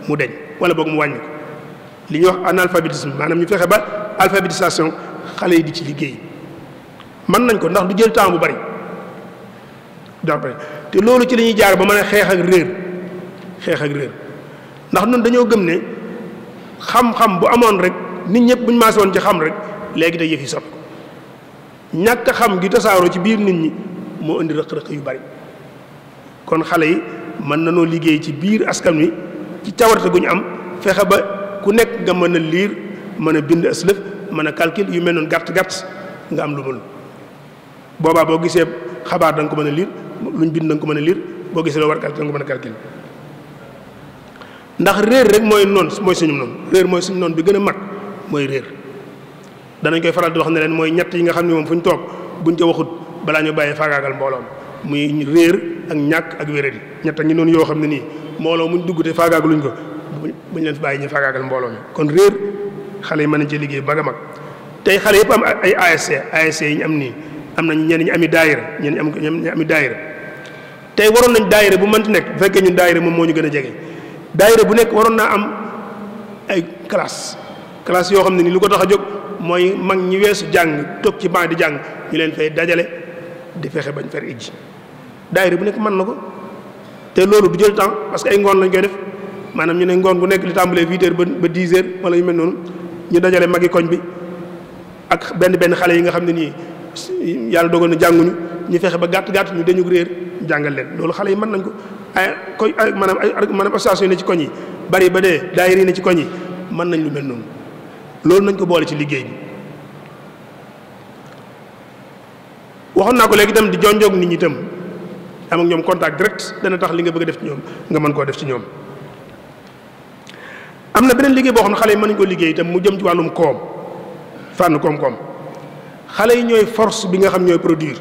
mu deñ wala boog mu wàññi li ñuy wax analphabétisme maanaam ñu fexe ba alphabétisation xale yi di ci liggéey mën nañ ko ndax du jël temps bu bari d'après te loolu ci la ñuy jaar ba mën a xeex ak réer xeex ak réer ndax noonu dañoo gëm ne xam-xam bu amoon rek nit ñëpp buñ maase woon ci xam rek léegi day yëf yi sot ko ñàkk xam gi tasaaroo ci biir nit ñi moo indi rëq-rëq yu bari kon xale yi mën na noo liggéey ci biir askan wi ci cawarte gu ñu am fexe ba ku nekk nga mën a liir mën a bind aslëf mën a calcul yu mel noonu gàtt gàtt nga am lu mul boobaa boo gisee xabaar da ko mën a liir luñ bind da ko mën liir boo gisee loo war a calcul da nga ko mën a calcul ndax réer rek mooy noon mooy suñu noon réer mooy suñu noon bi gën a mag mooy réer danañ koy faral di wax ne leen mooy ñett yi nga xam ne moom fu ñu toog buñ ca waxut balaa ñu bàyyi faagaagal mbooloom muy réer ak ñàkk ak wéradi ñett ak ñi noonu yoo xam ne nii mbooloo muñ dugg te faagaagaluñ ko buñ leen fi bàyyi ñu faagaagal mbooloom mi kon réer xale yi mën nañ cee liggéey ba mag tey xale yëpp am ay ASC ASC yi ñu am nii am nañ ñenn ñi ami daayira ñenn ñi ami daayira tey waroon nañ daayira bu mënti nekk bu fekkee ñun daayira moom moo ñu gën a jege daayira bu nekk waroon naa am ay classe classe yoo xam ne nii lu ko tax a jóg mooy mag ñi weesu jàng toog ci banc di jàng ñu leen fay dajale di fexe bañ fer ijji daayira bu nekk mën na ko te loolu du jël temps parce que ay ngoon lañ koy def maanaam ñu ne ngoon gu nekk li tàmbalee huit heures ba ba dix heures wala ñu noonu ñu dajale magi koñ bi ak benn benn xale yi nga xam ne nii yàlla dogal na jànguñu ñu fexe ba gàtt gàtt ñu dañu réer jàngal loolu xale yi mën nañ ko ay koy ay maanaam ay maanaam association yi ne ci koñ yi bari ba dee daayira yi ne ci koñ yi mën nañ lu mel noonu loolu nañ ko boole ci liggéey bi waxoon naa ko léegi itam di jonjoog nit ñi itam am ñoom contact direct dana tax li nga bëgg a def ci ñoom nga mën koo def ci ñoom am na beneen liggéey boo xam ne xale yi mën nañu ko liggéey itam mu jëm ci wàllum koom fànn koom-koom xale yi ñooy force bi nga xam ñooy produire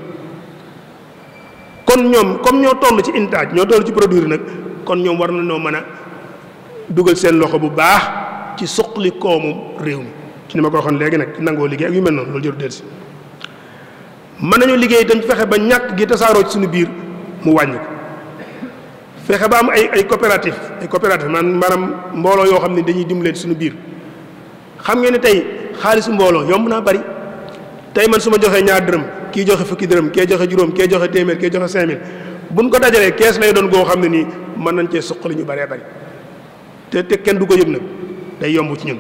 kon ñoom comme ñoo toll ci intaaj ñoo toll ci produire nag kon ñoom war na ñoo mën a dugal seen loxo bu baax ci suqali koomu réew mi ci ni ma ko waxoon léegi nag nangoo liggéey ak yu mel noonu loolu jëru del si nañu liggéey itam fexe ba ñàkk gi tasaaroo ci suñu biir mu wàññi ko fexe ba am ay ay coopérative ay coopérative man maanaam mbooloo yoo xam ne dañuy leen suñu biir xam ngeen ne tey xaalisu mbooloo yomb naa bari tey man su ma joxee ñaar dërëm kii joxe fukki dërëm kee joxe juróom kee joxe téeméer kee joxe cinq mille buñ ko dajalee kees lay doon goo xam ne nii mën nañ cee suqali ñu bëree bari te te kenn du ko yëg nag day yomb ci ñun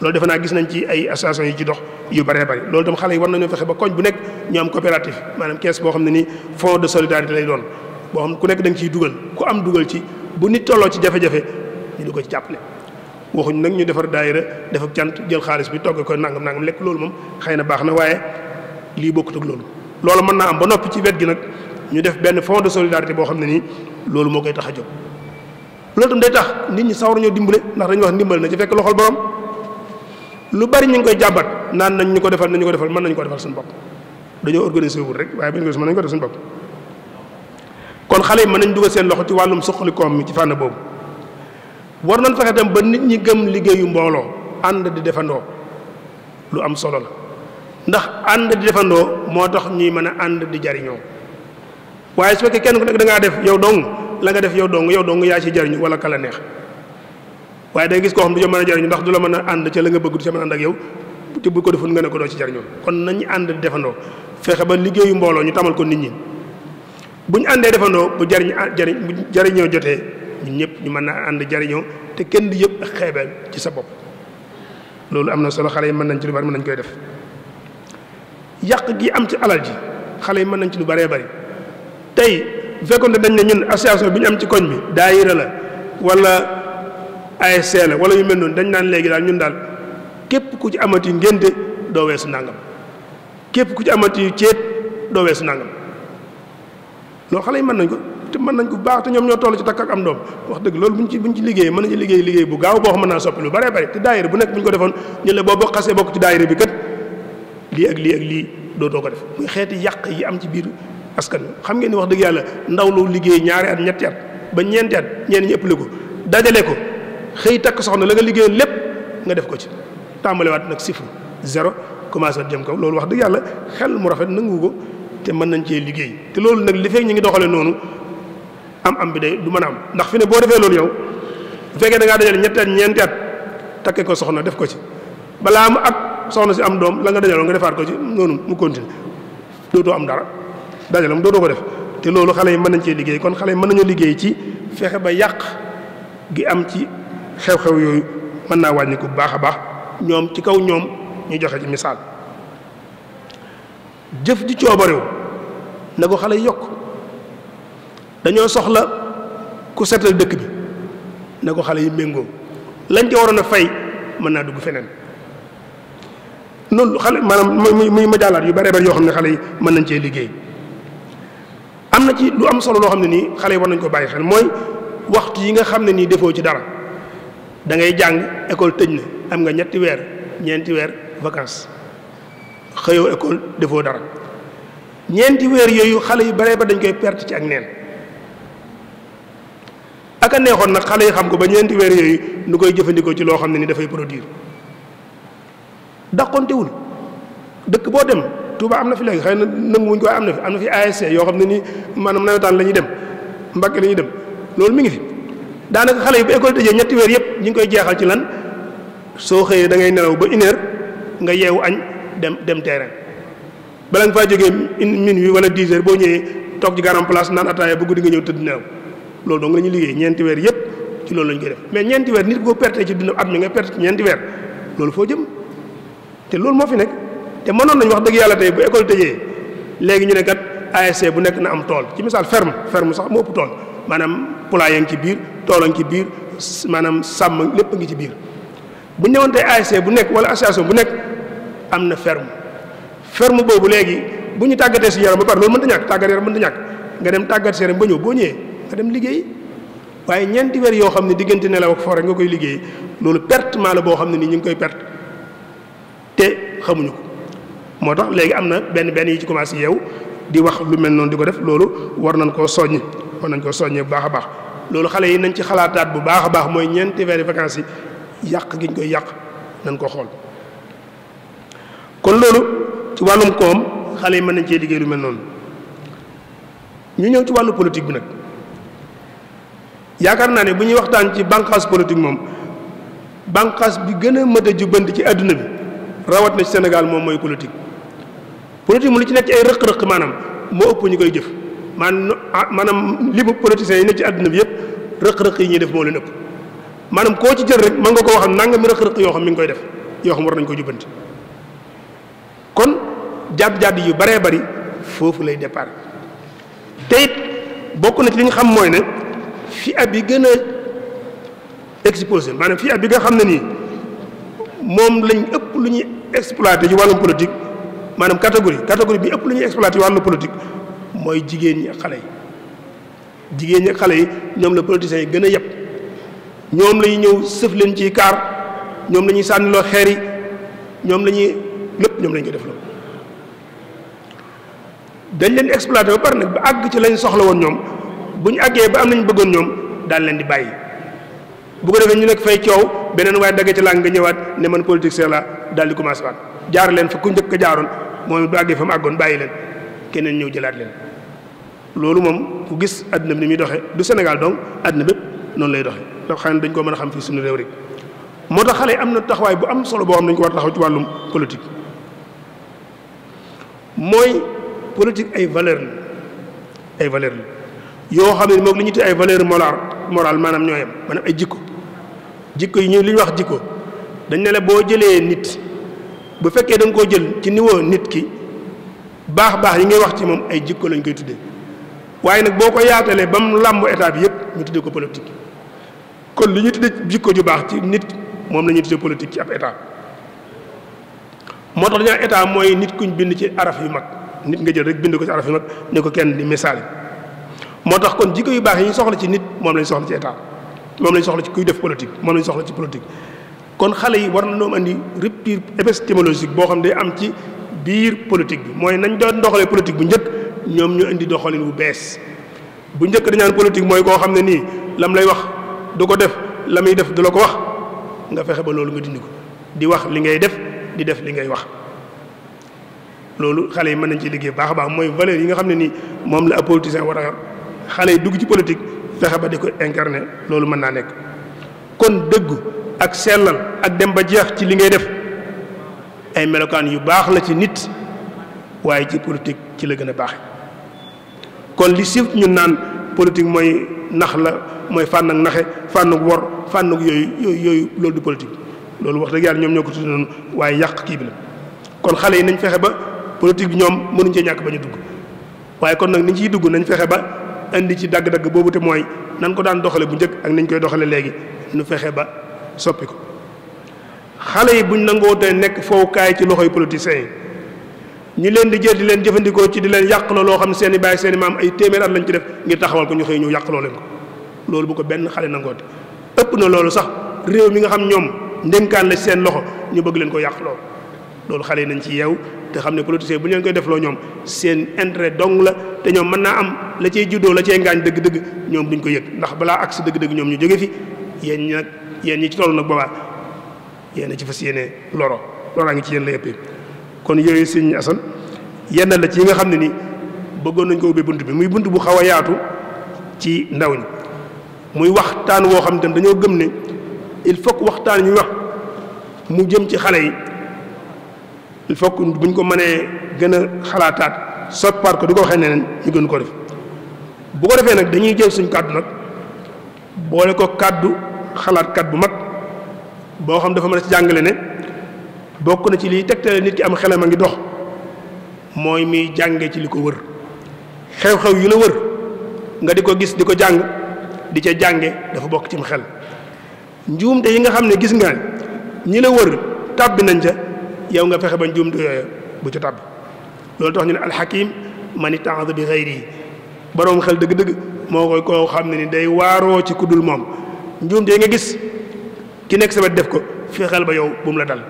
loolu defe naa gis nañ ci ay association yu ci dox yu bëree bëri loolu itam xale yi war nañoo fexe ba koñ bu nekk ñu am coopérative maanaam kees boo xam ne ni fonds de solidarité lay doon boo xam ku nekk da ciy dugal ku am dugal ci bu nit tolloo ci jafe-jafe ko jàppale waxuñ nag ñu defar daayira def ak cant jël xaalis bi togg ko nangam nangam lekk loolu moom xëy na baax na waaye lii bokkut ak loolu loolu mën naa am ba noppi ci wet gi nag ñu def benn fonds de solidarité boo xam ne nii loolu moo koy tax a jóg loolu tam day tax nit ñi sawaruñoo dimbale ndax dañu wax ndimbal na ci fekk loxol borom lu bari ñu ngi koy jàmbat naan nañ ñu ko defal nañu ko defal mën nañu ko defal suñu bopp dañoo organisé wul rek waaye bu ñu ko mën ko def suñu bopp kon xale yi mën nañ dugal seen loxo ci wàllum suqali mi ci fànn boobu war nañ fexe tam ba nit ñi gëm liggéeyu mbooloo ànd di defandoo lu am solo la ndax ànd di defandoo moo tax ñuy mën a ànd di jariñoo waaye su fekkee kenn ku nekk dangaa ngaa def yow dong la nga def yow dong yow dong yaay ci jariñu wala kala neex waaye day gis koo xam du ca mën a jariñu ndax du la mën a ànd ca la nga bëgg du ca mën a ànd ak yow te bu defoon nga ne ko doo ci jariñoo kon nañu ànd defandoo fexe ba liggéeyu mbooloo ñu tamal ko nit ñi bu ñu àndee defandoo bu jariñ jariñ bu jariñoo jotee ñun ñëpp ñu mën a ànd jariñoo te kenn di yëpp ak xeebeel ci sa bopp loolu am na solo xale yi mën nañ ci lu bari mën nañ koy def yàq gi am ci alal ji xale yi mën nañ ci lu baree bari tey bu fekkoon ne dañ ne ñun association bi ñu am ci koñ bi daayira la walla ASC la wala yu mel noonu dañ naan léegi daal ñun daal képp ku ci amati ngénte doo weesu nangam képp ku ci amati ceet doo weesu nangam loolu xale yi mën nañ ko te mën nañ ko baax te ñoom ñoo toll ci takk ak am doom wax dëgg loolu buñ ci buñ ci liggéeyee mën nañu liggéey liggéey bu gaaw boo xam mën naa soppi lu bare bare te daayira bu nekk bu ñu ko defoon ñu la boo bokk xasee bokk ci daayira bi kat lii ak lii ak lii dootoo ko def muy yàq yi am ci biir askan xam ngeen ni wax dëgg yàlla ndaw lu liggéey ñaari at ñetti at ba ñeenti at ñeen ñi ëppale ko dajale ko xëy takk soxna la nga liggéeyoon lépp nga def ko ci tàmbaliwaat nag sifru zéro commencé jëm kaw loolu wax dëgg yàlla mu rafet nangu ko te mën nañ cee liggéey te loolu nag li fekk ñu ngi doxale noonu am am bi day mën a am ndax fi boo defee loolu yow bu fekkee da ngaa dajale ñetti ñeenti at takke ko soxna def ko ci balaa mu at soxna si am doom la nga dajaloon nga defaat ko ci noonu mu continuer dootoo am dara dajalam mu doo ko def te loolu xale yi mën nañ cee liggéey kon xale yi mën nañoo liggéey ci fexe ba yàq gi am ci xew-xew yooyu mën naa wàññiku bu baax a baax ñoom ci kaw ñoom ñu joxe ci misaal jëf ji coobarewu na ko xale yi yokk dañoo soxla ku setal dëkk bi na ko xale yi méngoo lañ ca waroon a fay mën naa dugg feneen noonu xale maanaam muy muy ma jàllaat yu bare bare yoo xam ne xale yi mën nañ cee liggéey am na ci lu am solo loo xam ne nii xale yi war nañ ko bàyyi xel mooy waxtu yi nga xam ne nii defoo ci dara da ngay jàng école tëj na am nga ñetti weer ñeenti weer vacances xëyoo école defoo dara ñeenti weer yooyu xale yu bare ba dañ koy perte ci ak neen aka neexoon nag xale yi xam ko ba ñeenti weer yooyu nu koy jëfandikoo ci loo xam ne ni dafay produire dàqontewul dëkk boo dem tubaa am na fi léegi xay na nanguwuñ ko waaye am na fi am na fi ASC yoo xam ne ni maanaam na la lañuy dem Mbàkke la ñuy dem loolu mi ngi fi daanaka xale yi bu école tëjee ñetti weer yëpp ñu ngi koy jeexal ci lan soo xëyee da ngay nelaw ba une nga yeewu añ dem dem terrain bala nga faa jógee minuit wala dix heures boo ñëwee toog ci garam place naan ataaya ba guddi nga ñëw tëdd nelaw loolu dong la ñuy liggéey ñeenti weer yëpp ci loolu la ñu koy mais ñeenti weer nit koo perte ci dund nga perte ñeenti weer loolu foo jëm te loolu moo fi nekk te mënoon nañ wax dëgg yàlla tey bu école tëjee léegi ñu ne kat ASC bu nekk na am tool ci misaal ferme ferme sax mu ëpp tool maanaam poulailler ngi ci biir tool ngi ci biir maanaam sàmm lépp a ngi ci biir bu ñëwoon tey ASC bu nekk wala association bu nekk am na ferm ferme boobu léegi bu ñu tàggatee si yaram ba pare loolu mënta ñàkk tàggat yaram mënta ñàkk nga dem tàggat si yaram ba ñëw boo ñëwee nga dem liggéey waaye ñeenti weer yoo xam ne diggante nelaw ak foo rek nga koy liggéey loolu pertement la boo xam ne nii ñu ngi koy perte te xamuñu moo tax léegi am na benn benn yi ci commencé yeew di wax lu mel noonu di ko def loolu war nañ koo soññ war nañ koo soññee bu baax a baax loolu xale yi nañ ci xalaataat bu baax a baax mooy ñeenti weeri vacances yi yàq gi ñu koy yàq nañ ko xool kon loolu ci wàllum koom xale yi mën nañ cee liggéey lu mel noonu ñu ñëw ci wàllu politique bi nag yaakaar naa ne bu ñuy waxtaan ci bànqaas politique moom bànqaas bi gën a mët a jubbanti ci àdduna bi rawat na ci Sénégal moom mooy politique politique mu li ci nekk ay rëq-rëq maanaam moo ëpp ñu koy jëf maanaam ah, maanaam li mu politiciens yi nekk ci àdduna bi yëpp rëq-rëq yi ñuy def moo leen ëpp maanaam koo ci jël rek mën nga ko waxam nangami rëq-rëq yoo xam mi ngi koy def yoo xam war ko jubbanti kon jàdd-jàdd yu baree bari foofu lay départ te bokk na ci li xam mooy ne fi ab yi gën a exposé maanaam fi ab yi nga xam ne nii moom lañ ëpp lu ñuy exploité ci wàllum politique maanaam catégorie catégorie bi ëpp lu ñuy exploité wàllu politique mooy jigéen ñi xale yi jigéen ñi xale yi ñoom la politiciens yi gën a yëpp ñoom la ñëw sëf leen ci kaar ñoom la ñuy sànniloo xeer yi ñoom lañuy ñuy lépp ñoom la ñu ko def loolu dañ leen exploité ba pare nag ba àgg ci lañ soxla woon ñoom bu ñu àggee ba am nañ bëggoon ñoom daal leen di bàyyi bu ko defee ñu nekk fay coow beneen waaye dagge ci làng nga ñëwaat ne man politique c'est la daal di commencé waat jaar leen fa ku njëkk a moom bu àggee fa mu àggoon bàyyi leen keneen ñëw jëlaat leen loolu moom ku gis àdduna bi ni muy doxee du Sénégal donc àdduna bépp noonu lay doxe ndax xam ne dañ koo mën a xam fii suñu réew moo tax xale am na taxawaay bu am solo boo xam ne dañu ko war a taxaw ci wàllum politique mooy politique ay valeur ay valeur yoo xam ne moom li ñu tuddee ay valeur morale morale maanaam ñooyam maanaam ay jikko jikko yi ñu li ñu wax jikko dañ ne la boo jëlee nit bu fekkee danga nga koo jël ci niwoo nit ki baax baax yi ngay wax ci moom ay jikko lañ koy tuddee waaye nag boo ko yaatalee ba mu làmb état bi yëpp ñu tuddee ko politique kon lu ñu tuddee jikko ju baax ci nit moom la ñuy politique ci ab état moo tax dañaa état mooy nit kuñ bind ci araf yu mag nit nga jël rek bind ko ci araf yu ko kenn di misaal moo tax kon jikko yu baax yi soxla ci nit moom lañ soxla ci état moom lañ soxla ci kuy def politique moom lañ soxla ci politique kon xale yi war na noom indi rupture épistémologique boo xam ne day am ci biir politique bi mooy nañ doon doxalee politique bu njëkk ñoom ñu indi doxalin bu bees bu njëkk dañaan politique mooy koo xam ne nii lam lay wax du ko def la muy def du la ko wax nga fexe ba loolu nga dindi ko di wax li ngay def di def li ngay wax loolu xale yi mën nañ ci liggéey baax a baax mooy valeur yi nga xam ne nii moom la ab politicien war a xale yi dugg ci politique fexe ba di ko incarner loolu mën naa nekk kon dëggu ak sellal ak dem ba jeex ci li ngay def ay melokaan yu baax la ci nit waaye ci politique ci la gën a baaxe kon li siif ñu naan politique mooy nax la mooy fànn ak naxe fànn ak wor fànn yooyu yooyu loolu du politique loolu wax dëgg yàlla ñoom ñoo ko tudd noonu waaye yàq kii bi la kon xale yi nañ fexe ba politique bi ñoom mënuñ cee ñàkk ba ñu dugg waaye kon nag ni ciy dugg nañ fexe ba indi ci dagg-dagg boobu te mooy nan ko daan doxale bu njëkk ak nañ koy doxale léegi nu fexe ba soppi ko xale yi buñ nangoo te nekk fowukaay ci loxoy politiciens yi ñi leen di jël di leen jëfandikoo ci di leen yàqloo loo xam seen i baay seen i ay téeméer lañ ci def ngir taxawal ko ñu xëy ñu yàqloo leen loolu bu ko benn xale nangoo te ëpp na loolu sax réew mi nga xam ñoom ndénkaan la seen loxo ñu bëgg leen ko yàqloo loolu xale yi nañ ci yeew te xam ne politiciens bu ñu leen koy defloo ñoom seen intérêt dong la te ñoom mën naa am la cay juddoo la cay ngaañ dëgg-dëgg ñoom duñ ko yëg ndax balaa agsi dëgg-dëgg ñoom ñu jóge fi yéen nag yéen ñi ci toll nag boobaa yéen ci fas yéene loro loraa ngi ci yéen la ëppee kon yooyu sëñ ason yenn la ci yi nga xam ne ni bëggoon nañ ko ubbi bunt bi muy bunt bu xaw a yaatu ci ndaw ñi muy waxtaan woo xam tam dañoo gëm ne il faut waxtaan ñuy wax mu jëm ci xale yi il faut que buñ ko mënee gën a xalaataat soppaat ko di ko waxee neneen ñu gën ko def bu ko defee nag dañuy jël suñ kàddu nag boole ko kàddu xalaatkat bu mag boo xam dafa mën a ci jàngale ne bokk na ci liy tegtale nit ki am xelam a ngi dox mooy muy jàngee ci li ko wër xew-xew yu la wër nga di ko gis di ko jàng di ca jànge dafa bokk ci xel njuumte yi nga xam ne gis nga ñi la wër tàbbi nañ ca yow nga fexe ba njuumte yooyu bu ca tàbb loolu tax ñu ne alxakim ni ita'adha bi ghayri borom xel dëgg-dëgg moo koy koo xam ne ni day waaroo ci kuddul moom njuum de nga gis ki nekk sabet def ko fexeel ba yow bu mu la dal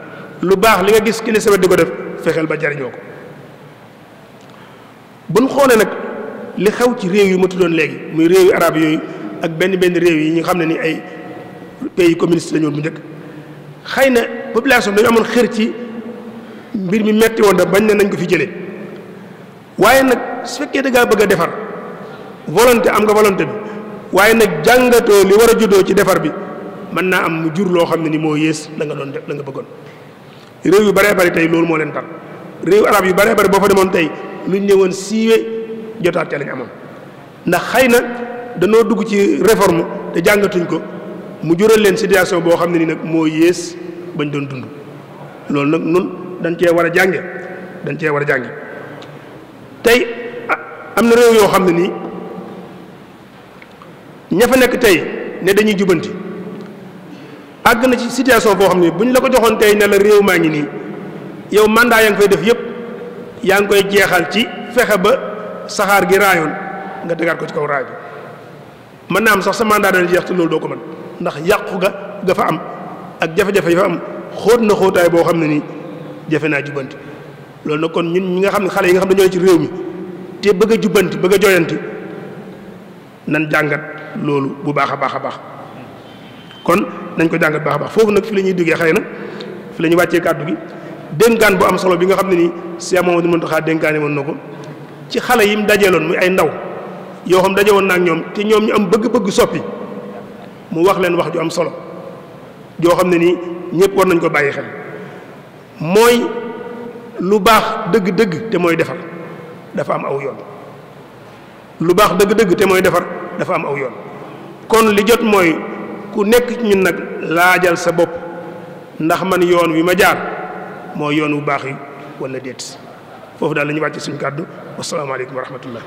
lu baax li nga gis ki ne sabet di ko def fexeel ba jariñoo ko buñ xoolee nag li xew ci réew yu ma tuddoon léegi muy réew yi arab yooyu ak benn benn réew yi ñu xam ne ni ay pays communiste la ñu bu njëkk xëy na population dañu amoon xër ci mbir mi metti woon da bañ ne nañ ko fi jëlee waaye nag su fekkee da ngaa bëgg a defar volonté am nga volonté bi waaye nag jàngatoo li war a juddoo ci defar bi mën naa am mu jur loo xam ne ni moo yées la nga doon def la nga bëggoon réew yu baree bari tey loolu moo leen tam réew arab yu baree bari boo fa demoon tey lu ñu woon siiwe jotaat ca lañ amoon ndax xëy na danoo dugg ci réforme te jàngatuñ ko mu jural leen situation boo xam ne ni nag moo yées bañ doon dund loolu nag nun dañ cee war a jànge dañ cee war a jànge tey ah, am na réew yoo xam ne nii ña fa nekk tey ne dañuy jubbanti àgg na ci situation boo xam ne bu ñu la ko joxoon tey ne la réew maa ngi nii yow mandat yaa ngi koy def yëpp yaa ngi koy jeexal ci fexe ba saxaar gi raayoon nga tegaat ko ci kaw raay bi mën naa am sax sa mandat dana jeex te loolu doo ko man ndax yàqu ga ga fa am ak jafe-jafe yi fa am xóot na xóotaay boo xam ne nii jafe naa jubanti loolu nag kon ñun ñi nga xam ne xale yi nga xam ne ñoo ci réew mi te bëgg a jubanti bëgg a joyanti nan jàngat loolu bu baax a baax a baax kon nañ ko jàngat baax a baax foofu nag fi lañuy ñuy duggee xëy na fi la ñuy wàccee kàddu gi dénkaan bu am solo bi nga xam ne nii Cheikh Mamadou Mountakha dénkaane woon na ko ci xale yi mu dajeeloon muy ay ndaw yoo xam daje woon na ak ñoom te ñoom ñu am bëgg-bëgg soppi mu wax leen wax ju am solo yoo xam ne nii ñëpp war nañ ko bàyyi xel mooy lu baax dëgg-dëgg te mooy defar dafa am aw yoon lu baax dëgg-dëgg te mooy defar dafa am aw yoon kon li jot mooy ku nekk ci ñun nag laajal sa bopp ndax man yoon wi ma jaar mooy yoon wu baax yi wala déet foofu daal la ñuy wàcce suñu kàddu wasalaamaaleykum wa rahmatullah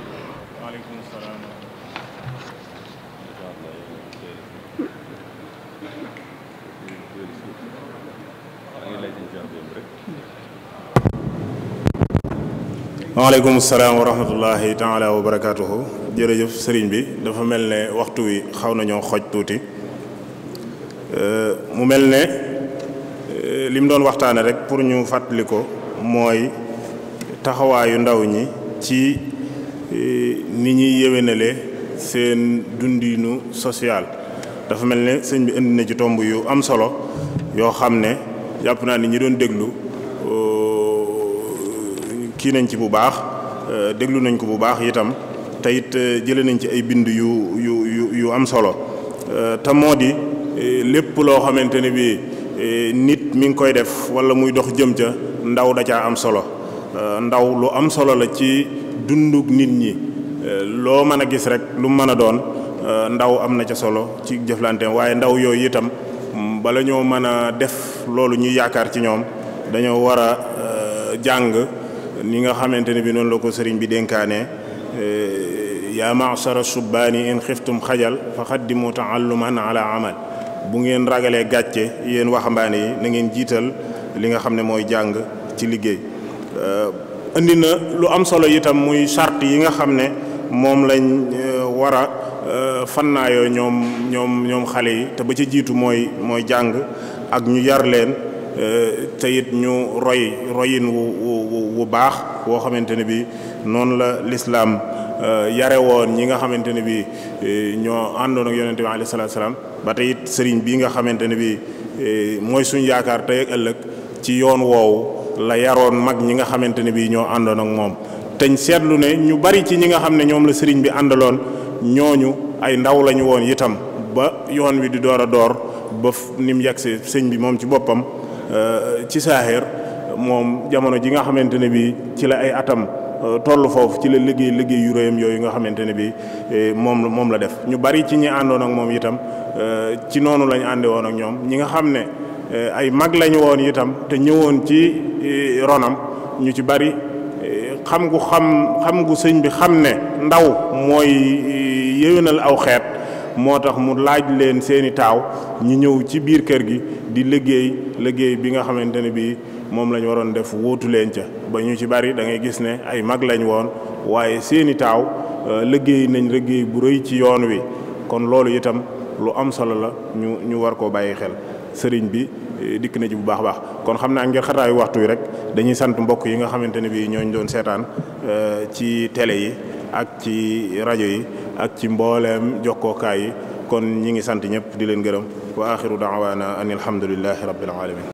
waaleykum salaam wa rahmatullahi taala wa barakaatuhu jërëjëf sëriñ bi dafa mel ne waxtu wi xaw nañoo xoj tuuti euh, mu mel ne euh, li doon waxtaane rek pour ñu fàttali ko mooy taxawaayu ndaw ñi ci euh, ni ñuy yéwénale seen dundinu social dafa mel ne sëñ bi indi na ci tomb yu am solo yoo xam ne yàpp naa ni ñi doon déglu kii nañ ci bu baax déglu nañ ko bu baax itam te it eh, jëlee nañ ci ay bind yu yu yu yu am solo eh, te moo di eh, lépp loo xamante ne bii nit mi ngi koy def wala muy dox jëm ca ndaw da caa am solo ndaw lu am solo la ci dunduk nit ñi loo mën a gis rek lu mën a doon ndaw am na ca solo ci jëflanteem waaye ndaw yooyu itam mm, bala ñoo mën a def loolu ñuy yaakaar ci ñoom dañoo war a jàng ni nga xamante ni bi noonu la ko sëriñ bi dénkaanee yaa ma'shara shubbaani in xiftum xajal fa xaddimu taalluman ala amal bu ngeen ragalee gàcce yéen waxambaane yi na ngeen jiital li nga xam ne mooy jàng ci liggéey euh, indi na lu am solo itam muy charte yi nga xam ne moom lañ euh, war a euh, fannaayoo ñoom ñoom ñoom xale yi te ba ci jiitu mooy mooy jàng ak ñu yar leen te ñu roy royin wu wu wu baax woo xamante ne bi noonu la lislaam euh, yare woon ñi nga xamante ne bi euh, ñoo àndoon ak yonente bi alayhi salaam ba tey it sëriñ bi nga xamante ne bi euh, mooy suñu yaakaar tey ëllëg ci yoon woowu la yaroon mag ñi nga xamante ne bi ñoo àndoon moom teñ seetlu ne ñu bari ci ñi nga xam ne ñoom la sëriñ bi àndaloon ñooñu ay ndaw lañu woon itam ba yoon wi di door a door ba ni mu yegsee sëñ bi moom ci boppam ci saaxir moom jamono ji nga xamante ne bii ci la ay atam Euh, toll foofu ci la liggéey liggéey yu rëyam yooyu nga xamante ne bi eh, moom moom la def ñu bari ci ñi àndoon ak moom itam euh, ci noonu lañu àndi woon ak ñoom ñi nga xam ne eh, ay mag lañu woon itam te ñëwoon ci eh, ronam ñu ci bari xam gu xam xam gu sëñ bi xam ne ndaw mooy yéwénal aw xeet moo tax mu laaj leen seeni taaw ñu ñëw ci biir kër gi di liggéey liggéey bi nga xamante ne bi moom la waroon def wóotu leen ca ba ñu ci bari da ngay gis ne ay mag lañ woon waaye seeni taaw euh, liggéey nañ liggéey bu rëy ci yoon wi kon loolu itam lu am solo la ñu ñu war koo bàyyi xel sëriñ bi euh, dikk na ci bu baax baax kon xam naa ngir xataayu waxtu wi rek dañuy sant mbokk yi nga xamante ne bii ñooñ doon seetaan euh, ci tele yi ak ci rajo yi ak ci mbooleem jokkookaay yi kon ñi ngi sant ñëpp di leen gërëm wa axiru daawaana an alhamdulillahi rabbil alamin